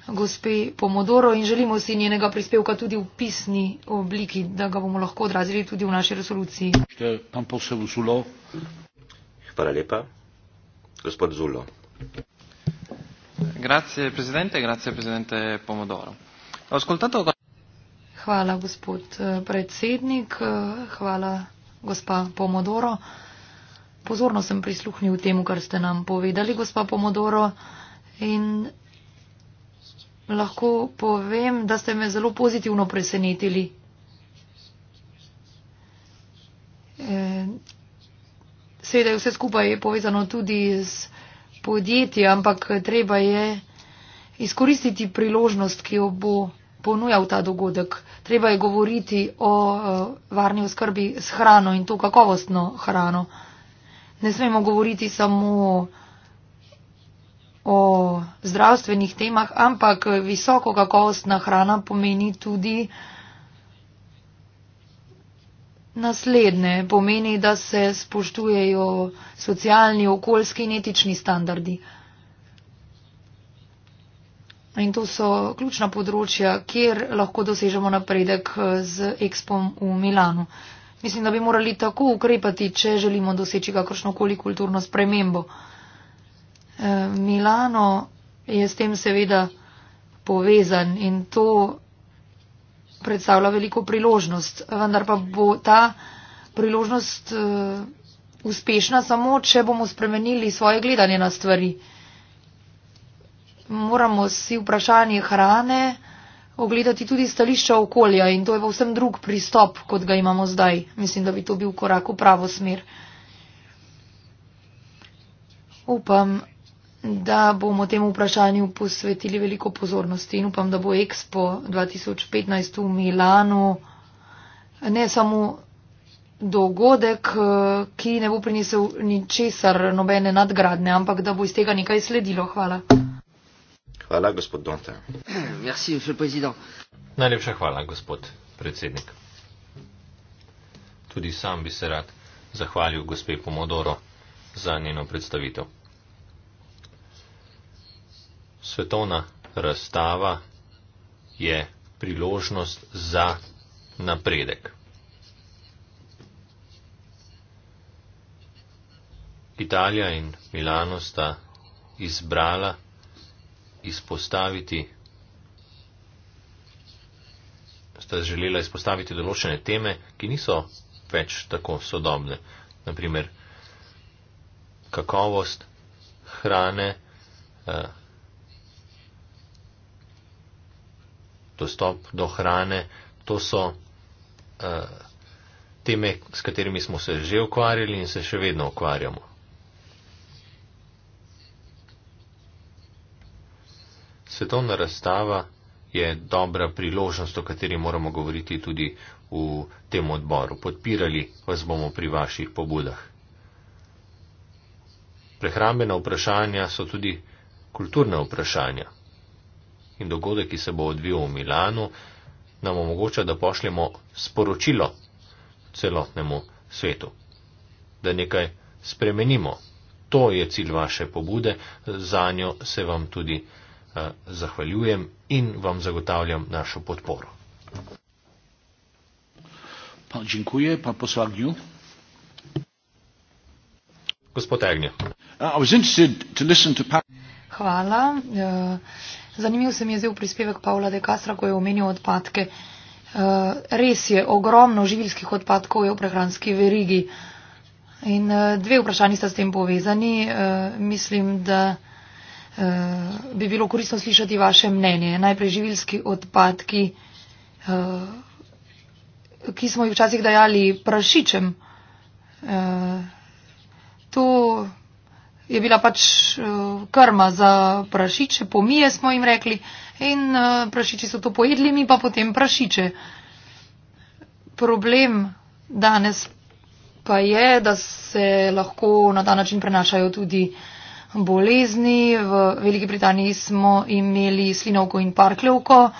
gospe Pomodoro in želimo si njenega prispevka tudi v pisni obliki, da ga bomo lahko odrazili tudi v naši resoluciji. Hvala lepa. Gospod Zulo. Grazie, presidente, grazie, presidente Pomodoro. Ho ascoltato... Hvala, gospod eh, predsednik. Eh, hvala, gospa Pomodoro. Pozorno sem prisluhnil temu, kar ste nam povedali, gospa Pomodoro. In lahko povem, da ste me zelo pozitivno presenetili. Eh, seveda je vse skupaj povezano tudi z podjetji, ampak treba je izkoristiti priložnost, ki jo bo ponujal ta dogodek treba je govoriti o eh, varni oskrbi s hrano in to kakovostno hrano. Ne smemo govoriti samo o zdravstvenih temah, ampak visoko kakovostna hrana pomeni tudi naslednje. Pomeni, da se spoštujejo socialni, okoljski in etični standardi. In to so ključna področja, kjer lahko dosežemo napredek eh, z ekspom v Milanu. Mislim, da bi morali tako ukrepati, če želimo doseči kakršnokoli kulturno spremembo. Eh, Milano je s tem seveda povezan in to predstavlja veliko priložnost, vendar pa bo ta priložnost eh, uspešna samo, če bomo spremenili svoje gledanje na stvari moramo si vprašanje hrane ogledati tudi stališča okolja in to je povsem drug pristop, kot ga imamo zdaj. Mislim, da bi to bil korak v pravo smer. Upam, da bomo temu vprašanju posvetili veliko pozornosti in upam, da bo Expo 2015 v Milanu ne samo dogodek, ki ne bo prinesel ničesar, nobene nadgradne, ampak da bo iz tega nekaj sledilo. Hvala. Hvala, gospod Donta. Merci, gospod predsednik. Najlepša hvala, gospod predsednik. Tudi sam bi se rad zahvalil gospe Pomodoro za njeno predstavitev. Svetovna razstava je priložnost za napredek. Italija in Milano sta izbrala izpostaviti, sta želela izpostaviti določene teme, ki niso več tako sodobne. Naprimer, kakovost hrane, eh, dostop do hrane, to so eh, teme, s katerimi smo se že ukvarjali in se še vedno ukvarjamo. Svetovna razstava je dobra priložnost, o kateri moramo govoriti tudi v tem odboru. Podpirali vas bomo pri vaših pobudah. Prehrambena vprašanja so tudi kulturna vprašanja. In dogodek, ki se bo odvijal v Milanu, nam omogoča, da pošljemo sporočilo celotnemu svetu, da nekaj spremenimo. To je cilj vaše pobude, za njo se vam tudi zahvaljujem in vam zagotavljam našo podporo. Pa, džinkuje, uh, pa Gospod Agnjo. Hvala. Uh, zanimiv se mi je zdaj prispevek Pavla De Castra, ko je omenil odpadke. Uh, res je, ogromno živilskih odpadkov je v prehranski verigi. In dve vprašanji sta s tem povezani. Mislim, da. Eh, bi bilo koristno slišati vaše mnenje. Najprej živilski odpadki, uh, ki smo jih včasih dajali prašičem. Uh, to je bila pač uh, krma za prašiče, pomije smo jim rekli in uh, prašiči so to pojedli, mi pa potem prašiče. Problem danes pa je, da se lahko na ta način prenašajo tudi uh, bolezni. V Veliki Britaniji smo imeli slinovko in parkljevko.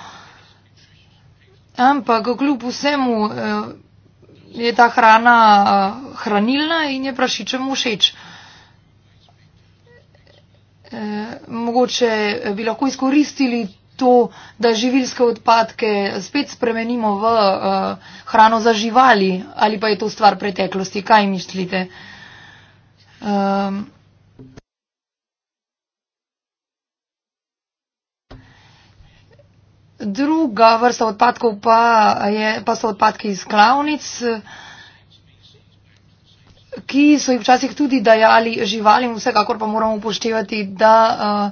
Ampak kljub vsemu eh, je ta hrana eh, hranilna in je prašičem všeč. Eh, mogoče bi lahko izkoristili to, da živilske odpadke spet spremenimo v hrano za živali ali pa je to stvar preteklosti. Kaj mislite? Um, Druga vrsta odpadkov pa, je, pa so odpadki iz klavnic, ki so jih včasih tudi dajali živalim. Vsekakor pa moramo upoštevati, da eh,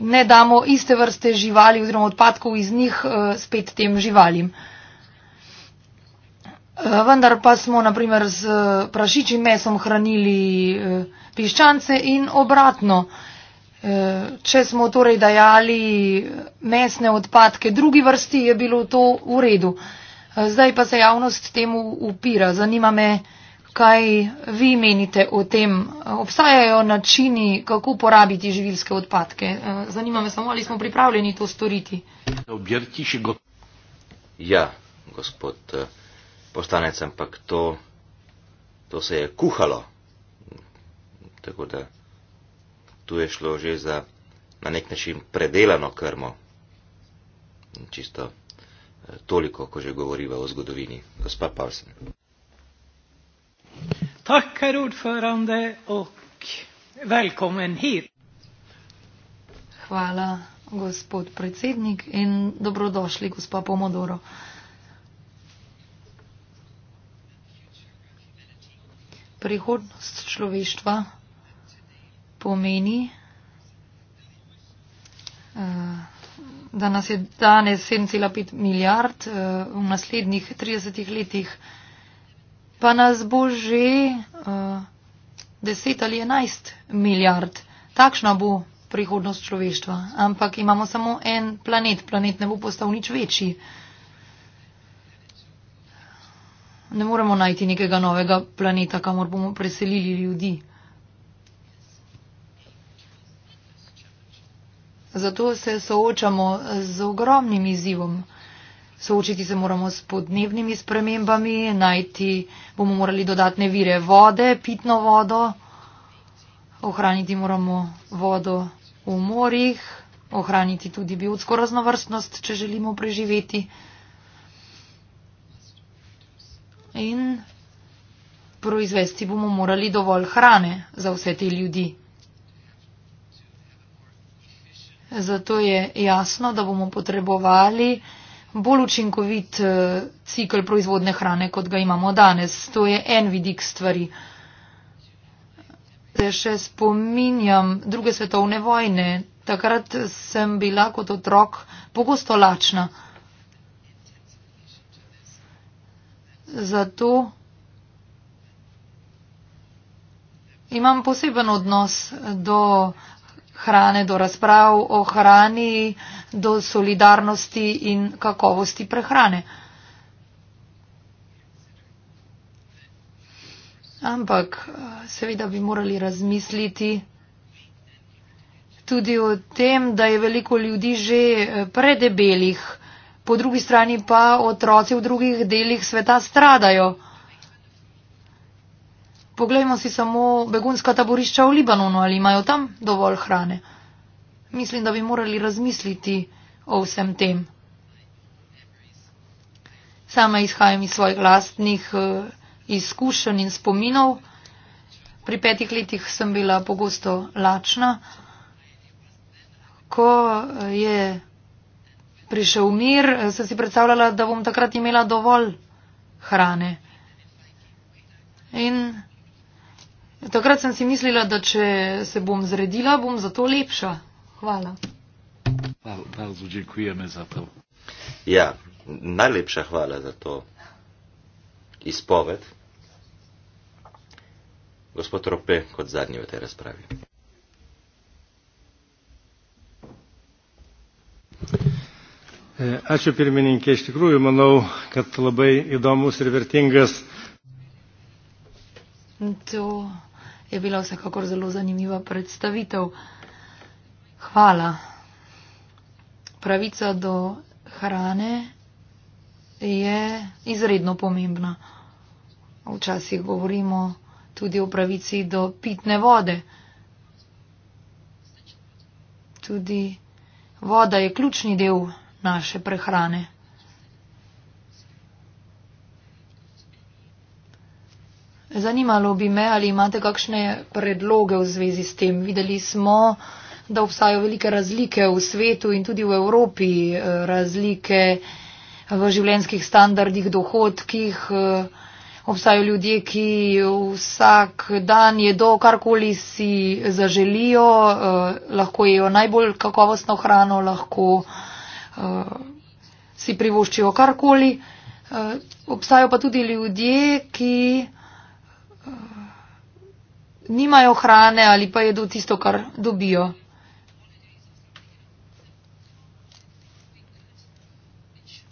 ne damo iste vrste živali oziroma odpadkov iz njih eh, spet tem živalim. Eh, vendar pa smo naprimer z prašičim mesom hranili piščance in obratno. Če smo torej dajali mesne odpadke drugi vrsti, je bilo to v redu. Zdaj pa se javnost temu upira. Zanima me, kaj vi menite o tem. Obstajajo načini, kako porabiti živilske odpadke. Zanima me samo, ali smo pripravljeni to storiti. Ja, gospod eh, poslanec, ampak to, to se je kuhalo. Tako da tu je šlo že za na nek način predelano krmo. Čisto eh, toliko, ko že govoriva o zgodovini. Gospa Pavsen. Tak, herr ordförande, ok, velkommen hit. Hvala, gospod predsednik in dobrodošli, gospa Pomodoro. Prihodnost človeštva pomeni, eh, da nas je danes 7,5 milijard, eh, v naslednjih 30 letih pa nas bo že 10 eh, ali 11 milijard. Takšna bo prihodnost človeštva, ampak imamo samo en planet, planet ne bo postal nič večji. Ne moremo najti nekega novega planeta, kamor bomo preselili ljudi. Zato se soočamo z ogromnim izzivom. Soočiti se moramo s podnebnimi spremembami, najti bomo morali dodatne vire vode, pitno vodo, ohraniti moramo vodo v morjih, ohraniti tudi biotsko raznovrstnost, če želimo preživeti. In proizvesti bomo morali dovolj hrane za vse te ljudi. Zato je jasno, da bomo potrebovali bolj učinkovit eh, cikl proizvodne hrane, kot ga imamo danes. To je en vidik stvari. Se še spominjam druge svetovne vojne. Takrat sem bila kot otrok pogosto lačna. Zato imam poseben odnos do hrane, do razprav o hrani, do solidarnosti in kakovosti prehrane. Ampak eh, seveda bi morali razmisliti tudi o tem, da je veliko ljudi že eh, predebelih, po drugi strani pa otroci v drugih delih sveta stradajo. Poglejmo si samo begunska taborišča v Libanonu, ali imajo tam dovolj hrane. Mislim, da bi morali razmisliti o vsem tem. Sama izhajam iz svojih lastnih eh, izkušenj in spominov. Pri petih letih sem bila pogosto lačna. Ko eh, je prišel mir, eh, sem si predstavljala, da bom takrat imela dovolj hrane. In Takrat sem si mislila, da če se bom zredila, bom zato lepša. Hvala. Bardzo dziękujemy za to. Ja, najlepsza chwała za to i spowiedź. Gospod Ropy, kod zadnie w tej rozprawie. E, ačiū pirmininkė, iš tikrųjų manau, kad labai įdomus ir vertingas. Tu. To je bila vsekakor zelo zanimiva predstavitev. Hvala. Pravica do hrane je izredno pomembna. Včasih govorimo tudi o pravici do pitne vode. Tudi voda je ključni del naše prehrane. Zanimalo bi me, ali imate kakšne predloge v zvezi s tem. Videli smo, da obstajajo velike razlike v svetu in tudi v Evropi, eh, razlike v življenskih standardih, dohodkih. Eh, obstajajo ljudje, ki vsak dan jedo karkoli si zaželijo, eh, lahko jejo najbolj kakovostno hrano, lahko si privoščijo karkoli. Obstajajo pa tudi ljudje, ki nimajo hrane ali pa jedo tisto, kar dobijo.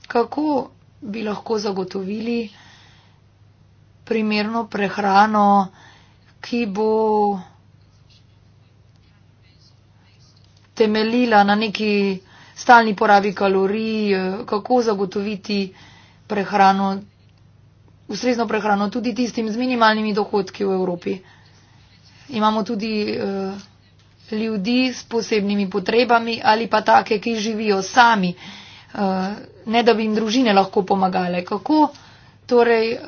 Kako bi lahko zagotovili primerno prehrano, ki bo temeljila na neki stalni porabi kalorij, kako zagotoviti prehrano, ustrezno prehrano tudi tistim z minimalnimi dohodki v Evropi? imamo tudi eh, ljudi s posebnimi potrebami ali pa take, ki živijo sami, eh, ne da bi jim družine lahko pomagale. Kako torej eh,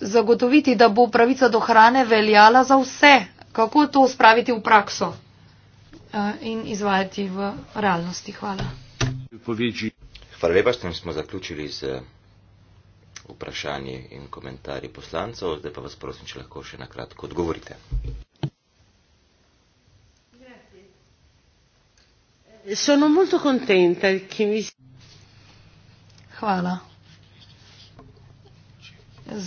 zagotoviti, da bo pravica do hrane veljala za vse? Kako to spraviti v prakso in izvajati v realnosti? Hvala. Hvala lepa, s tem smo zaključili z vprašanji in komentarji poslancev, zdaj pa vas prosim, če lahko še nakratko odgovorite. Hvala.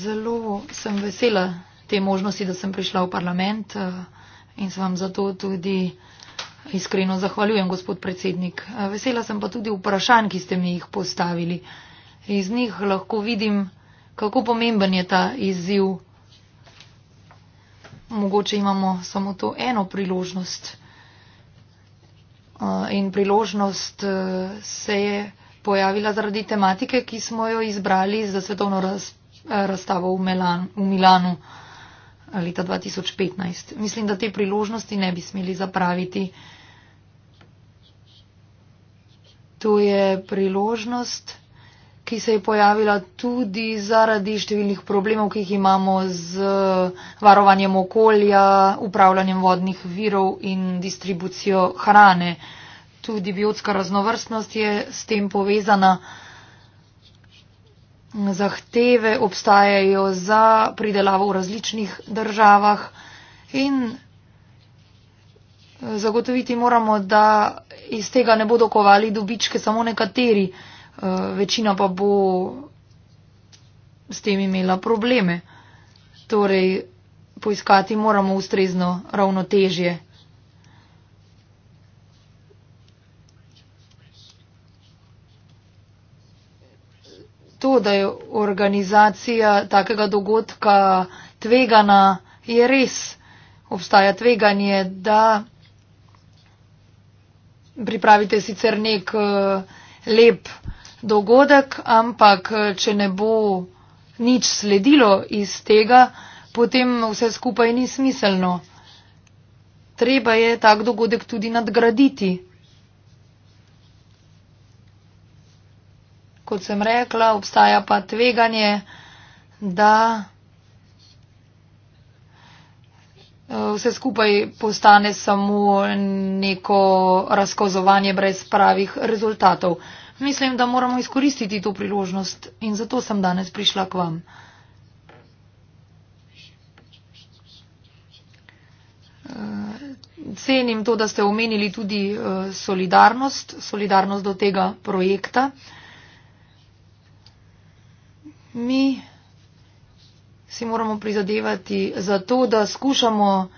Zelo sem vesela te možnosti, da sem prišla v parlament eh, in se vam zato tudi iskreno zahvaljujem, gospod predsednik. Eh, vesela sem pa tudi vprašanj, ki ste mi jih postavili iz njih lahko vidim, kako pomemben je ta izziv. Mogoče imamo samo to eno priložnost. Eh, in priložnost eh, se je pojavila zaradi tematike, ki smo jo izbrali za svetovno raz, razstavo v, Melan, v Milanu eh, leta 2015. Mislim, da te priložnosti ne bi smeli zapraviti. To je priložnost ki se je pojavila tudi zaradi številnih problemov, ki jih imamo z varovanjem okolja, upravljanjem vodnih virov in distribucijo hrane. Tudi biotska raznovrstnost je s tem povezana. Zahteve obstajajo za pridelavo v različnih državah in zagotoviti moramo, da iz tega ne bodo kovali dobičke samo nekateri. Eh, večina pa bo s tem imela probleme. Torej, poiskati moramo ustrezno ravnotežje. To, da je organizacija takega dogodka tvegana, je res. Obstaja tveganje, da pripravite sicer nek eh, lep uh, dogodek, ampak eh, če ne bo nič sledilo iz tega, potem vse skupaj ni smiselno. Treba je tak dogodek tudi nadgraditi. Kot sem rekla, obstaja pa tveganje, da eh, vse skupaj postane samo neko razkazovanje brez pravih rezultatov. Mislim, da moramo izkoristiti to priložnost in zato sem danes prišla k vam. Eh, cenim to, da ste omenili tudi eh, solidarnost, solidarnost do tega projekta. Mi si moramo prizadevati za to, da skušamo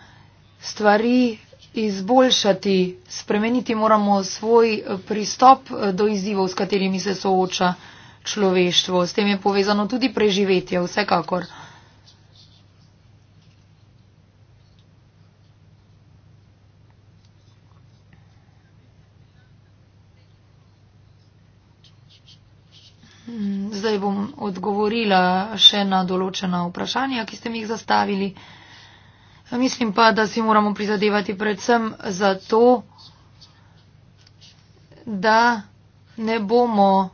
stvari izboljšati, spremeniti moramo svoj eh, pristop eh, do izzivov, s katerimi se sooča človeštvo. S tem je povezano tudi preživetje, vsekakor. Hmm, zdaj bom odgovorila še na določena vprašanja, ki ste mi jih zastavili. Mislim pa, da si moramo prizadevati predvsem za to, da ne bomo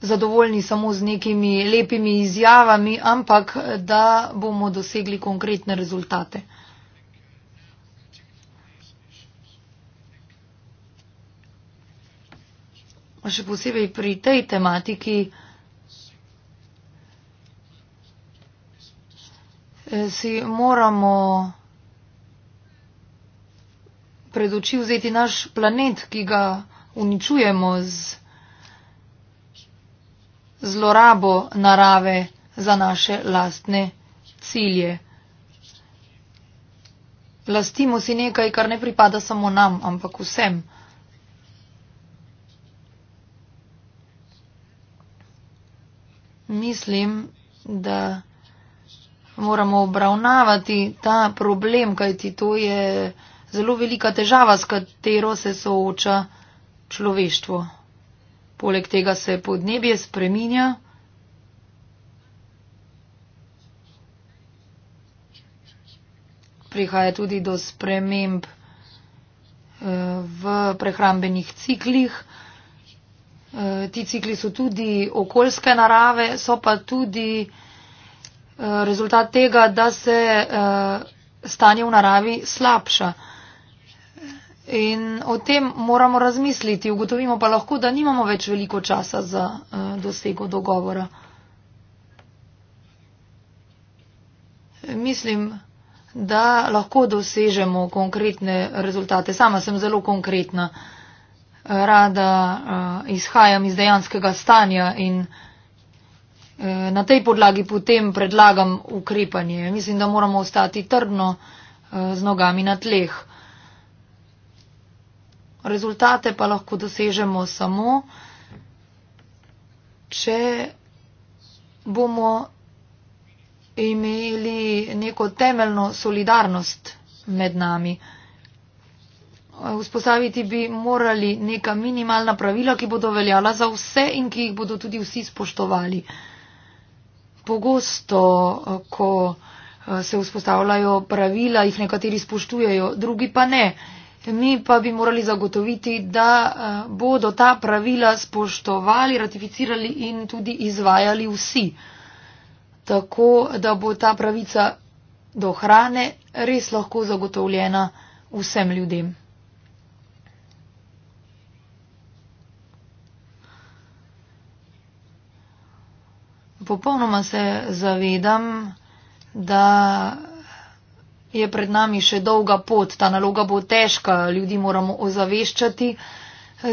zadovoljni samo z nekimi lepimi izjavami, ampak da bomo dosegli konkretne rezultate. Še posebej pri tej tematiki si moramo pred oči vzeti naš planet, ki ga uničujemo z zlorabo narave za naše lastne cilje. Lastimo si nekaj, kar ne pripada samo nam, ampak vsem. Mislim, da moramo obravnavati ta problem, kajti to je zelo velika težava, s katero se sooča človeštvo. Poleg tega se podnebje spreminja. Prihaja tudi do sprememb eh, v prehrambenih ciklih. Eh, ti cikli so tudi okoljske narave, so pa tudi Eh, rezultat tega, da se eh, stanje v naravi slabša. In o tem moramo razmisliti. Ugotovimo pa lahko, da nimamo več veliko časa za eh, dosego dogovora. Mislim, da lahko dosežemo konkretne rezultate. Sama sem zelo konkretna. Rada izhajam iz dejanskega stanja in na tej podlagi potem predlagam ukrepanje. Mislim, da moramo ostati trdno eh, z nogami na tleh. Rezultate pa lahko dosežemo samo, če bomo imeli neko temeljno solidarnost med nami. Vzpostaviti bi morali neka minimalna pravila, ki bodo veljala za vse in ki jih bodo tudi vsi spoštovali pogosto, eh, ko eh, se vzpostavljajo pravila, jih nekateri spoštujejo, drugi pa ne. Mi pa bi morali zagotoviti, da eh, bodo ta pravila spoštovali, ratificirali in tudi izvajali vsi. Tako, da bo ta pravica do hrane res lahko zagotovljena vsem ljudem. Popolnoma se zavedam, da je pred nami še dolga pot, ta naloga bo težka, ljudi moramo ozaveščati,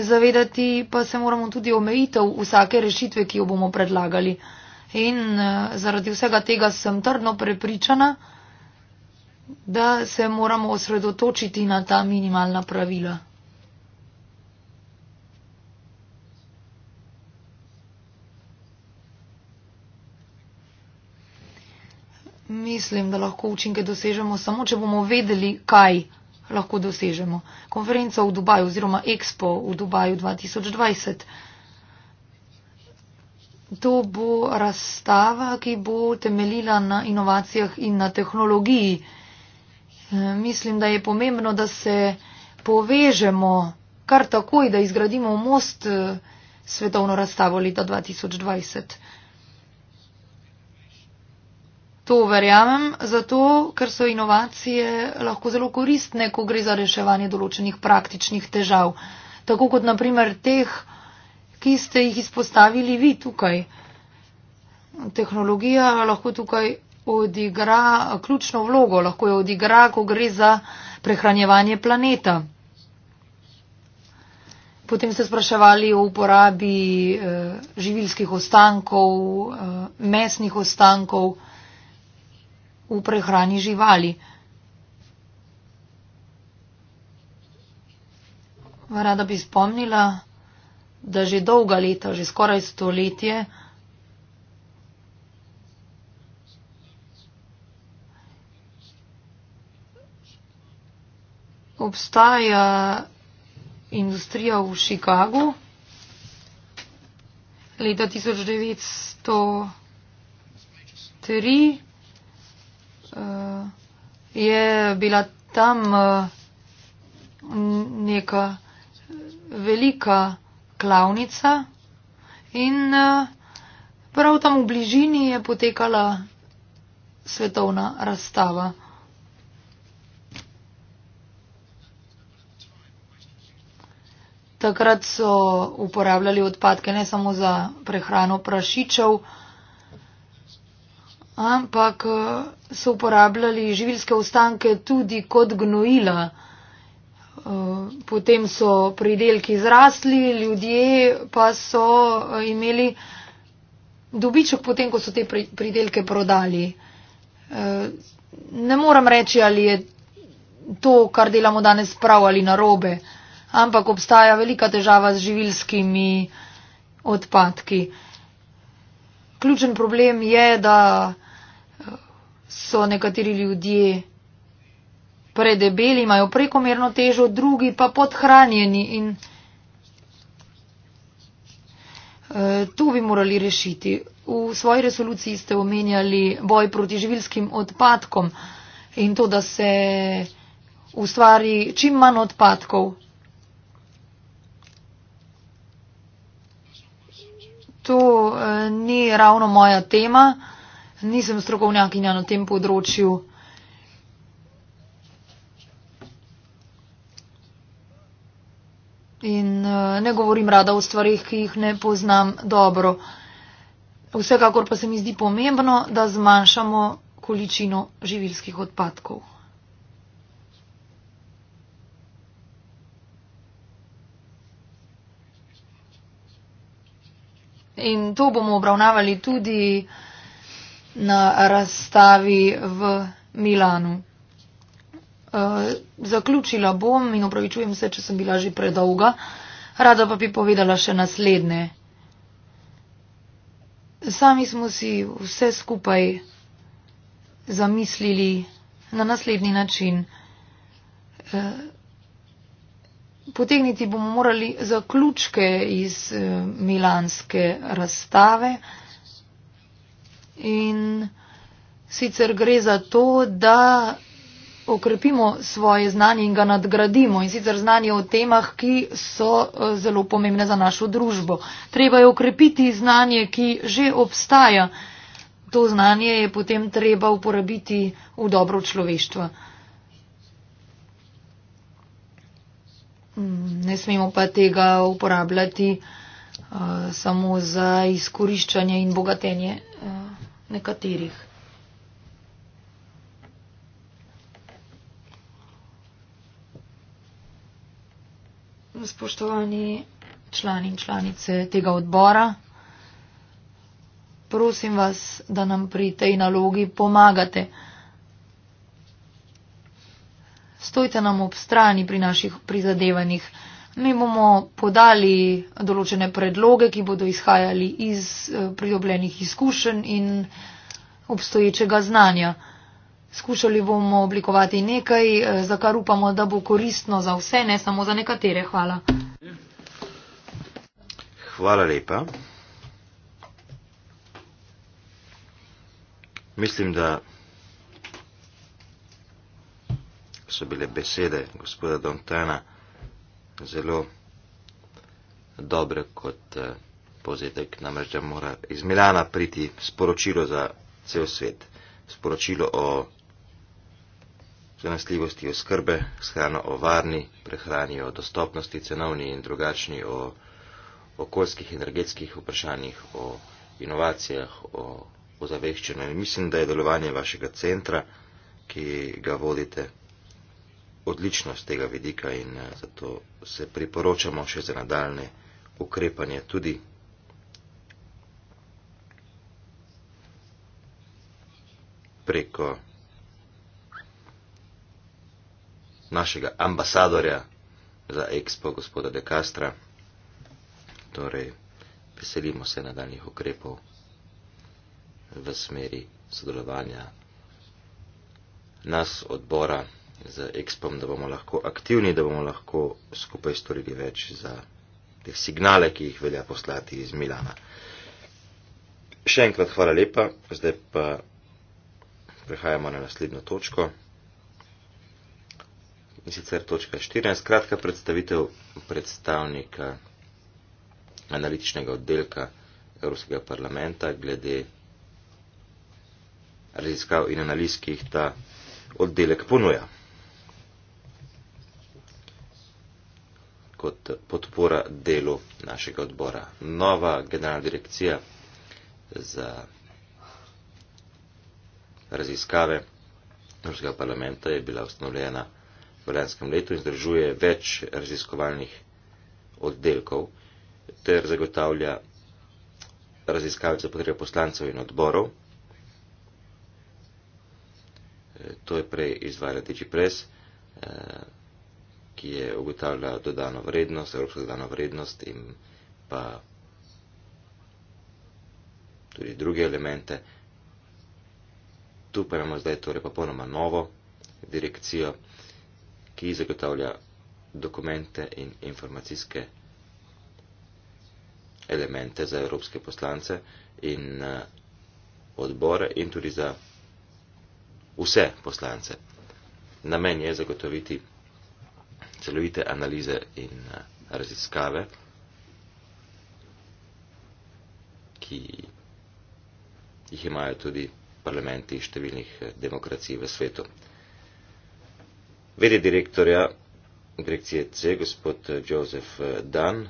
zavedati pa se moramo tudi omejitev vsake rešitve, ki jo bomo predlagali. In eh, zaradi vsega tega sem trdno prepričana, da se moramo osredotočiti na ta minimalna pravila. Mislim, da lahko učinke dosežemo samo, če bomo vedeli, kaj lahko dosežemo. Konferenca v Dubaju oziroma Expo v Dubaju 2020. To bo razstava, ki bo temeljila na inovacijah in na tehnologiji. E, mislim, da je pomembno, da se povežemo kar takoj, da izgradimo most e, svetovno razstavo leta 2020. To verjamem, zato ker so inovacije lahko zelo koristne, ko gre za reševanje določenih praktičnih težav, tako kot naprimer teh, ki ste jih izpostavili vi tukaj. Tehnologija lahko tukaj odigra ključno vlogo, lahko jo odigra, ko gre za prehranjevanje planeta. Potem ste spraševali o uporabi eh, živilskih ostankov, eh, mesnih ostankov v prehrani živali. Rada bi spomnila, da že dolga leta, že skoraj stoletje, obstaja industrija v Chicagu. Leta 1903 uh, je bila tam uh, neka velika klavnica in uh, prav tam v bližini je potekala svetovna razstava. Takrat so uporabljali odpadke ne samo za prehrano prašičev, ampak eh, so uporabljali živilske ostanke tudi kot gnojila. Eh, potem so pridelki zrasli, ljudje pa so eh, imeli dobiček potem, ko so te pridelke prodali. Ne moram reči, ali je to, kar delamo danes prav ali narobe, ampak obstaja velika težava z živilskimi odpadki. Ključen problem je, da so nekateri ljudje predebeli, imajo prekomerno težo, drugi pa podhranjeni in e, to bi morali rešiti. V svoji resoluciji ste omenjali boj proti živilskim odpadkom in to, da se ustvari čim manj odpadkov. To e, ni ravno moja tema nisem strokovnjakinja na tem področju. In eh, ne govorim rada o stvarih, ki jih ne poznam dobro. Vsekakor pa se mi zdi pomembno, da zmanjšamo količino živilskih odpadkov. In to bomo obravnavali tudi na razstavi v Milanu. E, zaključila bom in opravičujem se, če sem bila že predolga. Rada pa bi povedala še naslednje. Sami smo si vse skupaj zamislili na naslednji način. E, potegniti bomo morali zaključke iz e, milanske razstave. In sicer gre za to, da okrepimo svoje znanje in ga nadgradimo in sicer znanje o temah, ki so e, zelo pomembne za našo družbo. Treba je okrepiti znanje, ki že obstaja. To znanje je potem treba uporabiti v dobro človeštva. Ne smemo pa tega uporabljati uh, samo za izkoriščanje in bogatenje nekaterih. Spoštovani člani in članice tega odbora, prosim vas, da nam pri tej nalogi pomagate. Stojte nam ob strani pri naših prizadevanjih. Mi bomo podali določene predloge, ki bodo izhajali iz eh, pridobljenih izkušenj in obstoječega znanja. Skušali bomo oblikovati nekaj, eh, za kar upamo, da bo koristno za vse, ne samo za nekatere. Hvala. Hvala lepa. Mislim, da so bile besede gospoda Dontana zelo dobre kot eh, povzetek, namreč da mora iz Milana priti sporočilo za cel svet, sporočilo o zanesljivosti oskrbe s hrano, o varni prehrani, o dostopnosti cenovni in drugačni, o okoljskih energetskih vprašanjih, o inovacijah, o ozaveščenju. Mislim, da je delovanje vašega centra, ki ga vodite, odlično z tega vidika in eh, zato se priporočamo še za nadaljne ukrepanje tudi preko našega ambasadorja za Expo, gospoda De Castra. Torej, veselimo se nadaljnih ukrepov v smeri sodelovanja nas odbora z EXPOM, da bomo lahko aktivni, da bomo lahko skupaj storili več za te signale, ki jih velja poslati iz Milana. Še enkrat hvala lepa, zdaj pa prehajamo na naslednjo točko. In sicer točka 14, kratka predstavitev predstavnika analitičnega oddelka Evropskega parlamenta glede raziskav in analiz, ki jih ta oddelek ponuja. kot podpora delu našega odbora. Nova generalna direkcija za raziskave Evropskega parlamenta je bila ustanovljena v lanskem letu in združuje več raziskovalnih oddelkov ter zagotavlja raziskave za potrebe poslancev in odborov. E, to je prej izvajala DigiPress. E, ki je ugotavljala dodano vrednost, evropsko dodano vrednost in pa tudi druge elemente. Tu pa imamo zdaj torej popolnoma novo direkcijo, ki zagotavlja dokumente in informacijske elemente za evropske poslance in eh, odbore in tudi za vse poslance. Namen je zagotoviti celovite analize in eh, raziskave, ki jih imajo tudi parlamenti številnih eh, demokracij v svetu. Vede direktorja direkcije C, gospod eh, Joseph Dan,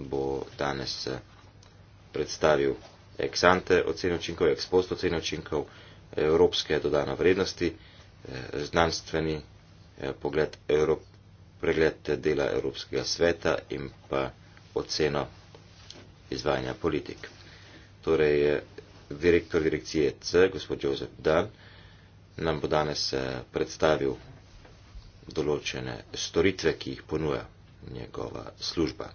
bo danes predstavil eksante ocene učinkov, ekspost ocene učinkov Evropske dodano vrednosti znanstveni eh, pogled, pregled dela Evropskega sveta in pa oceno izvajanja politik. Torej, eh, direktor direkcije C, gospod Jozef Dan, nam bo danes eh, predstavil določene storitve, ki jih ponuja njegova služba.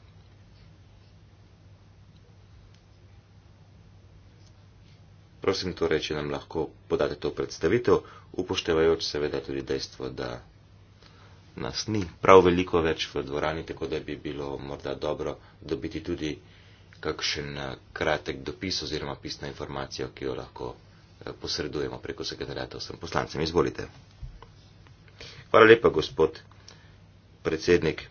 Prosim torej, če nam lahko podate to predstavitev, upoštevajoč seveda tudi dejstvo, da nas ni prav veliko več v dvorani, tako da bi bilo morda dobro dobiti tudi kakšen eh, kratek dopis oziroma pisna informacija, ki jo lahko eh, posredujemo preko sekretarjata vsem poslancem. Izvolite. Hvala lepa, gospod predsednik.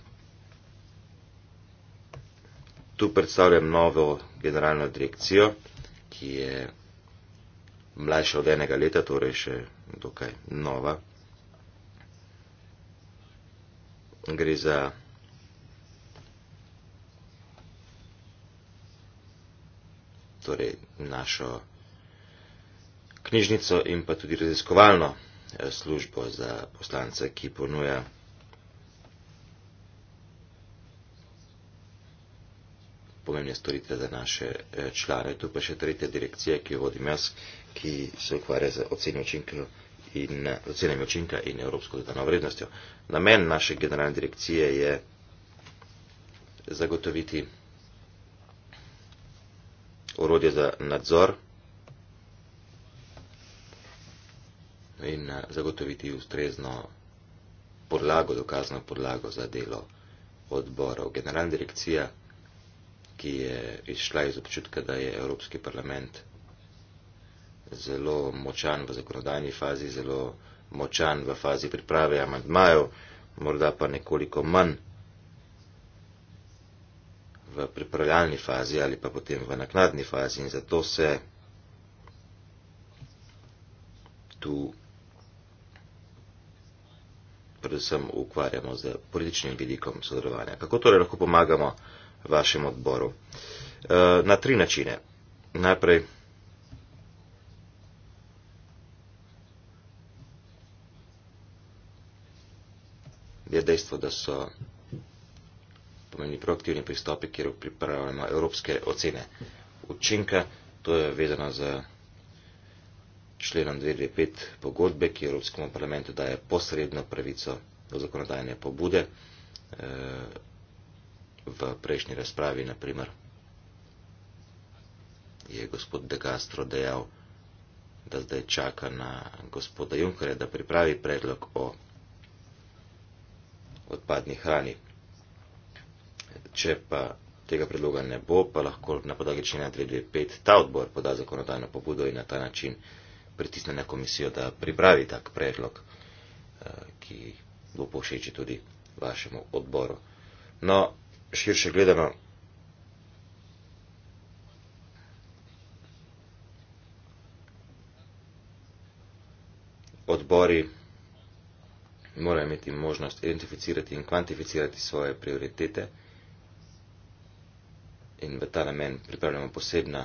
Tu predstavljam novo generalno direkcijo, ki je mlajša od enega leta, torej še tukaj nova. Gre za torej našo knjižnico in pa tudi raziskovalno eh, službo za poslance, ki ponuja pomembne storitve za naše eh, člane. Tu pa še tretja direkcija, ki jo vodim jaz, ki se ukvarja z ocenjo učinkov in ocenami učinka in evropsko dodano vrednostjo. Namen naše generalne direkcije je zagotoviti orodje za nadzor in eh, zagotoviti ustrezno podlago, dokazno podlago za delo odborov. Generalna direkcija, ki je izšla iz občutka, da je Evropski parlament zelo močan v zakonodajni fazi, zelo močan v fazi priprave amantmajev, morda pa nekoliko manj v pripravljalni fazi ali pa potem v naknadni fazi in zato se tu predvsem ukvarjamo z političnim vidikom sodelovanja. Kako torej lahko pomagamo vašemu odboru? Eh, na tri načine. Najprej dejstvo, da so pomeni proaktivni pristopi, kjer pripravljamo evropske ocene učinka. To je vezano z členom 225 pogodbe, ki Evropskemu parlamentu daje posredno pravico do zakonodajne pobude. Eh, v prejšnji razpravi, naprimer, je gospod De Castro dejal, da zdaj čaka na gospoda Junkerja, da pripravi predlog o odpadni hrani. Če pa tega predloga ne bo, pa lahko na podlagi člena 225 ta odbor poda zakonodajno pobudo in na ta način pritisne na komisijo, da pripravi tak predlog, eh, ki bo povšeči tudi vašemu odboru. No, širše gledano, odbori morajo imeti možnost identificirati in kvantificirati svoje prioritete in v ta namen pripravljamo posebna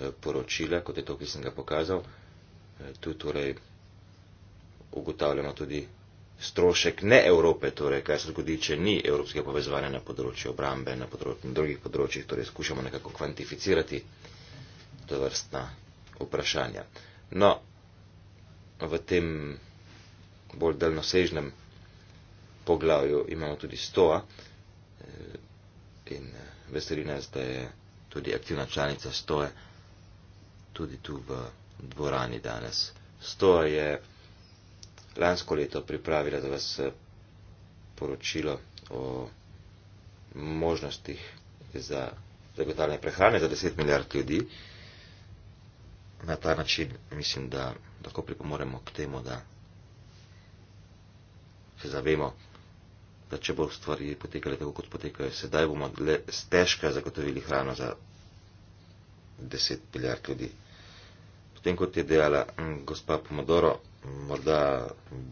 eh, poročila, kot je to, ki sem ga pokazal. Eh, tu torej ugotavljamo tudi strošek ne Evrope, torej kaj se zgodi, če ni evropskega povezovanja na področju obrambe, na, področju, na drugih področjih, torej skušamo nekako kvantificirati to vrstna vprašanja. No, v tem bolj daljnosežnem poglavju imamo tudi stoa eh, in eh, veseli nas, da je tudi aktivna članica stoje tudi tu v dvorani danes. Stoa je lansko leto pripravila za vas eh, poročilo o možnostih za zagotavljanje prehrane za 10 milijard ljudi. Na ta način mislim, da lahko pripomoremo k temu, da Se zavemo, da če bo stvari potekale tako, kot potekajo sedaj, bomo le stežka zagotovili hrano za 10 milijard ljudi. Potem, kot je dejala gospa Pomodoro, morda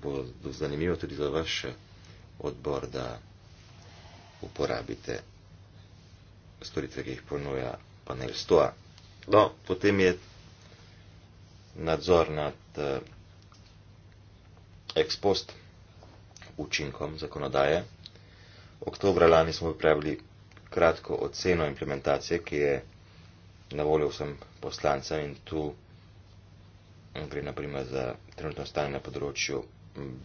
bo zanimivo tudi za vaš odbor, da uporabite storitve, ki jih ponuja panel stoa. No, potem je nadzor nad uh, eh, ekspost učinkom zakonodaje. Oktobra lani smo pripravili kratko oceno implementacije, ki je na voljo vsem poslancem in tu gre naprimer za trenutno stanje na področju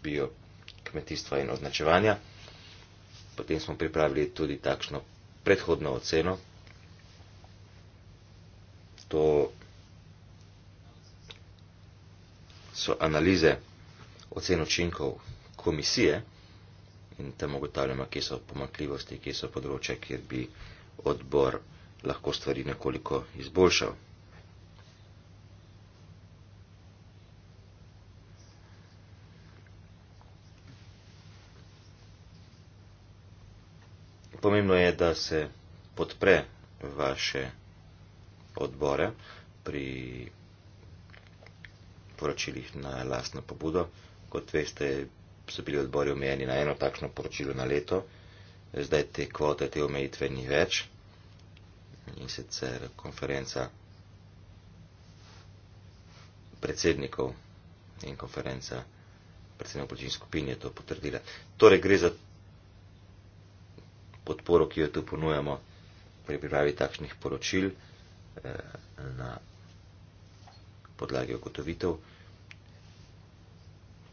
biokmetijstva in označevanja. Potem smo pripravili tudi takšno predhodno oceno. To so analize ocen učinkov komisije in tam ugotavljamo, kje so pomakljivosti, kje so področja, kjer bi odbor lahko stvari nekoliko izboljšal. Pomembno je, da se podpre vaše odbore pri poročilih na lastno pobudo. Kot veste, so bili odbori omejeni na eno takšno poročilo na leto, zdaj te kvote, te omejitve ni več in sicer konferenca predsednikov in konferenca predsednikov političnih skupin je to potrdila. Torej gre za podporo, ki jo tu ponujamo pri pripravi takšnih poročil eh, na podlagi ugotovitev.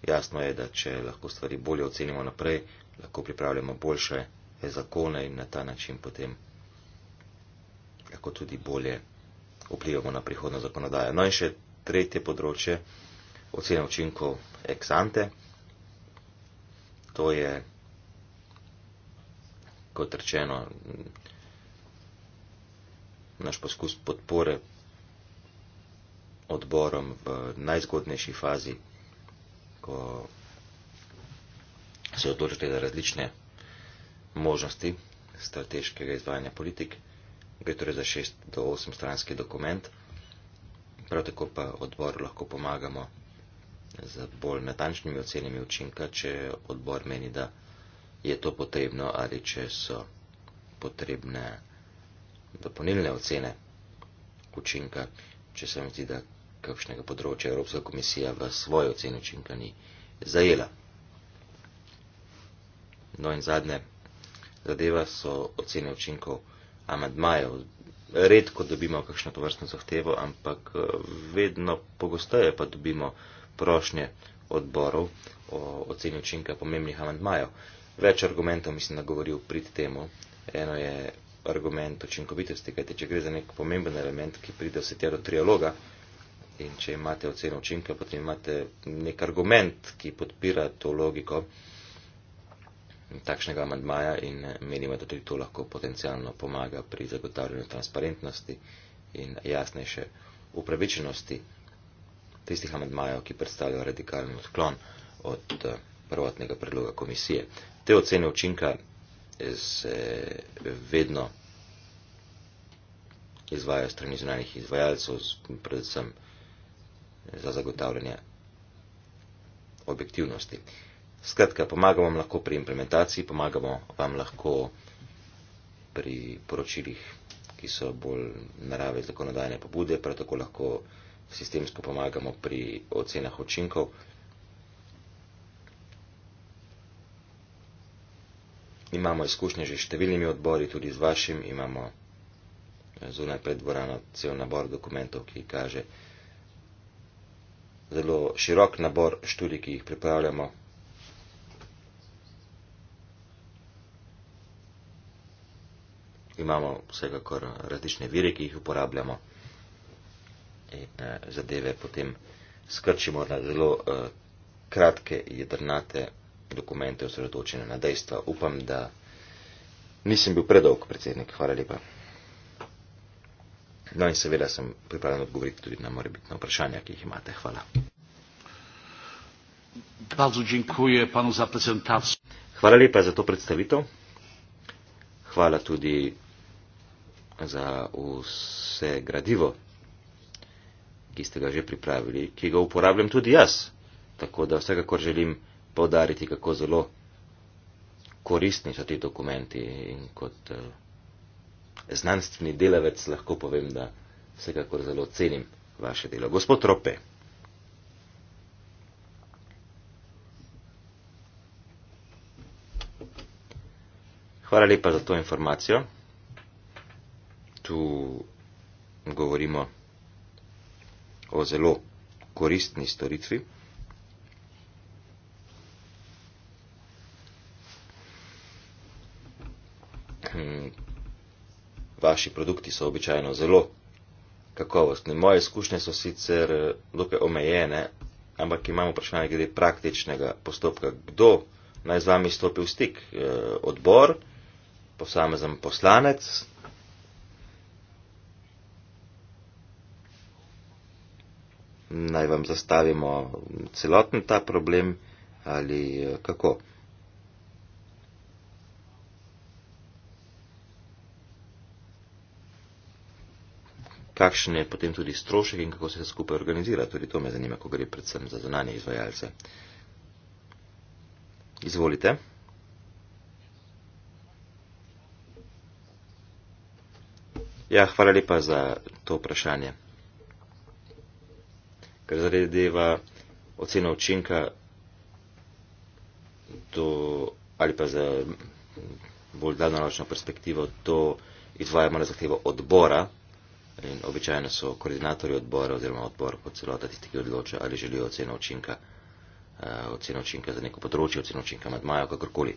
Jasno je, da če lahko stvari bolje ocenimo naprej, lahko pripravljamo boljše zakone in na ta način potem lahko tudi bolje vplivamo na prihodno zakonodajo. No in še tretje področje, ocena učinkov ex ante. To je, kot rečeno, naš poskus podpore odborom v najzgodnejši fazi ko se odločite za različne možnosti strateškega izvajanja politik, gre torej za 6 do 8 stranski dokument, prav tako pa odbor lahko pomagamo z bolj natančnimi ocenami učinka, če odbor meni, da je to potrebno ali če so potrebne dopolnilne ocene učinka, če se mi zdi, da kakšnega področja Evropska komisija v svojo ceno učinka ni zajela. No in zadnje zadeva so ocene učinkov amadmajev. Redko dobimo kakšno tovrstno zahtevo, ampak vedno pogosteje pa dobimo prošnje odborov o oceni učinka pomembnih amadmajev. Več argumentov mislim, da govori v prid temu. Eno je argument učinkovitosti, kajte če gre za nek pomemben element, ki pride vse tja do trialoga, In če imate oceno učinka, potem imate nek argument, ki podpira to logiko takšnega amadmaja in eh, menimo, da tudi to lahko potencialno pomaga pri zagotavljanju transparentnosti in jasnejše upravičenosti tistih amadmajev, ki predstavljajo radikalni odklon od eh, prvotnega predloga komisije. Te ocene učinka eh, se vedno izvajajo strani zunanjih izvajalcev, predvsem za zagotavljanje objektivnosti. Skratka, pomagamo vam lahko pri implementaciji, pomagamo vam lahko pri poročilih, ki so bolj narave zakonodajne pobude, prav tako lahko sistemsko pomagamo pri ocenah učinkov. Imamo izkušnje že številnimi odbori, tudi z vašim, imamo zunaj pred dvorano cel nabor dokumentov, ki kaže, da zelo širok nabor študij, ki jih pripravljamo. Imamo vsekakor različne vire, ki jih uporabljamo in eh, zadeve potem skrčimo na zelo eh, kratke jedrnate dokumente osredotočene na dejstva. Upam, da nisem bil predolg predsednik. Hvala lepa. No in seveda sem pripravljen odgovoriti tudi na morebitne vprašanja, ki jih imate. Hvala. Hvala lepa za to predstavitev. Hvala tudi za vse gradivo, ki ste ga že pripravili, ki ga uporabljam tudi jaz. Tako da vsekakor želim podariti, kako zelo koristni so ti dokumenti in kot. Uh, znanstveni delavec lahko povem, da vsekakor zelo cenim vaše delo. Gospod Rope. Hvala lepa za to informacijo. Tu govorimo o zelo koristni storitvi. vaši produkti so običajno zelo kakovostni. Moje izkušnje so sicer eh, dokaj omejene, ampak imamo vprašanje glede praktičnega postopka. Kdo naj z vami stopi v stik? Eh, odbor, posamezen poslanec. Naj vam zastavimo celoten ta problem ali eh, kako? kakšen je potem tudi strošek in kako se vse skupaj organizira. Tudi to me zanima, ko gre predvsem za zunanje izvajalce. Izvolite. Ja, hvala lepa za to vprašanje. Ker zadeva oceno učinka, do, ali pa za bolj daljnoročno perspektivo, to izvajamo na zahtevo odbora, In običajno so koordinatorji odbora oziroma odbor kot celota tisti, ki odloča, ali želijo oceno učinka, uh, oceno učinka za neko področje, oceno učinka med majo, kakorkoli.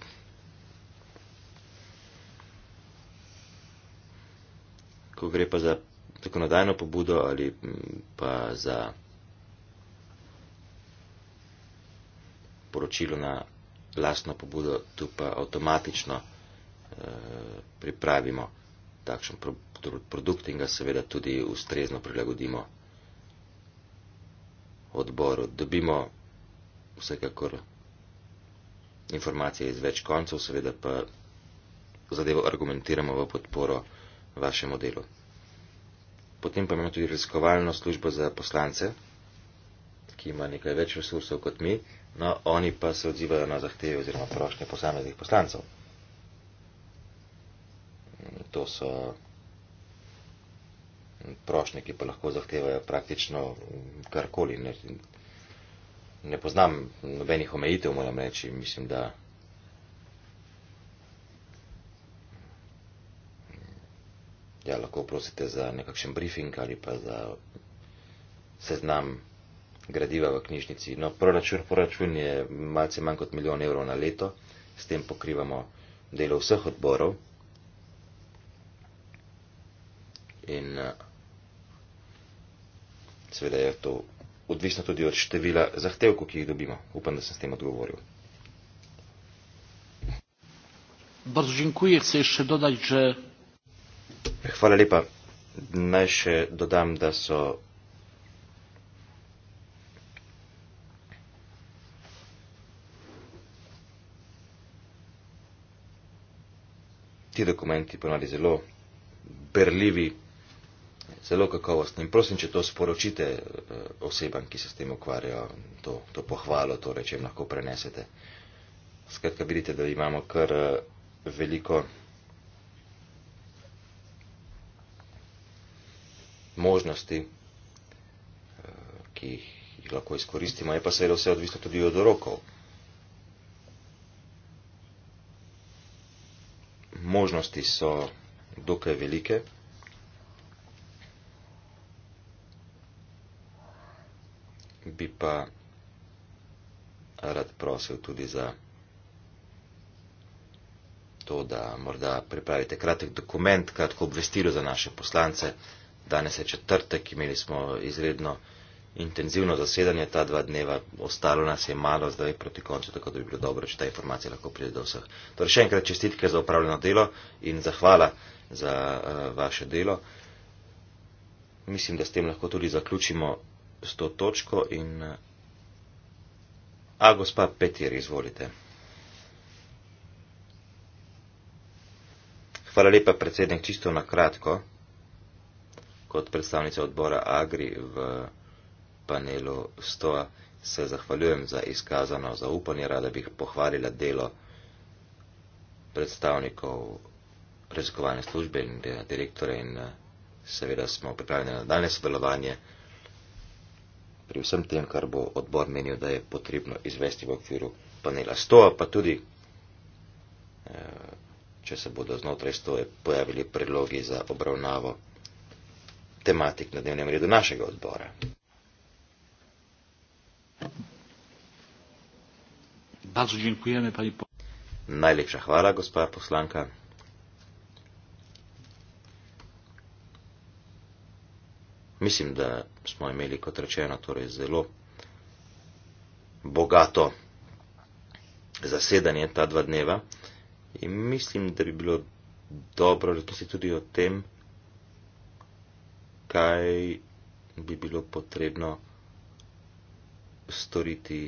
Ko gre pa za zakonodajno pobudo ali pa za poročilo na lastno pobudo, tu pa avtomatično uh, pripravimo takšen problem produkt in ga seveda tudi ustrezno prilagodimo odboru. Dobimo vsekakor informacije iz več koncev, seveda pa zadevo argumentiramo v podporo vašemu delu. Potem pa imamo tudi raziskovalno službo za poslance, ki ima nekaj več resursov kot mi, no oni pa se odzivajo na zahteve oziroma prošnje posameznih poslancev. To so prošnje, ki pa lahko zahtevajo praktično karkoli. Ne, ne poznam nobenih omejitev, moram reči. Mislim, da ja, lahko prosite za nekakšen briefing ali pa za seznam gradiva v knjižnici. No, proračun, proračun je malce manj kot milijon evrov na leto, s tem pokrivamo delo vseh odborov. In uh, Seveda je to odvisno tudi od števila zahtevkov, ki jih dobimo. Upam, da sem s tem odgovoril. Bardzo dziękuję. Chcę jeszcze dodać, że... Chwala lipa. Naj się dodam, da są... Te dokumenty ponadto zelo berliwi zelo kakovostni. In prosim, če to sporočite eh, osebam, ki se s tem ukvarjajo, to, to pohvalo, torej, če jim lahko prenesete. Skratka, vidite, da imamo kar eh, veliko možnosti, eh, ki jih lahko izkoristimo. Je pa seveda vse odvisno tudi od rokov. Možnosti so dokaj velike. bi pa rad prosil tudi za to, da morda pripravite kratek dokument, kratko obvestilo za naše poslance. Danes je četrtek, imeli smo izredno intenzivno zasedanje ta dva dneva, ostalo nas je malo, zdaj proti koncu, tako da bi bilo dobro, če ta informacija lahko pride do vseh. Torej še enkrat čestitke za upravljeno delo in zahvala za uh, vaše delo. Mislim, da s tem lahko tudi zaključimo s to točko in. A gospa Petir, izvolite. Hvala lepa, predsednik, čisto na kratko, kot predstavnica odbora Agri v panelu STOA se zahvaljujem za izkazano zaupanje, rada bih pohvalila delo predstavnikov raziskovalne službe in eh, direktore in eh, seveda smo pripravljeni na daljne sodelovanje pri vsem tem, kar bo odbor menil, da je potrebno izvesti v okviru panela 100, pa tudi, eh, če se bodo znotraj 100 pojavili predlogi za obravnavo tematik na dnevnem redu našega odbora. Najlepša hvala, gospa poslanka. Mislim, da smo imeli, kot rečeno, torej zelo bogato zasedanje ta dva dneva in mislim, da bi bilo dobro razmisliti tudi o tem, kaj bi bilo potrebno storiti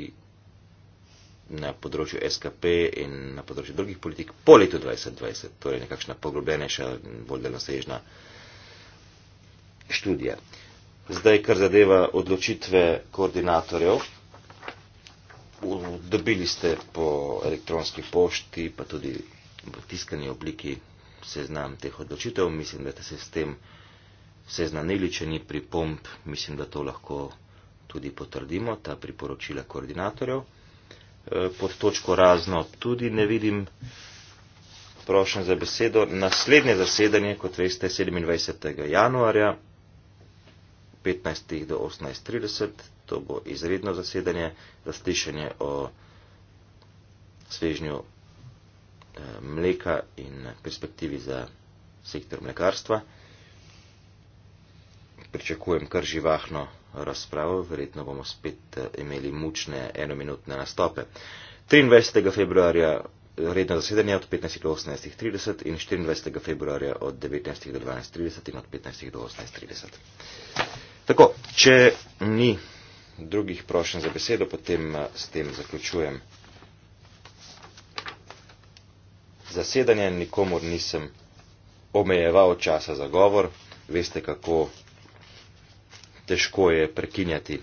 na področju SKP in na področju drugih politik po letu 2020, torej nekakšna poglobljenejša, bolj delosežna študija zdaj, kar zadeva odločitve koordinatorjev. Dobili ste po elektronski pošti, pa tudi v tiskani obliki seznam teh odločitev. Mislim, da ste se s tem seznanili, če ni pripomp, mislim, da to lahko tudi potrdimo, ta priporočila koordinatorjev. E, pod točko razno tudi ne vidim prošen za besedo. Naslednje zasedanje, kot veste, 27. januarja 15. do 18.30, to bo izredno zasedanje, zaslišanje o svežnju eh, mleka in perspektivi za sektor mlekarstva. Pričakujem kar živahno razpravo, verjetno bomo spet eh, imeli mučne enominutne nastope. 23. februarja redno zasedanje od 15. do 18.30 in 24. februarja od 19. do 12.30 in od 15. do 18.30. Tako, če ni drugih prošen za besedo, potem eh, s tem zaključujem. Zasedanje nikomor nisem omejeval časa za govor. Veste, kako težko je prekinjati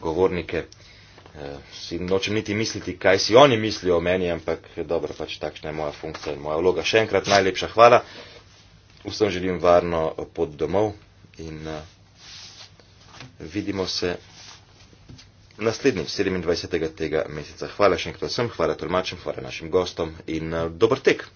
govornike. Eh, si nočem niti misliti, kaj si oni mislijo o meni, ampak dobro, pač takšna je moja funkcija in moja vloga. Še enkrat najlepša hvala. Vsem želim varno pot domov in uh, vidimo se naslednjič 27. tega meseca. Hvala še enkrat vsem, hvala tolmačem, hvala našim gostom in eh, dober tek.